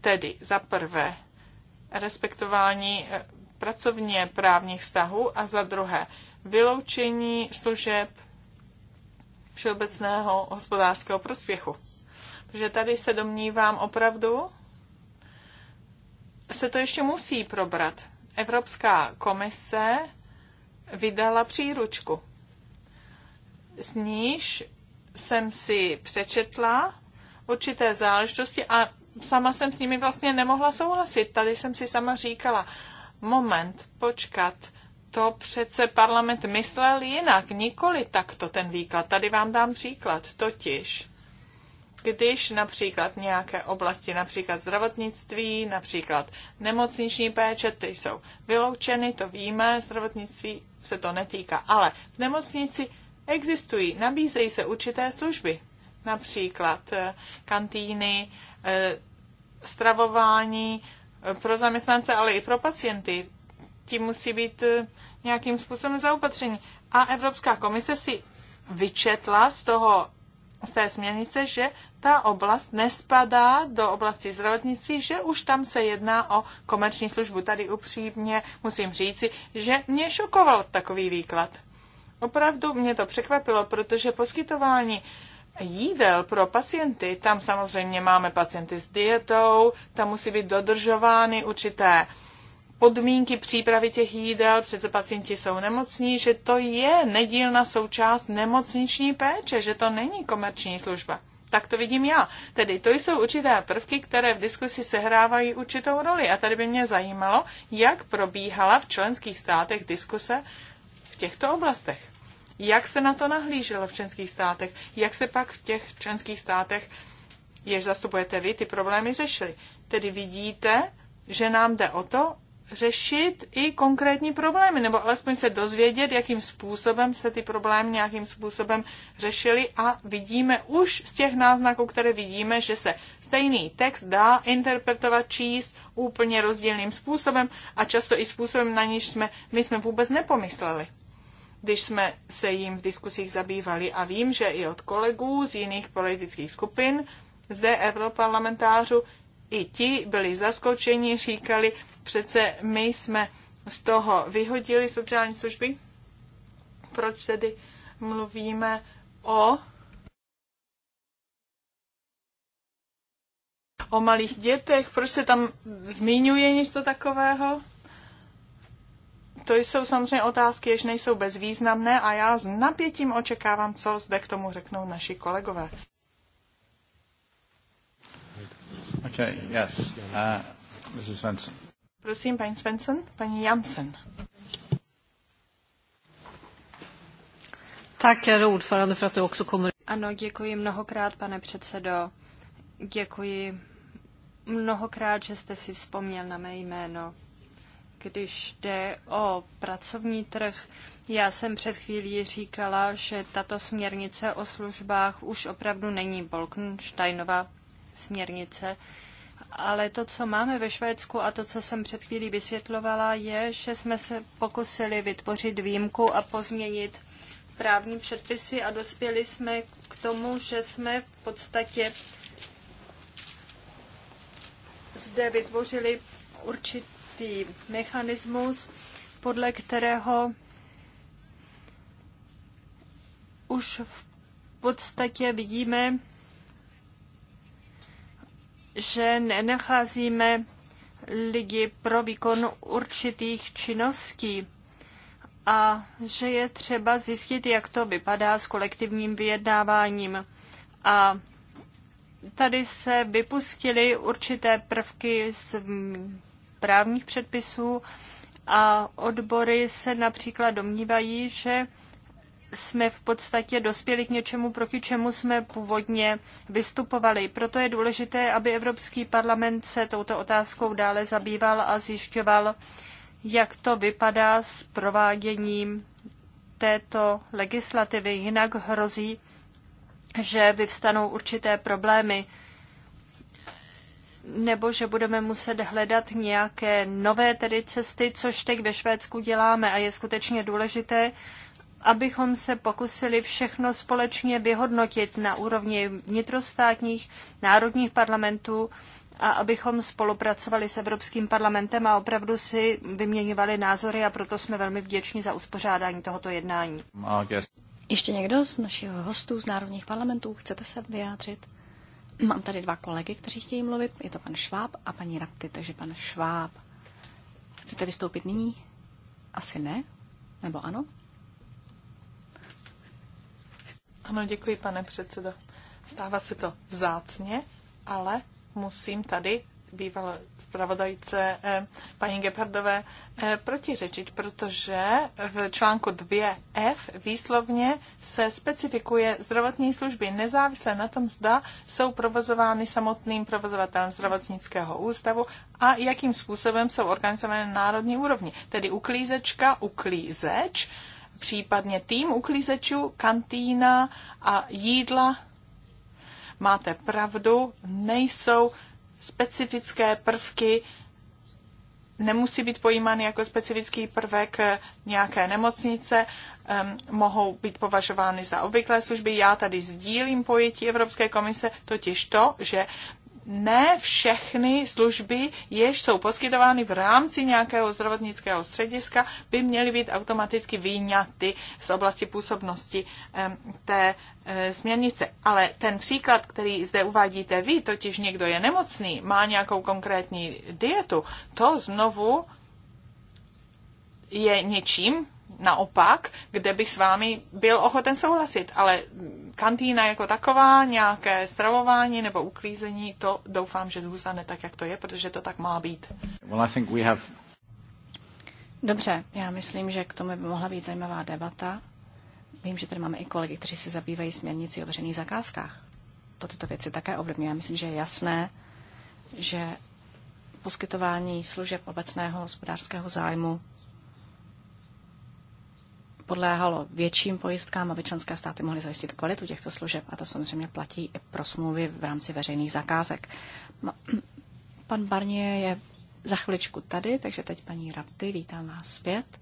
Tedy za prvé respektování eh, pracovně právních vztahů a za druhé vyloučení služeb všeobecného hospodářského prospěchu. Protože tady se domnívám opravdu, se to ještě musí probrat. Evropská komise vydala příručku. Z níž jsem si přečetla určité záležitosti a sama jsem s nimi vlastně nemohla souhlasit. Tady jsem si sama říkala, moment, počkat, to přece parlament myslel jinak, nikoli takto ten výklad. Tady vám dám příklad, totiž když například nějaké oblasti, například zdravotnictví, například nemocniční péče, ty jsou vyloučeny, to víme, zdravotnictví se to netýká, ale v nemocnici existují, nabízejí se určité služby, například eh, kantýny, eh, stravování eh, pro zaměstnance, ale i pro pacienty. Ti musí být nějakým způsobem zaopatření. A Evropská komise si vyčetla z toho z té směrnice, že ta oblast nespadá do oblasti zdravotnictví, že už tam se jedná o komerční službu. Tady upřímně musím říci, že mě šokoval takový výklad. Opravdu mě to překvapilo, protože poskytování jídel pro pacienty, tam samozřejmě máme pacienty s dietou, tam musí být dodržovány určité uh, podmínky přípravy těch jídel, přece pacienti jsou nemocní, že to je nedílná součást nemocniční péče, že to není komerční služba. Tak to vidím já. Tedy to jsou určité prvky, které v diskusi sehrávají určitou roli. A tady by mě zajímalo, jak probíhala v členských státech diskuse v těchto oblastech. Jak se na to nahlíželo v členských státech? Jak se pak v těch členských státech, jež zastupujete vy, ty problémy řešily? Tedy vidíte, že nám jde o to, řešit i konkrétní problémy, nebo alespoň se dozvědět, jakým způsobem se ty problémy nějakým způsobem řešily a vidíme už z těch náznaků, které vidíme, že se stejný text dá interpretovat, číst úplně rozdílným způsobem a často i způsobem, na níž jsme, my jsme vůbec nepomysleli když jsme se jim v diskusích zabývali a vím, že i od kolegů z jiných politických skupin, zde europarlamentářů, i ti byli zaskočeni, říkali, Přece my jsme z toho vyhodili sociální služby. Proč tedy mluvíme o o malých dětech, proč se tam zmiňuje něco takového? To jsou samozřejmě otázky, jež nejsou bezvýznamné a já s napětím očekávám, co zde k tomu řeknou naši kolegové. Okay, yes. Uh, Mrs. Svensson. Prosím, paní Svensson, paní Jansen. Tak, ordförande, för att du också kommer... Ano, děkuji mnohokrát, pane předsedo. Děkuji mnohokrát, že jste si vzpomněl na mé jméno. Když jde o pracovní trh, já jsem před chvílí říkala, že tato směrnice o službách už opravdu není Bolkensteinova směrnice ale to, co máme ve Švédsku a to, co jsem před chvílí vysvětlovala, je, že jsme se pokusili vytvořit výjimku a pozměnit právní předpisy a dospěli jsme k tomu, že jsme v podstatě zde vytvořili určitý mechanismus, podle kterého už v podstatě vidíme, že nenacházíme lidi pro výkon určitých činností a že je třeba zjistit, jak to vypadá s kolektivním vyjednáváním. A tady se vypustily určité prvky z právních předpisů a odbory se například domnívají, že jsme v podstatě dospěli k něčemu, proti čemu jsme původně vystupovali. Proto je důležité, aby Evropský parlament se touto otázkou dále zabýval a zjišťoval, jak to vypadá s prováděním této legislativy. Jinak hrozí, že vyvstanou určité problémy nebo že budeme muset hledat nějaké nové tedy cesty, což teď ve Švédsku děláme a je skutečně důležité, abychom se pokusili všechno společně vyhodnotit na úrovni vnitrostátních národních parlamentů a abychom spolupracovali s Evropským parlamentem a opravdu si vyměňovali názory a proto jsme velmi vděční za uspořádání tohoto jednání. Ještě někdo z našich hostů z národních parlamentů? Chcete se vyjádřit? Mám tady dva kolegy, kteří chtějí mluvit. Je to pan Šváb a paní Rapty, takže pan Šváb. Chcete vystoupit nyní? Asi ne? Nebo ano? Ano, děkuji, pane předsedo. Stává se to vzácně, ale musím tady bývalé zpravodajce eh, paní Gepardové eh, protiřečit, protože v článku 2f výslovně se specifikuje zdravotní služby nezávisle na tom, zda jsou provozovány samotným provozovatelem zdravotnického ústavu a jakým způsobem jsou organizované na národní úrovni. Tedy uklízečka, uklízeč, případně tým uklízečů, kantýna a jídla, máte pravdu, nejsou specifické prvky, nemusí být pojímány jako specifický prvek nějaké nemocnice, um, mohou být považovány za obvyklé služby. Já tady sdílím pojetí Evropské komise, totiž to, že ne všechny služby, jež jsou poskytovány v rámci nějakého zdravotnického střediska, by měly být automaticky vyňaty z oblasti působnosti té e, směrnice. Ale ten příklad, který zde uvádíte vy, totiž někdo je nemocný, má nějakou konkrétní dietu, to znovu je něčím, naopak, kde bych s vámi byl ochoten souhlasit, ale kantýna jako taková, nějaké stravování nebo uklízení, to doufám, že zůstane tak, jak to je, protože to tak má být. Well, I think we have... Dobře, já myslím, že k tomu by mohla být zajímavá debata. Vím, že tady máme i kolegy, kteří se zabývají směrnici o veřejných zakázkách. To tyto věci také ovlivňuje. Já myslím, že je jasné, že poskytování služeb obecného hospodářského zájmu podléhalo větším pojistkám, aby členské státy mohly zajistit kvalitu těchto služeb. A to samozřejmě platí i pro smlouvy v rámci veřejných zakázek. <clears throat> Pan Barnier je za chviličku tady, takže teď paní Rapty, vítám vás zpět.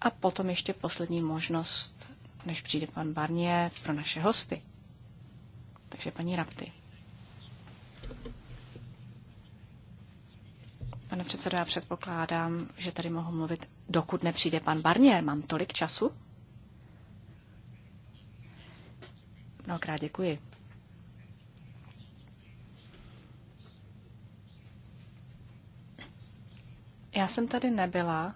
A potom ještě poslední možnost, než přijde pan Barnier, pro naše hosty. Takže paní Rapty. Pane předsedo, já předpokládám, že tady mohu mluvit dokud nepřijde pan Barnier. Mám tolik času? Mnohokrát děkuji. Já jsem tady nebyla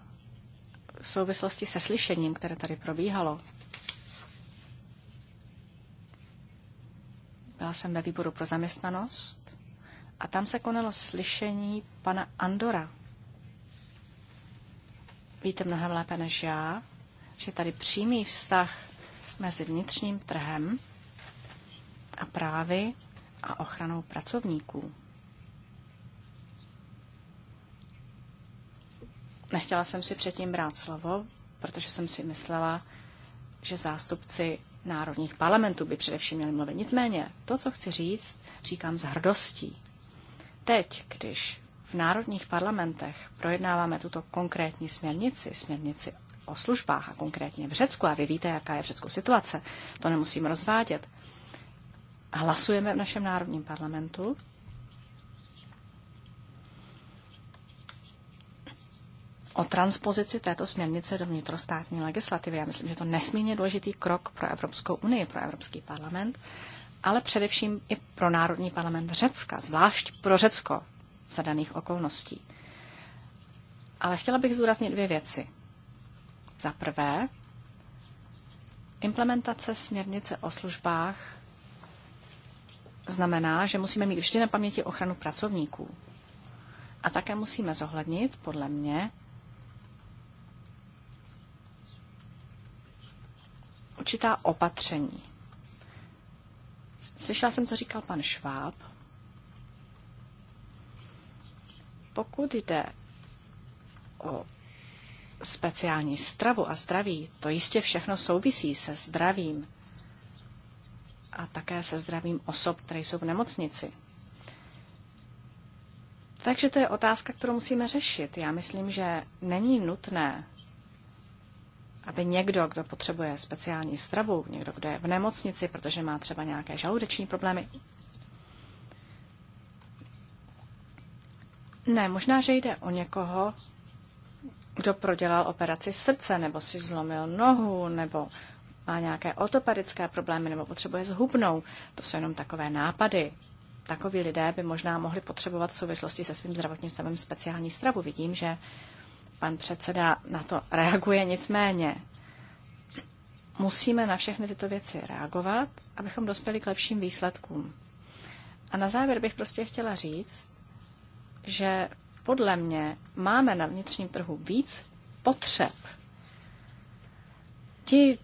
v souvislosti se slyšením, které tady probíhalo. Byla jsem ve výboru pro zaměstnanost a tam se konalo slyšení pana Andora, víte mnohem lépe než já, že tady přímý vztah mezi vnitřním trhem a právy a ochranou pracovníků. Nechtěla jsem si předtím brát slovo, protože jsem si myslela, že zástupci národních parlamentů by především měli mluvit. Nicméně, to, co chci říct, říkám s hrdostí. Teď, když v národních parlamentech projednáváme tuto konkrétní směrnici, směrnici o službách a konkrétně v Řecku, a vy víte, jaká je v Řecku situace, to nemusím rozvádět, hlasujeme v našem národním parlamentu. o transpozici této směrnice do vnitrostátní legislativy. Já myslím, že to nesmírně důležitý krok pro Evropskou unii, pro Evropský parlament, ale především i pro Národní parlament Řecka, zvlášť pro Řecko, za daných okolností. Ale chtěla bych zúraznit dvě věci. Za prvé, implementace směrnice o službách znamená, že musíme mít vždy na paměti ochranu pracovníků. A také musíme zohlednit, podle mě, určitá opatření. Slyšela jsem, co říkal pan Šváb Pokud jde o speciální stravu a zdraví, to jistě všechno souvisí se zdravím a také se zdravím osob, které jsou v nemocnici. Takže to je otázka, kterou musíme řešit. Já myslím, že není nutné, aby někdo, kdo potřebuje speciální stravu, někdo, kdo je v nemocnici, protože má třeba nějaké žaludeční problémy, Ne, možná, že jde o někoho, kdo prodělal operaci srdce, nebo si zlomil nohu, nebo má nějaké ortopedické problémy, nebo potřebuje zhubnou. To jsou jenom takové nápady. Takoví lidé by možná mohli potřebovat v souvislosti se svým zdravotním stavem speciální stravu. Vidím, že pan předseda na to reaguje nicméně. Musíme na všechny tyto věci reagovat, abychom dospěli k lepším výsledkům. A na závěr bych prostě chtěla říct, že podle mě máme na vnitřním trhu víc potřeb. Ti,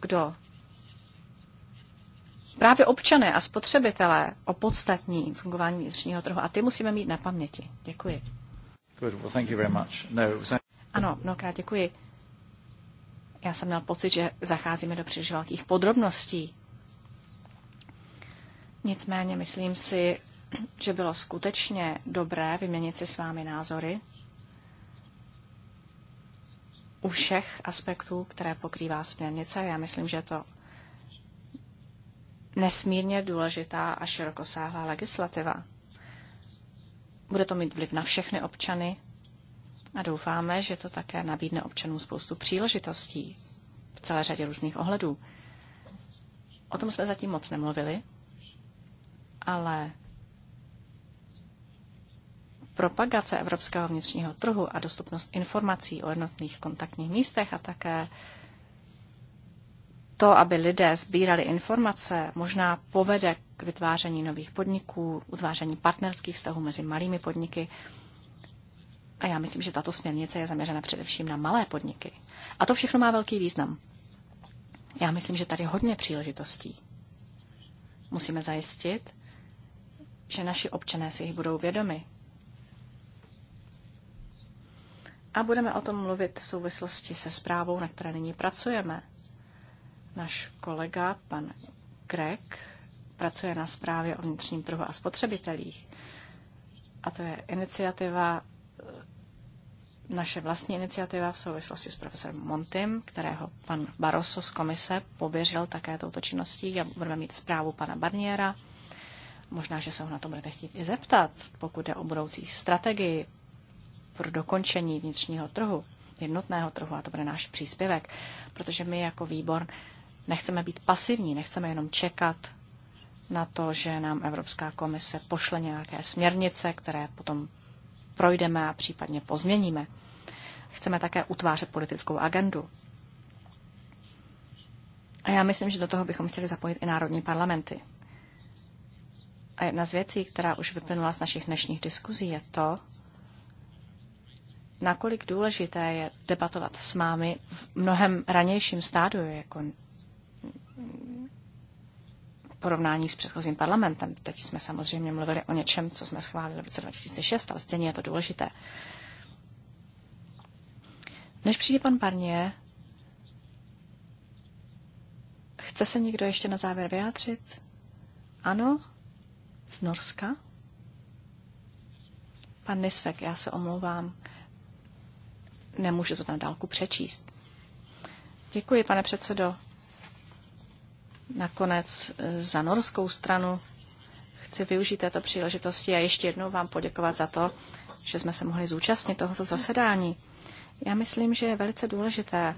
kdo právě občané a spotřebitelé o podstatní fungování vnitřního trhu a ty musíme mít na paměti. Děkuji. Good. Well, thank you very much. No, was... Ano, mnohokrát děkuji. Já jsem měl pocit, že zacházíme do příliš velkých podrobností. Nicméně myslím si, že bylo skutečně dobré vyměnit si s vámi názory u všech aspektů, které pokrývá směrnice. Já myslím, že je to nesmírně důležitá a širokosáhlá legislativa. Bude to mít vliv na všechny občany a doufáme, že to také nabídne občanům spoustu příležitostí v celé řadě různých ohledů. O tom jsme zatím moc nemluvili, ale propagace evropského vnitřního trhu a dostupnost informací o jednotných kontaktních místech a také to, aby lidé sbírali informace, možná povede k vytváření nových podniků, utváření partnerských vztahů mezi malými podniky. A já myslím, že tato směrnice je zaměřena především na malé podniky. A to všechno má velký význam. Já myslím, že tady hodně příležitostí. Musíme zajistit, že naši občané si jich budou vědomi. A budeme o tom mluvit v souvislosti se zprávou, na které nyní pracujeme. Náš kolega, pan Greg, pracuje na zprávě o vnitřním trhu a spotřebitelích. A to je iniciativa, naše vlastní iniciativa v souvislosti s profesorem Montym, kterého pan Barroso z komise pověřil také touto činností a budeme mít zprávu pana Barniera Možná, že se ho na to budete chtít i zeptat, pokud je o budoucí strategii pro dokončení vnitřního trhu, jednotného trhu, a to bude náš příspěvek, protože my jako výbor nechceme být pasivní, nechceme jenom čekat na to, že nám Evropská komise pošle nějaké směrnice, které potom projdeme a případně pozměníme. Chceme také utvářet politickou agendu. A já myslím, že do toho bychom chtěli zapojit i národní parlamenty. A jedna z věcí, která už vyplynula z našich dnešních diskuzí, je to, nakolik důležité je debatovat s mámy v mnohem ranějším stádiu, jako porovnání s předchozím parlamentem. Teď jsme samozřejmě mluvili o něčem, co jsme schválili v roce 2006, ale stejně je to důležité. Než přijde pan Parně, chce se někdo ještě na závěr vyjádřit? Ano? z Norska. Pan Nisvek, já se omlouvám, nemůžu to na dálku přečíst. Děkuji, pane předsedo. Nakonec eh, za norskou stranu chci využít této příležitosti a ještě jednou vám poděkovat za to, že jsme se mohli zúčastnit tohoto zasedání. Já myslím, že je velice důležité,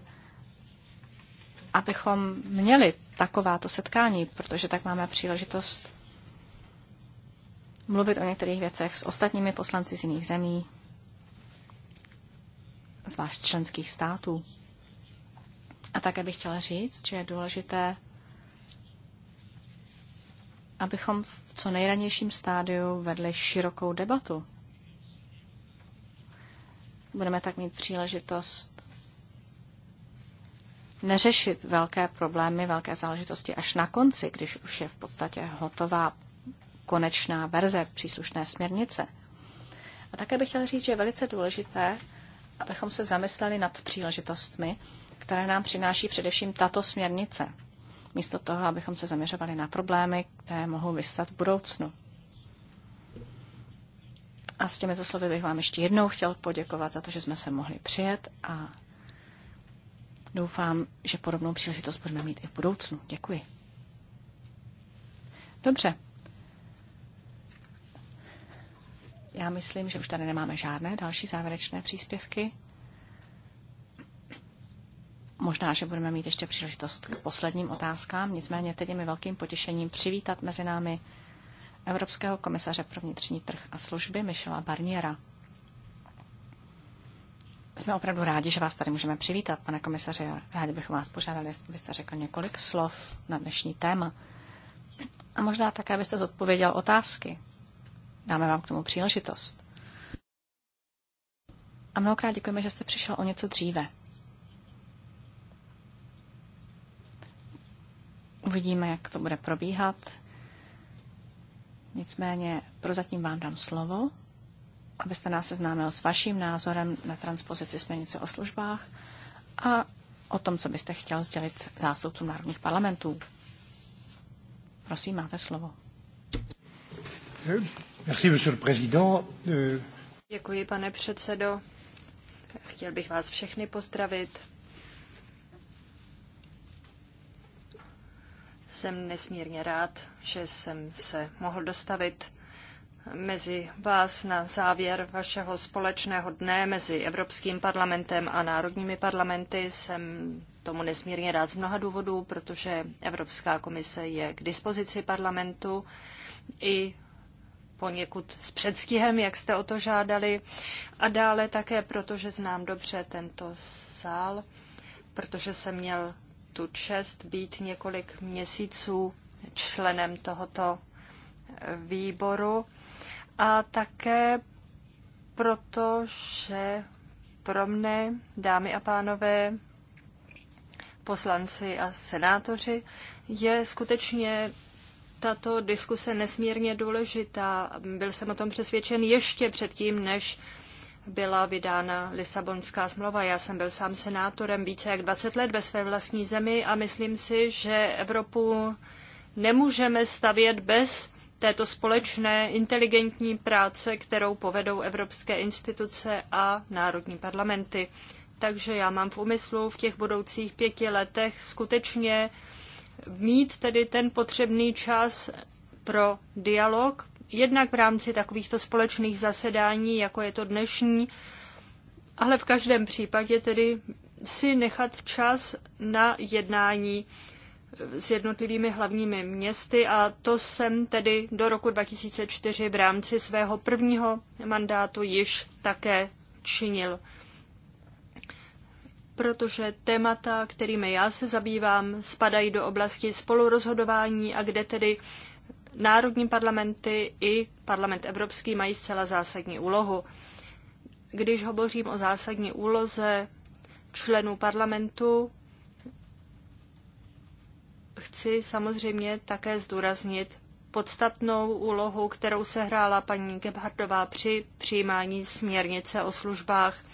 abychom měli takováto setkání, protože tak máme příležitost mluvit o některých věcech s ostatními poslanci z jiných zemí, zvlášť členských států. A také bych chtěla říct, že je důležité, abychom v co nejranějším stádiu vedli širokou debatu. Budeme tak mít příležitost neřešit velké problémy, velké záležitosti až na konci, když už je v podstatě hotová konečná verze příslušné směrnice. A také bych chtěla říct, že je velice důležité, abychom se zamysleli nad příležitostmi, které nám přináší především tato směrnice, místo toho, abychom se zaměřovali na problémy, které mohou vystat v budoucnu. A s těmito slovy bych vám ještě jednou chtěl poděkovat za to, že jsme se mohli přijet a doufám, že podobnou příležitost budeme mít i v budoucnu. Děkuji. Dobře, Já myslím, že už tady nemáme žádné další závěrečné příspěvky. Možná, že budeme mít ještě příležitost k posledním otázkám, nicméně teď je mi velkým potěšením přivítat mezi námi Evropského komisaře pro vnitřní trh a služby Michela Barniera. Jsme opravdu rádi, že vás tady můžeme přivítat, pane komisaře. Rádi bychom vás požádali, abyste řekl několik slov na dnešní téma. A možná také byste zodpověděl otázky, Dáme vám k tomu příležitost. A mnohokrát děkujeme, že jste přišel o něco dříve. Uvidíme, jak to bude probíhat. Nicméně prozatím vám dám slovo, abyste nás seznámil s vaším názorem na transpozici směrnice o službách a o tom, co byste chtěl sdělit zástupcům národních parlamentů. Prosím, máte slovo. Merci, monsieur le président. Euh, Děkuji, pane předsedo. Chtěl bych vás všechny pozdravit. Jsem nesmírně rád, že jsem se mohl dostavit mezi vás na závěr vašeho společného dne mezi Evropským parlamentem a národními parlamenty. Jsem tomu nesmírně rád z mnoha důvodů, protože Evropská komise je k dispozici parlamentu i poněkud s předstihem, jak jste o to žádali. A dále také, protože znám dobře tento sál, protože jsem měl tu čest být několik měsíců členem tohoto eh, výboru a také proto, že pro mne, dámy a pánové, poslanci a senátoři, je skutečně tato diskuse nesmírně důležitá. Byl jsem o tom přesvědčen ještě předtím, než byla vydána Lisabonská smlouva. Já jsem byl sám senátorem více jak 20 let ve své vlastní zemi a myslím si, že Evropu nemůžeme stavět bez této společné inteligentní práce, kterou povedou evropské instituce a národní parlamenty. Takže já mám v úmyslu v těch budoucích pěti letech skutečně mít tedy ten potřebný čas pro dialog, jednak v rámci takovýchto společných zasedání, jako je to dnešní, ale v každém případě tedy si nechat čas na jednání s jednotlivými hlavními městy a to jsem tedy do roku 2004 v rámci svého prvního mandátu již také činil protože témata, kterými já se zabývám, spadají do oblasti spolurozhodování a kde tedy národní parlamenty i parlament evropský mají zcela zásadní úlohu. Když hovořím o zásadní úloze členů parlamentu, chci samozřejmě také zdůraznit podstatnou úlohu, kterou sehrála paní Gebhardová při přijímání směrnice o službách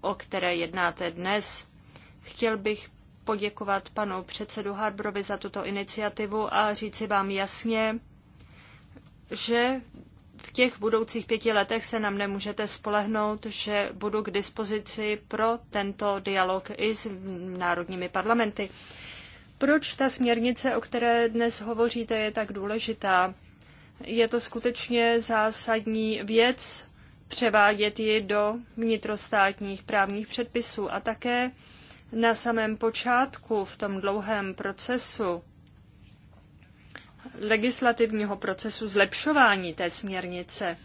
o které jednáte dnes. Chtěl bych poděkovat panu předsedu Harbrovi za tuto iniciativu a říci vám jasně, že v těch budoucích pěti letech se nám nemůžete spolehnout, že budu k dispozici pro tento dialog i s národními parlamenty. Proč ta směrnice, o které dnes hovoříte, je tak důležitá? Je to skutečně zásadní věc převádět ji do vnitrostátních právních předpisů. A také na samém počátku v tom dlouhém procesu legislativního procesu zlepšování té směrnice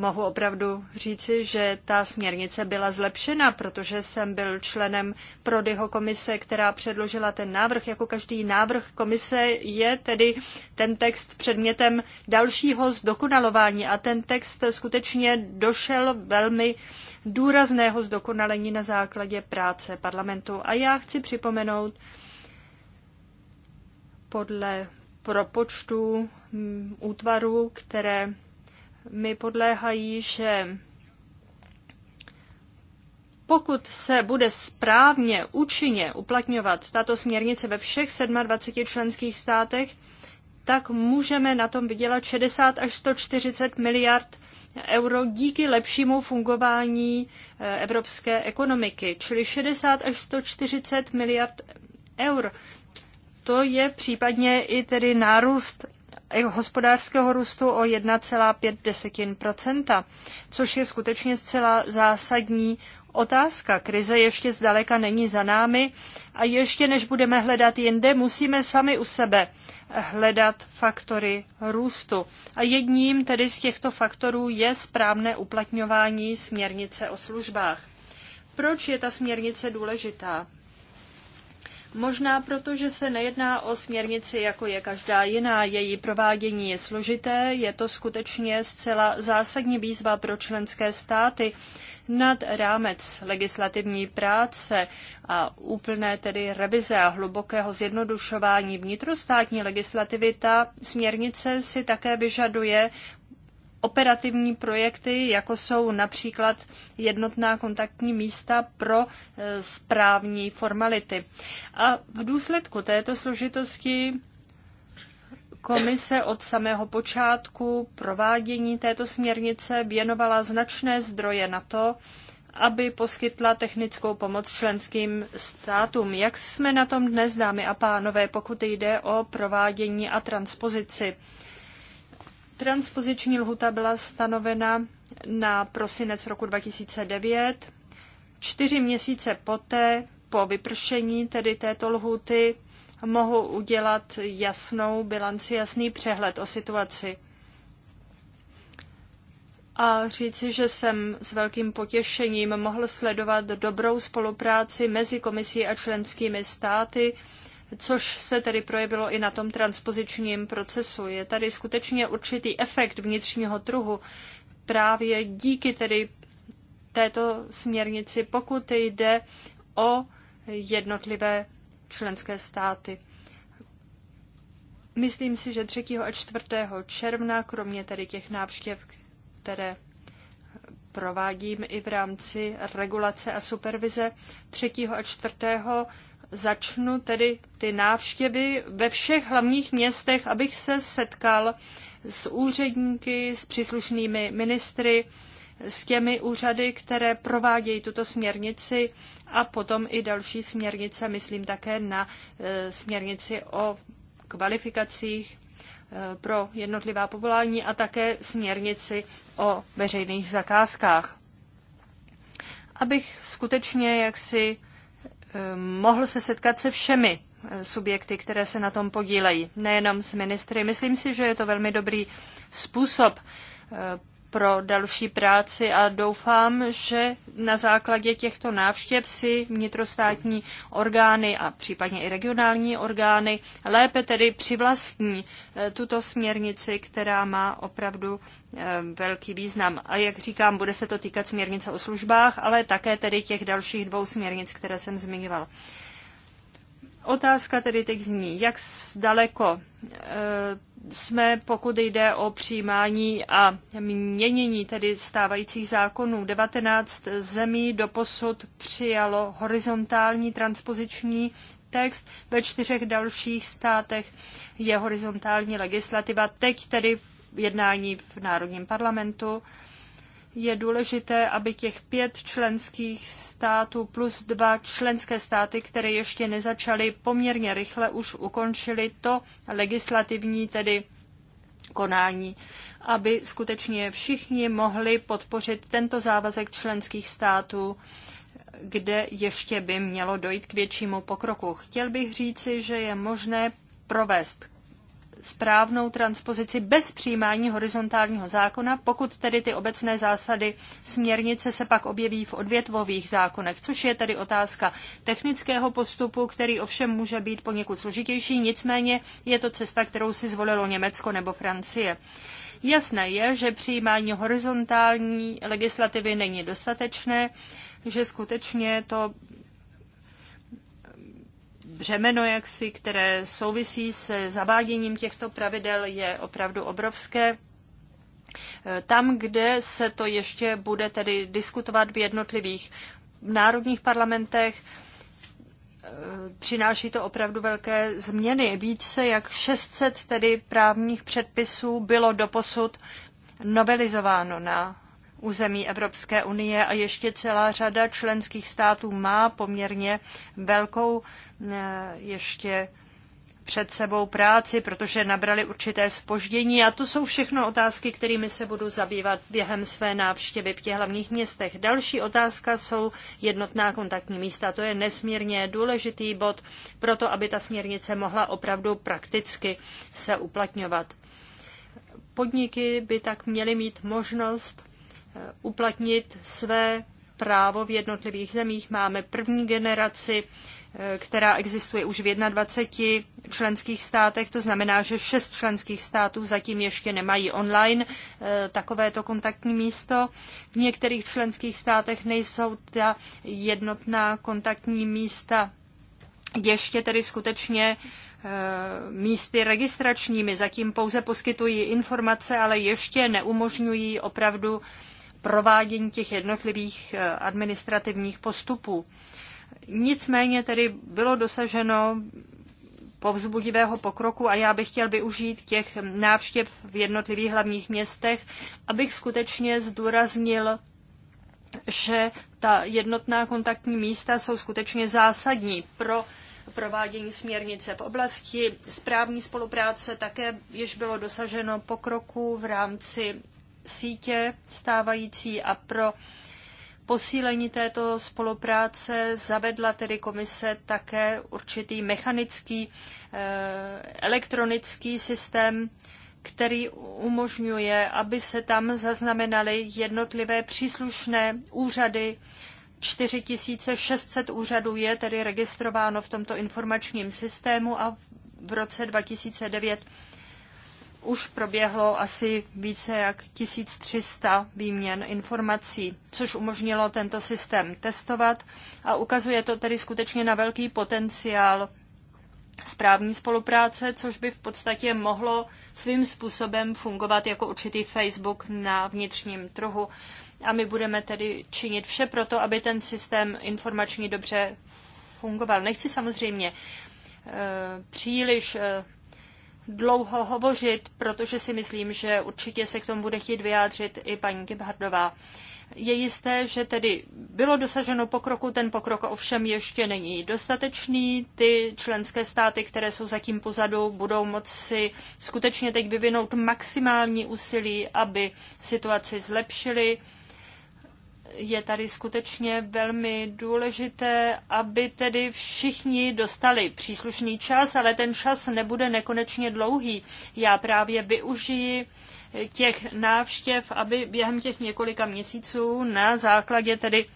mohu opravdu říci, že ta směrnice byla zlepšena, protože jsem byl členem Prodyho komise, která předložila ten návrh. Jako každý návrh komise je tedy ten text předmětem dalšího zdokonalování a ten text skutečně došel velmi důrazného zdokonalení na základě práce parlamentu. A já chci připomenout, podle propočtu mm, útvarů, které mi podléhají, že pokud se bude správně, účinně uplatňovat tato směrnice ve všech 27 členských státech, tak můžeme na tom vydělat 60 až 140 miliard euro díky lepšímu fungování eh, evropské ekonomiky. Čili 60 až 140 miliard eur. To je případně i tedy nárůst jako hospodářského růstu o 1,5 což je skutečně zcela zásadní otázka. Krize ještě zdaleka není za námi a ještě než budeme hledat jinde, musíme sami u sebe hledat faktory růstu. A jedním tedy z těchto faktorů je správné uplatňování směrnice o službách. Proč je ta směrnice důležitá? Možná proto, že se nejedná o směrnici, jako je každá jiná. Její provádění je složité, je to skutečně zcela zásadní výzva pro členské státy nad rámec legislativní práce a úplné tedy revize a hlubokého zjednodušování vnitrostátní legislativy. Ta směrnice si také vyžaduje operativní projekty, jako jsou například jednotná kontaktní místa pro e, správní formality. A v důsledku této složitosti komise od samého počátku provádění této směrnice věnovala značné zdroje na to, aby poskytla technickou pomoc členským státům. Jak jsme na tom dnes, dámy a pánové, pokud jde o provádění a transpozici? Transpoziční lhuta byla stanovena na prosinec roku 2009. Čtyři měsíce poté, po vypršení tedy této lhuty, mohu udělat jasnou bilanci, jasný přehled o situaci. A říci, že jsem s velkým potěšením mohl sledovat dobrou spolupráci mezi komisí a členskými státy, což se tedy projevilo i na tom transpozičním procesu. Je tady skutečně určitý efekt vnitřního trhu právě díky tedy této směrnici, pokud jde o jednotlivé členské státy. Myslím si, že 3. a 4. června, kromě tedy těch návštěv, které provádím i v rámci regulace a supervize, 3. a 4 začnu tedy ty návštěvy ve všech hlavních městech, abych se setkal s úředníky, s příslušnými ministry, s těmi úřady, které provádějí tuto směrnici a potom i další směrnice, myslím také na e, směrnici o kvalifikacích e, pro jednotlivá povolání a také směrnici o veřejných zakázkách. Abych skutečně jaksi Eh, mohl se setkat se všemi eh, subjekty, které se na tom podílejí, nejenom s ministry. Myslím si, že je to velmi dobrý způsob eh, pro další práci a doufám, že na základě těchto návštěv si vnitrostátní orgány a případně i regionální orgány lépe tedy přivlastní eh, tuto směrnici, která má opravdu eh, velký význam. A jak říkám, bude se to týkat směrnice o službách, ale také tedy těch dalších dvou směrnic, které jsem zmiňovala. Otázka tedy teď zní, jak daleko eh, jsme, pokud jde o přijímání a měnění tedy stávajících zákonů. 19 zemí doposud přijalo horizontální transpoziční text, ve čtyřech dalších státech je horizontální legislativa, teď tedy jednání v Národním parlamentu je důležité, aby těch pět členských států plus dva členské státy, které ještě nezačaly poměrně rychle, už ukončili to legislativní tedy konání, aby skutečně všichni mohli podpořit tento závazek členských států, kde ještě by mělo dojít k většímu pokroku. Chtěl bych říci, že je možné provést správnou transpozici bez přijímání horizontálního zákona, pokud tedy ty obecné zásady směrnice se pak objeví v odvětvových zákonech, což je tedy otázka technického postupu, který ovšem může být poněkud složitější, nicméně je to cesta, kterou si zvolilo Německo nebo Francie. Jasné je, že přijímání horizontální legislativy není dostatečné, že skutečně to břemeno, jaksi, které souvisí se zaváděním těchto pravidel, je opravdu obrovské. E, tam, kde se to ještě bude tedy diskutovat v jednotlivých národních parlamentech, e, přináší to opravdu velké změny. Více jak 600 tedy právních předpisů bylo doposud novelizováno na území Evropské unie a ještě celá řada členských států má poměrně velkou eh, ještě před sebou práci, protože nabrali určité spoždění a to jsou všechno otázky, kterými se budu zabývat během své návštěvy v těch hlavních městech. Další otázka jsou jednotná kontaktní místa. To je nesmírně důležitý bod pro to, aby ta směrnice mohla opravdu prakticky se uplatňovat. Podniky by tak měly mít možnost Eh, uplatnit své právo v jednotlivých zemích. Máme první generaci, eh, která existuje už v 21 členských státech, to znamená, že šest členských států zatím ještě nemají online eh, takovéto kontaktní místo. V některých členských státech nejsou ta jednotná kontaktní místa ještě tedy skutečně místy registračními. Zatím pouze poskytují informace, ale ještě neumožňují opravdu provádění těch jednotlivých eh, administrativních postupů. Nicméně tedy bylo dosaženo povzbudivého pokroku a já bych chtěl využít těch návštěv v jednotlivých hlavních městech, abych skutečně zdůraznil, že ta jednotná kontaktní místa jsou skutečně zásadní pro provádění směrnice. V oblasti správní spolupráce také již bylo dosaženo pokroku v rámci sítě stávající a pro posílení této spolupráce zavedla tedy komise také určitý mechanický eh, elektronický systém, který umožňuje, aby se tam zaznamenaly jednotlivé příslušné úřady. 4600 úřadů je tedy registrováno v tomto informačním systému a v roce 2009 už proběhlo asi více jak 1300 výměn informací, což umožnilo tento systém testovat a ukazuje to tedy skutečně na velký potenciál správní spolupráce, což by v podstatě mohlo svým způsobem fungovat jako určitý Facebook na vnitřním trhu. A my budeme tedy činit vše pro to, aby ten systém informační dobře fungoval. Nechci samozřejmě eh, příliš eh, dlouho hovořit, protože si myslím, že určitě se k tomu bude chtít vyjádřit i paní Gebhardová. Je jisté, že tedy bylo dosaženo pokroku, ten pokrok ovšem ještě není dostatečný. Ty členské státy, které jsou zatím pozadu, budou moci skutečně teď vyvinout maximální úsilí, aby situaci zlepšili je tady skutečně velmi důležité, aby tedy všichni dostali příslušný čas, ale ten čas nebude nekonečně dlouhý. Já právě využiji těch návštěv, aby během těch několika měsíců na základě tedy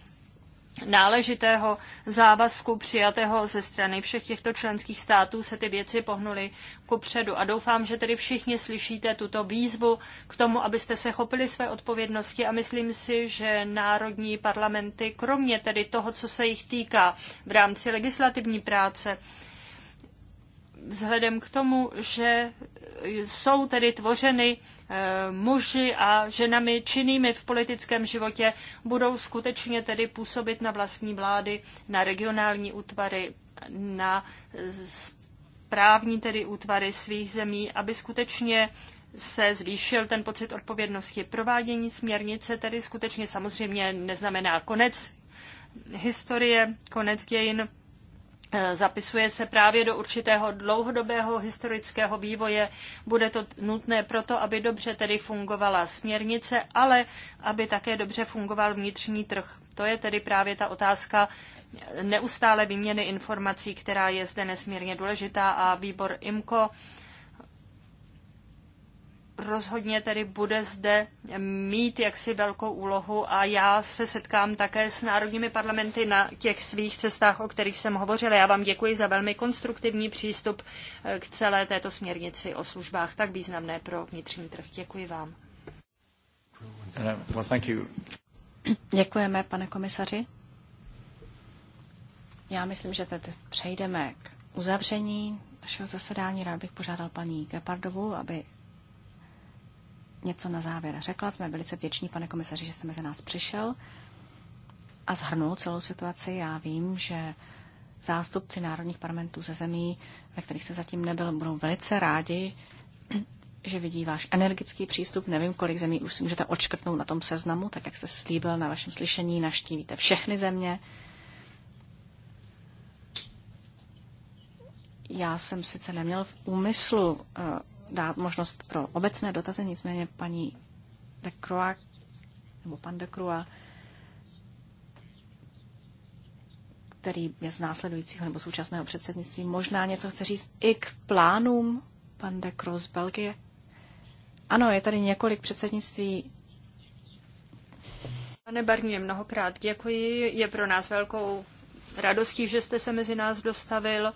náležitého závazku přijatého ze strany všech těchto členských států se ty věci pohnuly ku předu. A doufám, že tedy všichni slyšíte tuto výzvu k tomu, abyste se chopili své odpovědnosti a myslím si, že národní parlamenty, kromě tedy toho, co se jich týká v rámci legislativní práce, vzhledem k tomu, že jsou tedy tvořeny eh, muži a ženami činnými v politickém životě, budou skutečně tedy působit na vlastní vlády, na regionální útvary, na správní tedy útvary svých zemí, aby skutečně se zvýšil ten pocit odpovědnosti. Provádění směrnice tedy skutečně samozřejmě neznamená konec historie, konec dějin Eh, zapisuje se právě do určitého dlouhodobého historického vývoje. Bude to nutné proto, aby dobře tedy fungovala směrnice, ale aby také dobře fungoval vnitřní trh. To je tedy právě ta otázka neustále výměny informací, která je zde nesmírně důležitá a výbor IMCO rozhodně tedy bude zde mít jaksi velkou úlohu a já se setkám také s národními parlamenty na těch svých cestách, o kterých jsem hovořila. Já vám děkuji za velmi konstruktivní přístup eh, k celé této směrnici o službách tak významné pro vnitřní trh. Děkuji vám. Uh, Děkujeme, pane komisaři. Já myslím, že teď přejdeme k uzavření našeho zasedání. Rád bych požádal paní Gepardovu, aby něco na závěr řekla. Jsme velice vděční, pane komisaři, že jste mezi nás přišel a zhrnul celou situaci. Já vím, že zástupci národních parlamentů ze zemí, ve kterých se zatím nebyl, budou velice rádi, že vidí váš energický přístup. Nevím, kolik zemí už si můžete odškrtnout na tom seznamu, tak jak jste slíbil na vašem slyšení, naštívíte všechny země. Já jsem sice neměl v úmyslu eh, dát možnost pro obecné dotazy, nicméně paní de Croix, nebo pan de Croix, který je z následujícího nebo současného předsednictví, možná něco chce říct i k plánům pan de Croix z Belgie. Ano, je tady několik předsednictví Pane Barnier, mnohokrát děkuji. Je pro nás velkou radostí, že jste se mezi nás dostavil.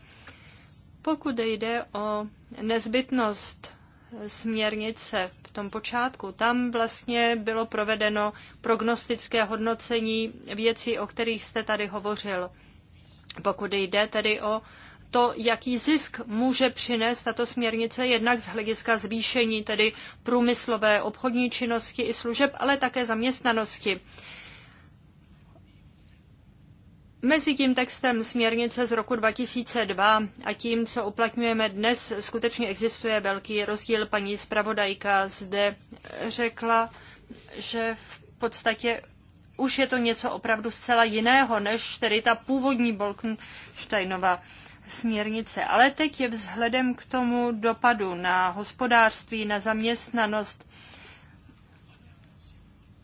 Pokud jde o nezbytnost směrnice v tom počátku, tam vlastně bylo provedeno prognostické hodnocení věcí, o kterých jste tady hovořil. Pokud jde tedy o to, jaký zisk může přinést tato směrnice jednak z hlediska zvýšení tedy průmyslové obchodní činnosti i služeb, ale také zaměstnanosti. Mezi tím textem směrnice z roku 2002 a tím, co uplatňujeme dnes, skutečně existuje velký rozdíl. Paní zpravodajka zde řekla, že v podstatě už je to něco opravdu zcela jiného, než tedy ta původní Bolkensteinova směrnice. Ale teď je vzhledem k tomu dopadu na hospodářství, na zaměstnanost,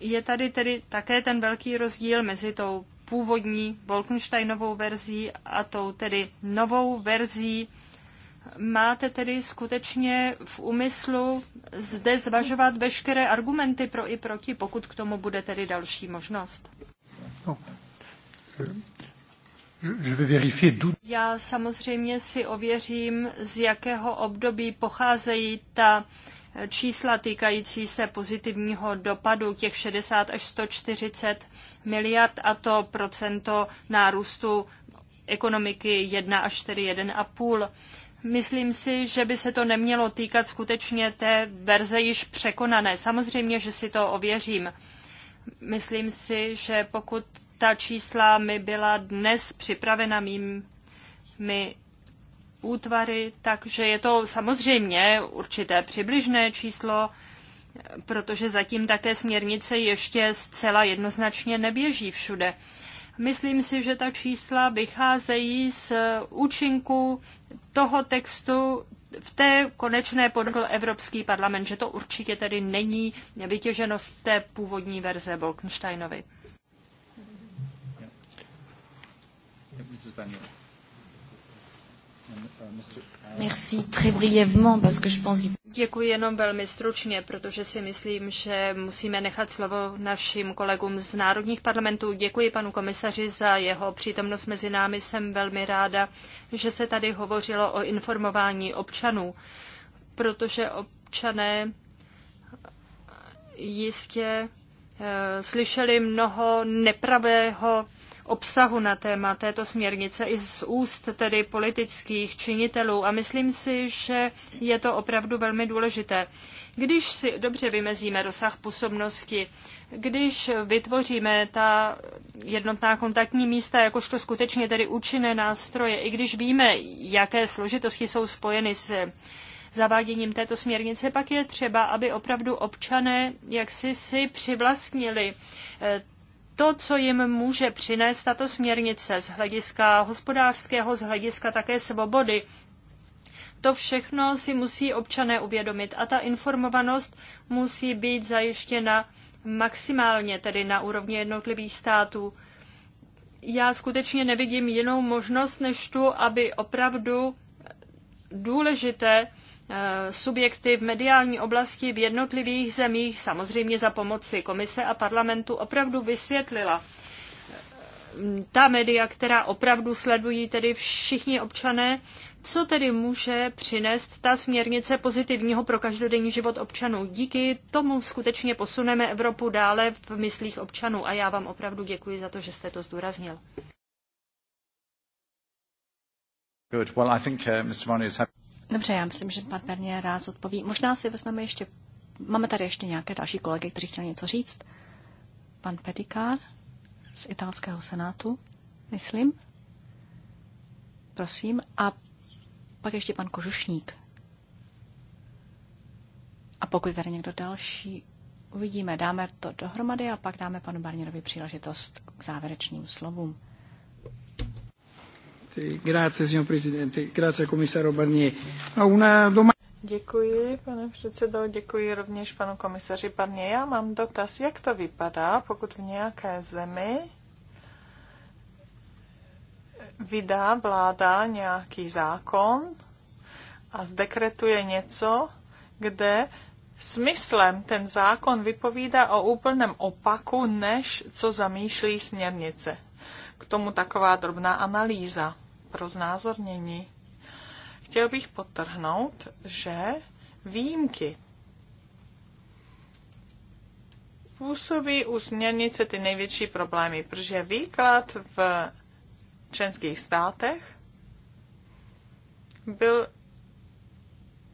je tady tedy také ten velký rozdíl mezi tou původní Wolkensteinovou verzí a tou tedy novou verzí. Máte tedy skutečně v úmyslu zde zvažovat veškeré argumenty pro i proti, pokud k tomu bude tedy další možnost? No. Já samozřejmě si ověřím, z jakého období pocházejí ta čísla týkající se pozitivního dopadu těch 60 až 140 miliard a to procento nárůstu ekonomiky 1 až 4, 1,5. Myslím si, že by se to nemělo týkat skutečně té verze již překonané. Samozřejmě, že si to ověřím. Myslím si, že pokud ta čísla mi byla dnes připravena mými útvary, takže je to samozřejmě určité přibližné číslo, protože zatím také směrnice ještě zcela jednoznačně neběží všude. Myslím si, že ta čísla vycházejí z účinku toho textu v té konečné podkl Evropský parlament, že to určitě tedy není vytěženost té původní verze Bolkensteinovy. Yeah. Yeah, Merci, très brièvement, parce que je pense... Děkuji jenom velmi stručně, protože si myslím, že musíme nechat slovo našim kolegům z národních parlamentů. Děkuji panu komisaři za jeho přítomnost mezi námi. Jsem velmi ráda, že se tady hovořilo o informování občanů, protože občané jistě eh, slyšeli mnoho nepravého obsahu na téma této směrnice i z úst tedy politických činitelů a myslím si, že je to opravdu velmi důležité. Když si dobře vymezíme rozsah působnosti, když vytvoříme ta jednotná kontaktní místa jakožto skutečně tedy účinné nástroje, i když víme, jaké složitosti jsou spojeny s zaváděním této směrnice, pak je třeba, aby opravdu občané jaksi si přivlastnili eh, to, co jim může přinést tato směrnice z hlediska hospodářského, z hlediska také svobody, to všechno si musí občané uvědomit a ta informovanost musí být zajištěna maximálně, tedy na úrovni jednotlivých států. Já skutečně nevidím jinou možnost, než tu, aby opravdu důležité Eh, subjekty v mediální oblasti v jednotlivých zemích, samozřejmě za pomoci komise a parlamentu, opravdu vysvětlila eh, ta média, která opravdu sledují tedy všichni občané, co tedy může přinést ta směrnice pozitivního pro každodenní život občanů. Díky tomu skutečně posuneme Evropu dále v myslích občanů a já vám opravdu děkuji za to, že jste to zdůraznil. Good. Well, I think, uh, Mr. Dobře, já myslím, že pan Bernier rád odpoví. Možná si vezmeme ještě, máme tady ještě nějaké další kolegy, kteří chtěli něco říct. Pan Petikár z italského senátu, myslím. Prosím. A pak ještě pan Kožušník. A pokud tady někdo další, uvidíme. Dáme to dohromady a pak dáme panu Barnierovi příležitost k závěrečným slovům. Děkuji, pane předsedo, děkuji rovněž panu komisaři Barnier. Já mám dotaz, jak to vypadá, pokud v nějaké zemi vydá vláda nějaký zákon a zdekretuje něco, kde smyslem ten zákon vypovídá o úplném opaku, než co zamýšlí směrnice. K tomu taková drobná analýza pro znázornění. Chtěl bych potrhnout, že výjimky působí u směrnice ty největší problémy, protože výklad v členských státech byl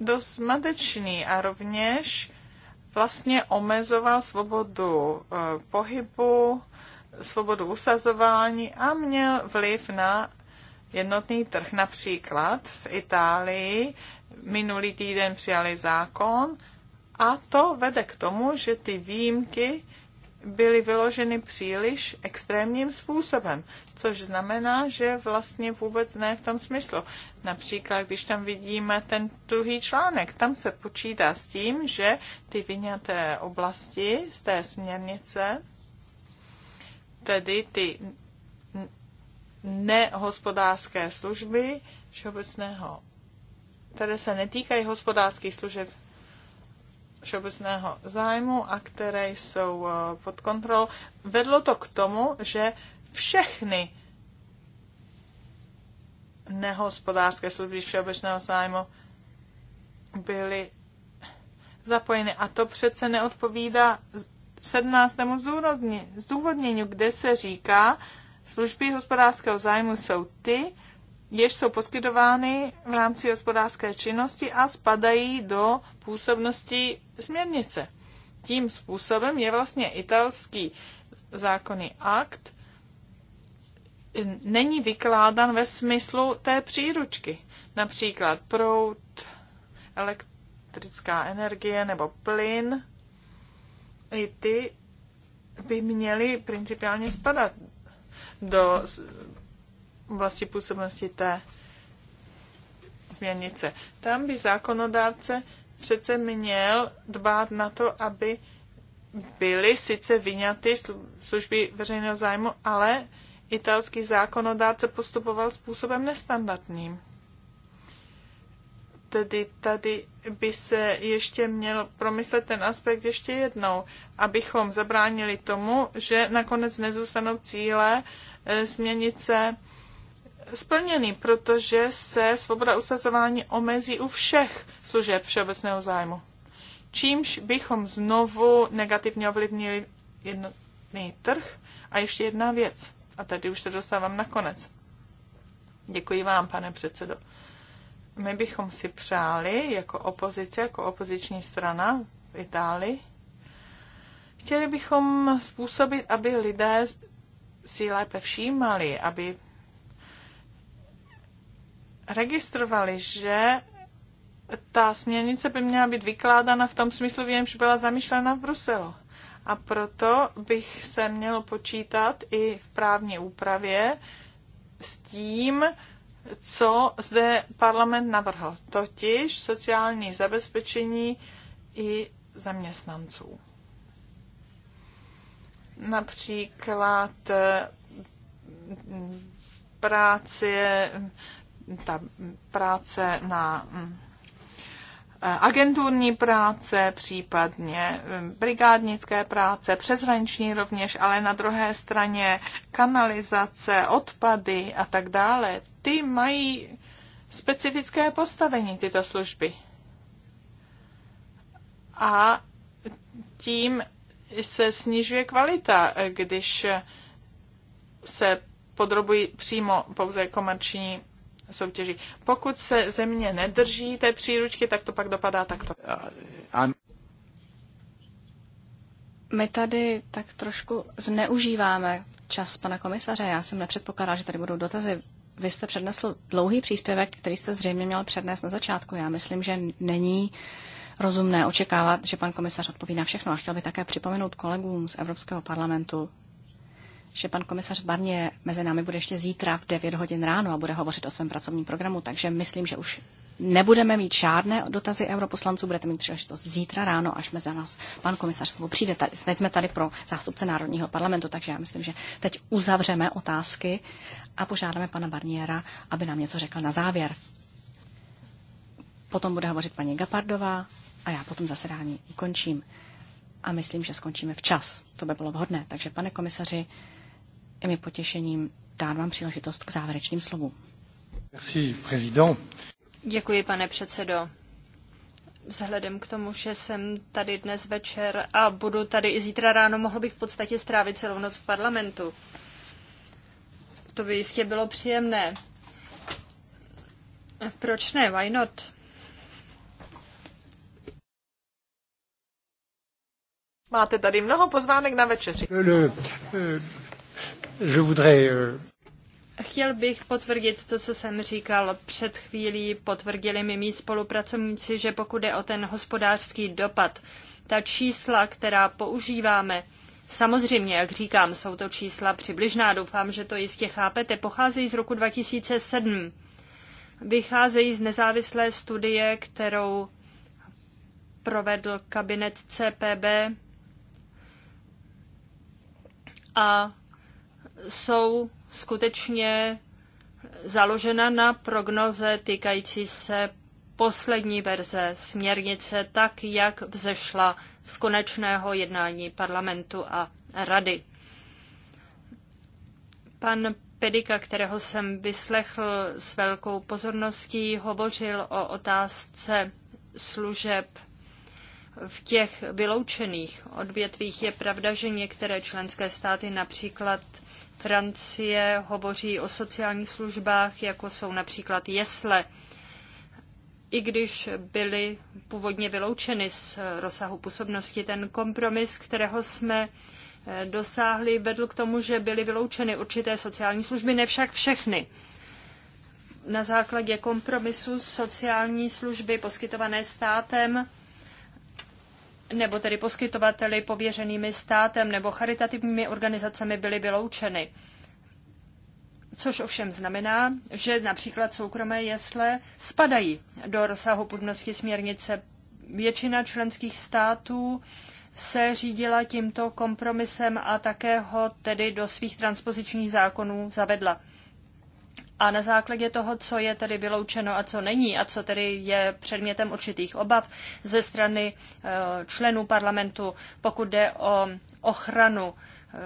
dost zmatečný a rovněž vlastně omezoval svobodu eh, pohybu, svobodu usazování a měl vliv na jednotný trh. Například v Itálii minulý týden přijali zákon a to vede k tomu, že ty výjimky byly vyloženy příliš extrémním způsobem, což znamená, že vlastně vůbec ne v tom smyslu. Například, když tam vidíme ten druhý článek, tam se počítá s tím, že ty vyňaté oblasti z té směrnice, tedy ty nehospodářské služby všeobecného, které se netýkají hospodářských služeb všeobecného zájmu a které jsou eh, pod kontrolou. Vedlo to k tomu, že všechny nehospodářské služby všeobecného zájmu byly zapojeny. A to přece neodpovídá 17. zdůvodnění, kde se říká, Služby hospodářského zájmu jsou ty, jež jsou poskytovány v rámci hospodářské činnosti a spadají do působnosti směrnice. Tím způsobem je vlastně italský zákonný akt není vykládan ve smyslu té příručky. Například prout, elektrická energie nebo plyn, i ty by měly principiálně spadat do oblasti působnosti té změnice. Tam by zákonodárce přece měl dbát na to, aby byly sice vyňaty služby veřejného zájmu, ale italský zákonodárce postupoval způsobem nestandardním. Tedy tady by se ještě měl promyslet ten aspekt ještě jednou, abychom zabránili tomu, že nakonec nezůstanou cíle uh, změnit eh, splněny, protože se svoboda usazování omezí u všech služeb všeobecného zájmu. Čímž bychom znovu negativně ovlivnili jednotný trh. A ještě jedna věc, a tady už se dostávám na konec. Děkuji vám, pane předsedo. My bychom si přáli jako opozice, jako opoziční strana v Itálii, chtěli bychom způsobit, aby lidé si lépe všímali, aby registrovali, že ta směrnice by měla být vykládána v tom smyslu, v že byla zamýšlena v Bruselu. A proto bych se mělo počítat i v právní úpravě s tím, co zde parlament navrhl, totiž sociální zabezpečení i zaměstnanců. Například eh, práce, ta práce na mm, eh, agenturní práce, případně mm, brigádnické práce, přeshraniční rovněž, ale na druhé straně kanalizace, odpady a tak dále, ty mají specifické postavení tyto služby. A tím se snižuje kvalita, když se podrobují přímo pouze komerční soutěži. Pokud se země nedrží té příručky, tak to pak dopadá takto. My tady tak trošku zneužíváme čas pana komisaře. Já jsem nepředpokládala, že tady budou dotazy. Vy jste přednesl dlouhý příspěvek, který jste zřejmě měl přednést na začátku. Já myslím, že není uh, rozumné očekávat, že pan komisař odpoví na všechno. A chtěl bych také připomenout kolegům z Evropského parlamentu, že pan komisař Barnier mezi námi bude ještě zítra v 9 hodin ráno a bude hovořit o svém pracovním programu, takže myslím, že už nebudeme mít žádné dotazy europoslanců, budete mít příležitost zítra ráno, až mezi nás pan komisař znovu přijde. teď jsme tady pro zástupce Národního parlamentu, takže já myslím, že teď uzavřeme otázky a požádáme pana Barniera, aby nám něco řekl na závěr. Potom bude hovořit paní Gapardová a já potom zasedání ukončím. A myslím, že skončíme včas. To by bylo vhodné. Takže, pane komisaři, je mi potěšením dát vám příležitost k závěrečným slovům. Merci, prezident. Děkuji, pane předsedo vzhledem k tomu, že jsem tady dnes večer a budu tady i zítra ráno, mohl bych v podstatě strávit celou noc v parlamentu. To by jistě bylo příjemné. Proč ne? Why not? Máte tady mnoho pozvánek na večeři. Le, eh, je voudrais, eh, Chtěl bych potvrdit to, co jsem říkal před chvílí. Potvrdili mi mý spolupracovníci, že pokud je o ten hospodářský dopad, ta čísla, která používáme, Samozřejmě, jak říkám, jsou to čísla přibližná, doufám, že to jistě chápete, pocházejí z roku 2007. Vycházejí z nezávislé studie, kterou provedl kabinet CPB a jsou skutečně založena na prognoze týkající se poslední verze směrnice, tak jak vzešla z konečného jednání parlamentu a rady. Pan Pedika, kterého jsem vyslechl s velkou pozorností, hovořil o otázce služeb v těch vyloučených odvětvích je pravda, že některé členské státy, například Francie, hovoří o sociálních službách, jako jsou například jesle, i když byly původně vyloučeny z rozsahu působnosti. Ten kompromis, kterého jsme eh, dosáhli, vedl k tomu, že byly vyloučeny určité sociální služby, ne však všechny. Na základě kompromisu sociální služby poskytované státem nebo tedy poskytovateli pověřenými státem nebo charitativními organizacemi byly vyloučeny. Což ovšem znamená, že například soukromé jesle spadají do rozsahu půdnosti směrnice. Většina členských států se řídila tímto kompromisem a také ho tedy do svých transpozičních zákonů zavedla a na základě toho, co je tedy vyloučeno a co není a co tedy je předmětem určitých obav ze strany eh, členů parlamentu, pokud jde o ochranu eh,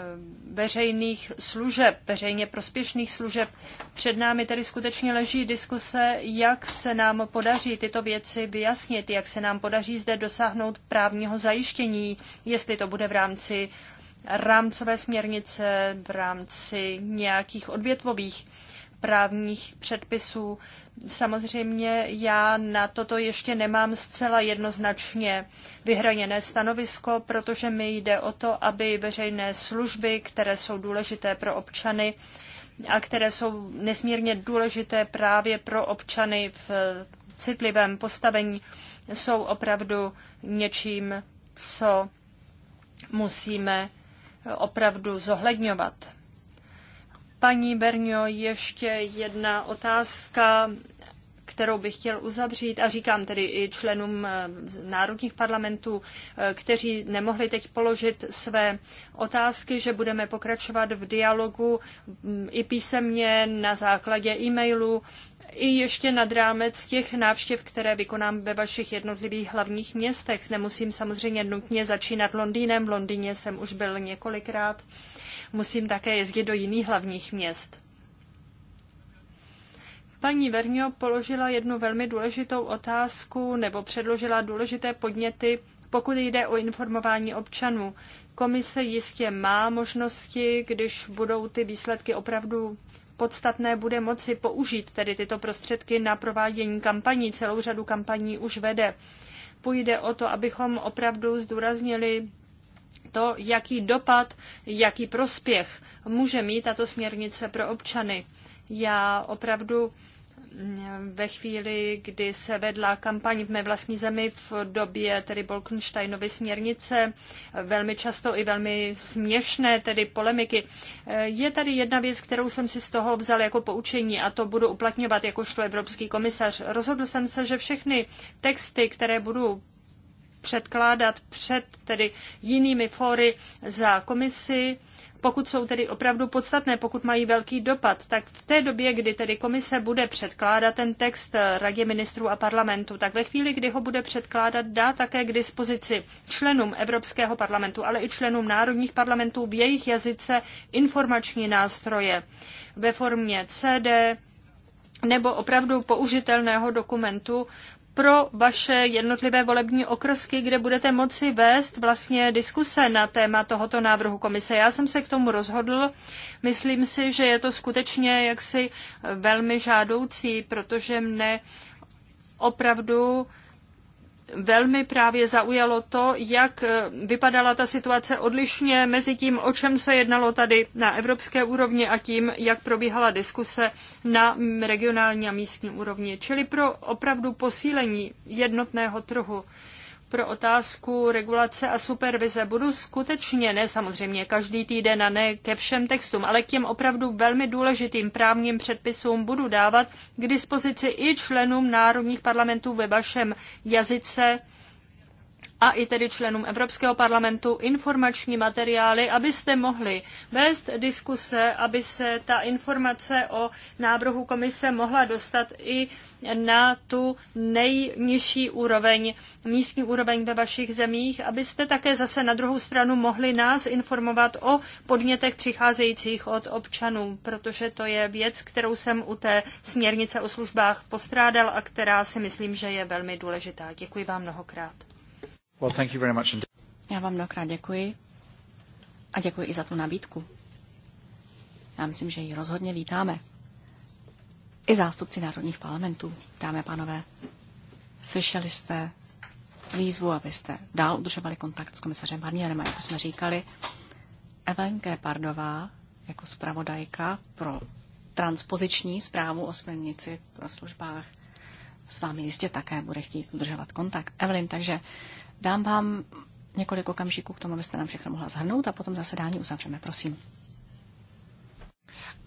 veřejných služeb, veřejně prospěšných služeb. Před námi tedy skutečně leží diskuse, jak se nám podaří tyto věci vyjasnit, jak se nám podaří zde dosáhnout právního zajištění, jestli to bude v rámci rámcové směrnice, v rámci nějakých odvětvových právních předpisů. Samozřejmě já na toto ještě nemám zcela jednoznačně vyhraněné stanovisko, protože mi jde o to, aby veřejné služby, které jsou důležité pro občany a které jsou nesmírně důležité právě pro občany v citlivém postavení, jsou opravdu něčím, co musíme opravdu zohledňovat. Paní Bernio, ještě jedna otázka, kterou bych chtěl uzavřít a říkám tedy i členům eh, národních parlamentů, eh, kteří nemohli teď položit své otázky, že budeme pokračovat v dialogu mm, i písemně na základě e-mailu i ještě nad rámec těch návštěv, které vykonám ve vašich jednotlivých hlavních městech. Nemusím samozřejmě nutně začínat Londýnem, v Londýně jsem už byl několikrát musím také jezdit do jiných hlavních měst. Paní Vernio položila jednu velmi důležitou otázku nebo předložila důležité podněty, pokud jde o informování občanů. Komise jistě má možnosti, když budou ty výsledky opravdu podstatné, bude moci použít tedy tyto prostředky na provádění kampaní. Celou řadu kampaní už vede. Půjde o to, abychom opravdu zdůraznili to, jaký dopad, jaký prospěch může mít tato směrnice pro občany. Já opravdu mm, ve chvíli, kdy se vedla kampaň v mé vlastní zemi v době tedy Bolkensteinovy směrnice, velmi často i velmi směšné tedy polemiky. Eh, je tady jedna věc, kterou jsem si z toho vzal jako poučení a to budu uplatňovat jakožto evropský komisař. Rozhodl jsem se, že všechny texty, které budu předkládat před tedy jinými fóry za komisi, pokud jsou tedy opravdu podstatné, pokud mají velký dopad, tak v té době, kdy tedy komise bude předkládat ten text radě ministrů a parlamentu, tak ve chvíli, kdy ho bude předkládat, dá také k dispozici členům Evropského parlamentu, ale i členům národních parlamentů v jejich jazyce informační nástroje ve formě CD, nebo opravdu použitelného dokumentu, pro vaše jednotlivé volební okrsky, kde budete moci vést vlastně diskuse na téma tohoto návrhu komise. Já jsem se k tomu rozhodl. Myslím si, že je to skutečně jaksi velmi žádoucí, protože mne opravdu velmi právě zaujalo to, jak eh, vypadala ta situace odlišně mezi tím, o čem se jednalo tady na evropské úrovni a tím, jak probíhala diskuse na regionální a místní úrovni. Čili pro opravdu posílení jednotného trhu pro otázku regulace a supervize. Budu skutečně, ne samozřejmě každý týden a ne ke všem textům, ale k těm opravdu velmi důležitým právním předpisům budu dávat k dispozici i členům národních parlamentů ve vašem jazyce a i tedy členům Evropského parlamentu informační materiály, abyste mohli vést diskuse, aby se ta informace o návrhu komise mohla dostat i na tu nejnižší úroveň, místní úroveň ve vašich zemích, abyste také zase na druhou stranu mohli nás informovat o podnětech přicházejících od občanů, protože to je věc, kterou jsem u té směrnice o službách postrádal a která si myslím, že je velmi důležitá. Děkuji vám mnohokrát. Well, thank you very much. Já vám mnohokrát děkuji a děkuji i za tu nabídku. Já myslím, že ji rozhodně vítáme. I zástupci národních parlamentů, dámy a pánové, slyšeli jste výzvu, abyste dál udržovali kontakt s komisařem Barnierem. A jak jsme říkali, Evelyn Krepardová jako zpravodajka pro transpoziční zprávu o směrnici pro službách s vámi jistě také bude chtít udržovat kontakt. Evelyn, takže Dám vám několik okamžiků k tomu, abyste nám všechno mohla zhrnout a potom zasedání uzavřeme. Prosím.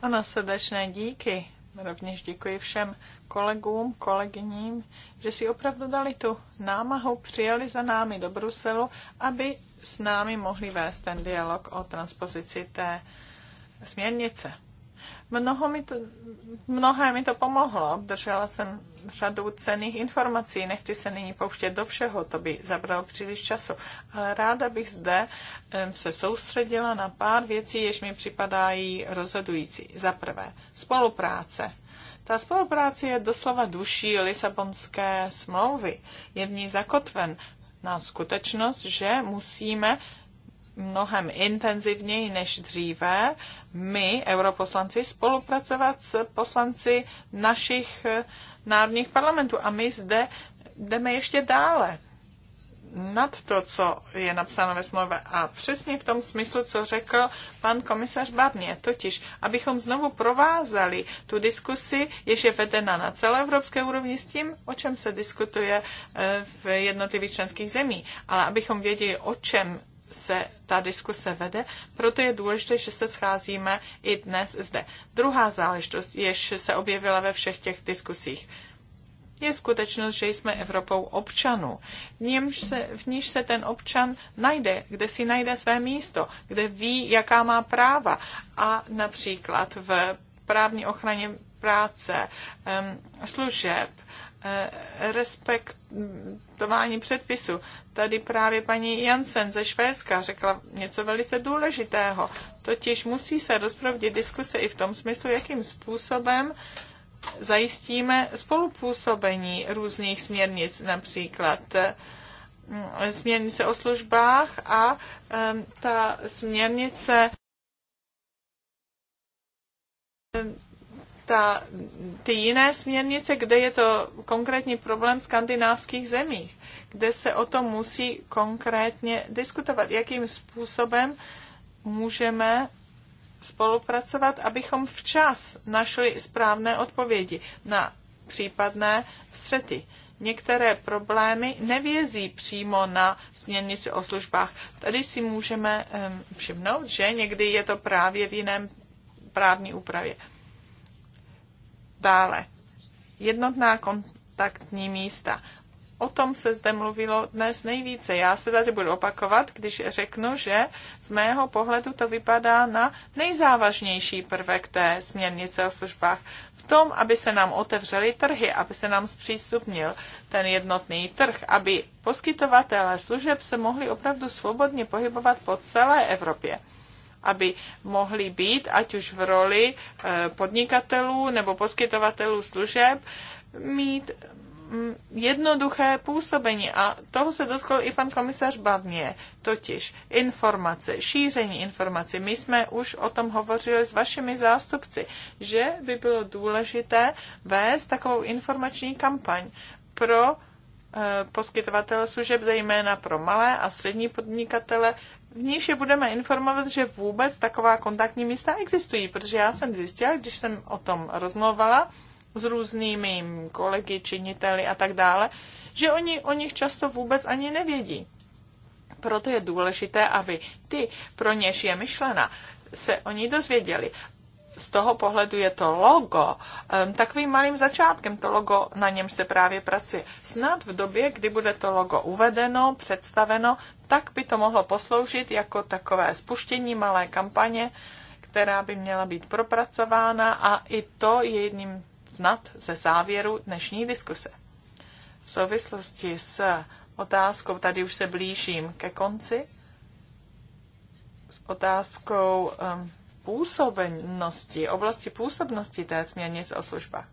Ano, srdečné díky. Rovněž děkuji všem kolegům, kolegyním, že si opravdu dali tu námahu, přijeli za námi do Bruselu, aby s námi mohli vést ten dialog o transpozici té směrnice. Mnoho mi to, mnohé mi to pomohlo. Obdržela jsem řadu cených informací. Nechci se nyní pouštět do všeho, to by zabralo příliš času. Ale ráda bych zde se soustředila na pár věcí, jež mi připadají rozhodující. Za prvé, spolupráce. Ta spolupráce je doslova duší Lisabonské smlouvy. Je v ní zakotven na skutečnost, že musíme mnohem intenzivněji než dříve my, europoslanci, spolupracovat s poslanci našich eh, národních parlamentů. A my zde jdeme ještě dále nad to, co je napsáno ve smlouvě. A přesně v tom smyslu, co řekl pan komisař Barnier, totiž, abychom znovu provázali tu diskusi, jež je vedena na celé evropské úrovni s tím, o čem se diskutuje eh, v jednotlivých členských zemí. Ale abychom věděli, o čem se ta diskuse vede, proto je důležité, že se scházíme i dnes zde. Druhá záležitost, jež se objevila ve všech těch diskusích, je skutečnost, že jsme Evropou občanů. V, němž se, v níž se ten občan najde, kde si najde své místo, kde ví, jaká má práva. A například v právní ochraně práce, služeb, Eh, respektování předpisu. Tady právě paní Jansen ze Švédska řekla něco velice důležitého. Totiž musí se rozprovdit diskuse i v tom smyslu, jakým způsobem zajistíme spolupůsobení různých směrnic, například eh, směrnice o službách a eh, ta směrnice ta, ty jiné směrnice, kde je to konkrétní problém skandinávských zemích, kde se o tom musí konkrétně diskutovat, jakým způsobem můžeme spolupracovat, abychom včas našli správné odpovědi na případné střety. Některé problémy nevězí přímo na směrnici o službách. Tady si můžeme všimnout, že někdy je to právě v jiném právní úpravě. Dále, jednotná kontaktní místa. O tom se zde mluvilo dnes nejvíce. Já se tady budu opakovat, když řeknu, že z mého pohledu to vypadá na nejzávažnější prvek té směrnice o službách. V tom, aby se nám otevřely trhy, aby se nám zpřístupnil ten jednotný trh, aby poskytovatelé služeb se mohli opravdu svobodně pohybovat po celé Evropě aby mohli být, ať už v roli eh, podnikatelů nebo poskytovatelů služeb, mít mm, jednoduché působení. A toho se dotkl i pan komisař Bavně, totiž informace, šíření informací. My jsme už o tom hovořili s vašimi zástupci, že by bylo důležité vést takovou informační kampaň pro eh, poskytovatele služeb, zejména pro malé a střední podnikatele, v níž je budeme informovat, že vůbec taková kontaktní místa existují, protože já jsem zjistila, když jsem o tom rozmluvala s různými kolegy, činiteli a tak dále, že oni o nich často vůbec ani nevědí. Proto je důležité, aby ty, pro něž je myšlena, se o ní dozvěděli z toho pohledu je to logo um, takovým malým začátkem, to logo, na něm se právě pracuje. Snad v době, kdy bude to logo uvedeno, představeno, tak by to mohlo posloužit jako takové spuštění malé kampaně, která by měla být propracována a i to je jedním znat ze závěru dnešní diskuse. V souvislosti s otázkou, tady už se blížím ke konci, s otázkou um, působnosti, oblasti působnosti té směrnice o službách.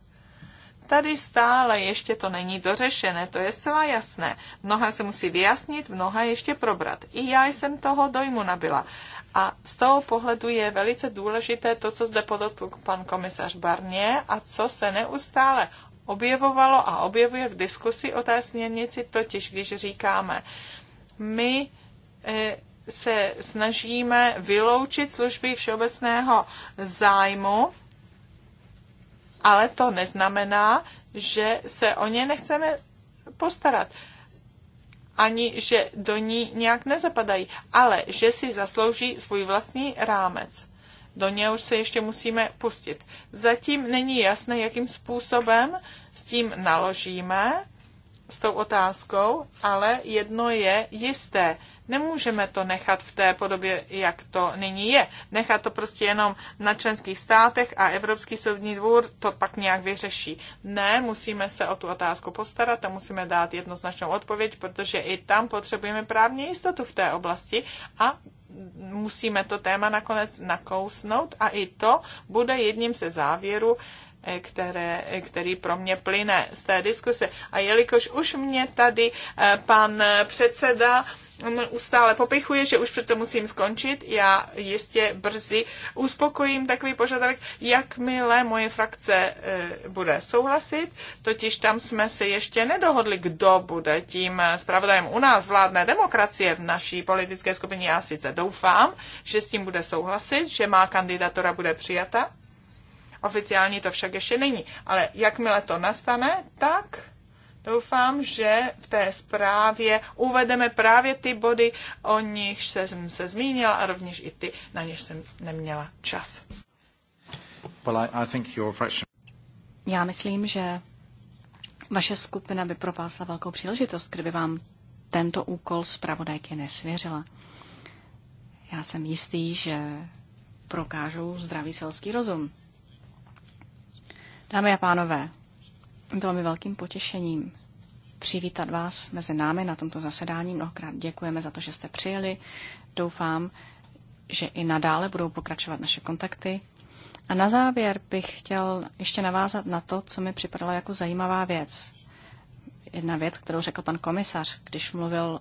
Tady stále ještě to není dořešené, to je zcela jasné. Mnoha se musí vyjasnit, mnoha ještě probrat. I já jsem toho dojmu nabila. A z toho pohledu je velice důležité to, co zde podotkl pan komisař Barně a co se neustále objevovalo a objevuje v diskusi o té směrnici, totiž když říkáme, my e, se snažíme vyloučit služby všeobecného zájmu, ale to neznamená, že se o ně nechceme postarat ani že do ní nějak nezapadají, ale že si zaslouží svůj vlastní rámec. Do něj už se ještě musíme pustit. Zatím není jasné, jakým způsobem s tím naložíme, s tou otázkou, ale jedno je jisté. Nemůžeme to nechat v té podobě, jak to nyní je. Nechat to prostě jenom na členských státech a Evropský soudní dvůr to pak nějak vyřeší. Ne, musíme se o tu otázku postarat a musíme dát jednoznačnou odpověď, protože i tam potřebujeme právní jistotu v té oblasti a musíme to téma nakonec nakousnout a i to bude jedním ze závěrů eh, které, eh, který pro mě plyne z té diskuse. A jelikož už mě tady eh, pan předseda On ustále popichuje, že už přece musím skončit. Já ještě brzy uspokojím takový požadavek, jakmile moje frakce e, bude souhlasit. Totiž tam jsme se ještě nedohodli, kdo bude tím eh, zpravodajem u nás vládné demokracie v naší politické skupině. Já sice doufám, že s tím bude souhlasit, že má kandidatura bude přijata. Oficiálně to však ještě není. Ale jakmile to nastane, tak Doufám, že v té zprávě uvedeme právě ty body, o nich jsem se zmínila a rovněž i ty, na něž jsem neměla čas. Well, I, I think your fraction... Já myslím, že vaše skupina by propásla velkou příležitost, kdyby vám tento úkol zpravodajky nesvěřila. Já jsem jistý, že prokážou zdravý selský rozum. Dámy a pánové, bylo mi velkým potěšením přivítat vás mezi námi na tomto zasedání. Mnohokrát děkujeme za to, že jste přijeli. Doufám, že i nadále budou pokračovat naše kontakty. A na závěr bych chtěl ještě navázat na to, co mi připadalo jako zajímavá věc. Jedna věc, kterou řekl pan komisař, když mluvil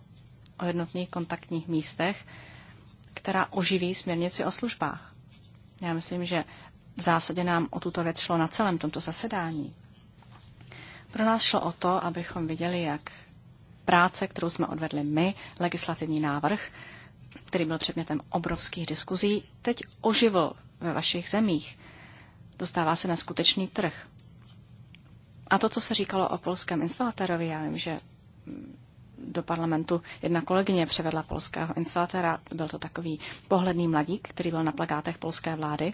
o jednotných kontaktních místech, která oživí směrnici o službách. Já myslím, že v zásadě nám o tuto věc šlo na celém tomto zasedání. Pro nás šlo o to, abychom viděli, jak práce, kterou jsme odvedli my, legislativní návrh, který byl předmětem obrovských diskuzí, teď oživil ve vašich zemích. Dostává se na skutečný trh. A to, co se říkalo o polském instalatérovi, já vím, že do parlamentu jedna kolegyně převedla polského instalatéra. Byl to takový pohledný mladík, který byl na plagátech polské vlády.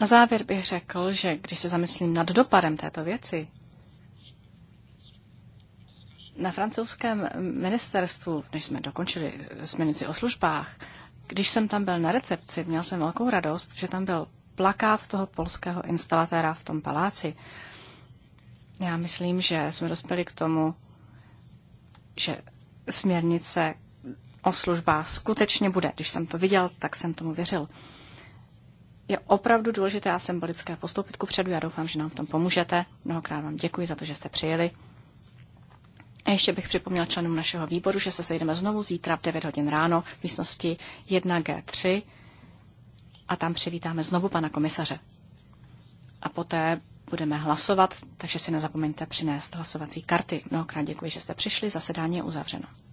Na závěr bych řekl, že když se zamyslím nad dopadem této věci, na francouzském ministerstvu, než jsme dokončili směrnici o službách, když jsem tam byl na recepci, měl jsem velkou radost, že tam byl plakát toho polského instalatéra v tom paláci. Já myslím, že jsme dospěli k tomu, že směrnice o službách skutečně bude. Když jsem to viděl, tak jsem tomu věřil je opravdu důležité a symbolické postoupit ku předu. Já doufám, že nám v tom pomůžete. Mnohokrát vám děkuji za to, že jste přijeli. A ještě bych připomněl členům našeho výboru, že se sejdeme znovu zítra v 9 hodin ráno v místnosti 1G3 a tam přivítáme znovu pana komisaře. A poté budeme hlasovat, takže si nezapomeňte přinést hlasovací karty. Mnohokrát děkuji, že jste přišli, zasedání je uzavřeno.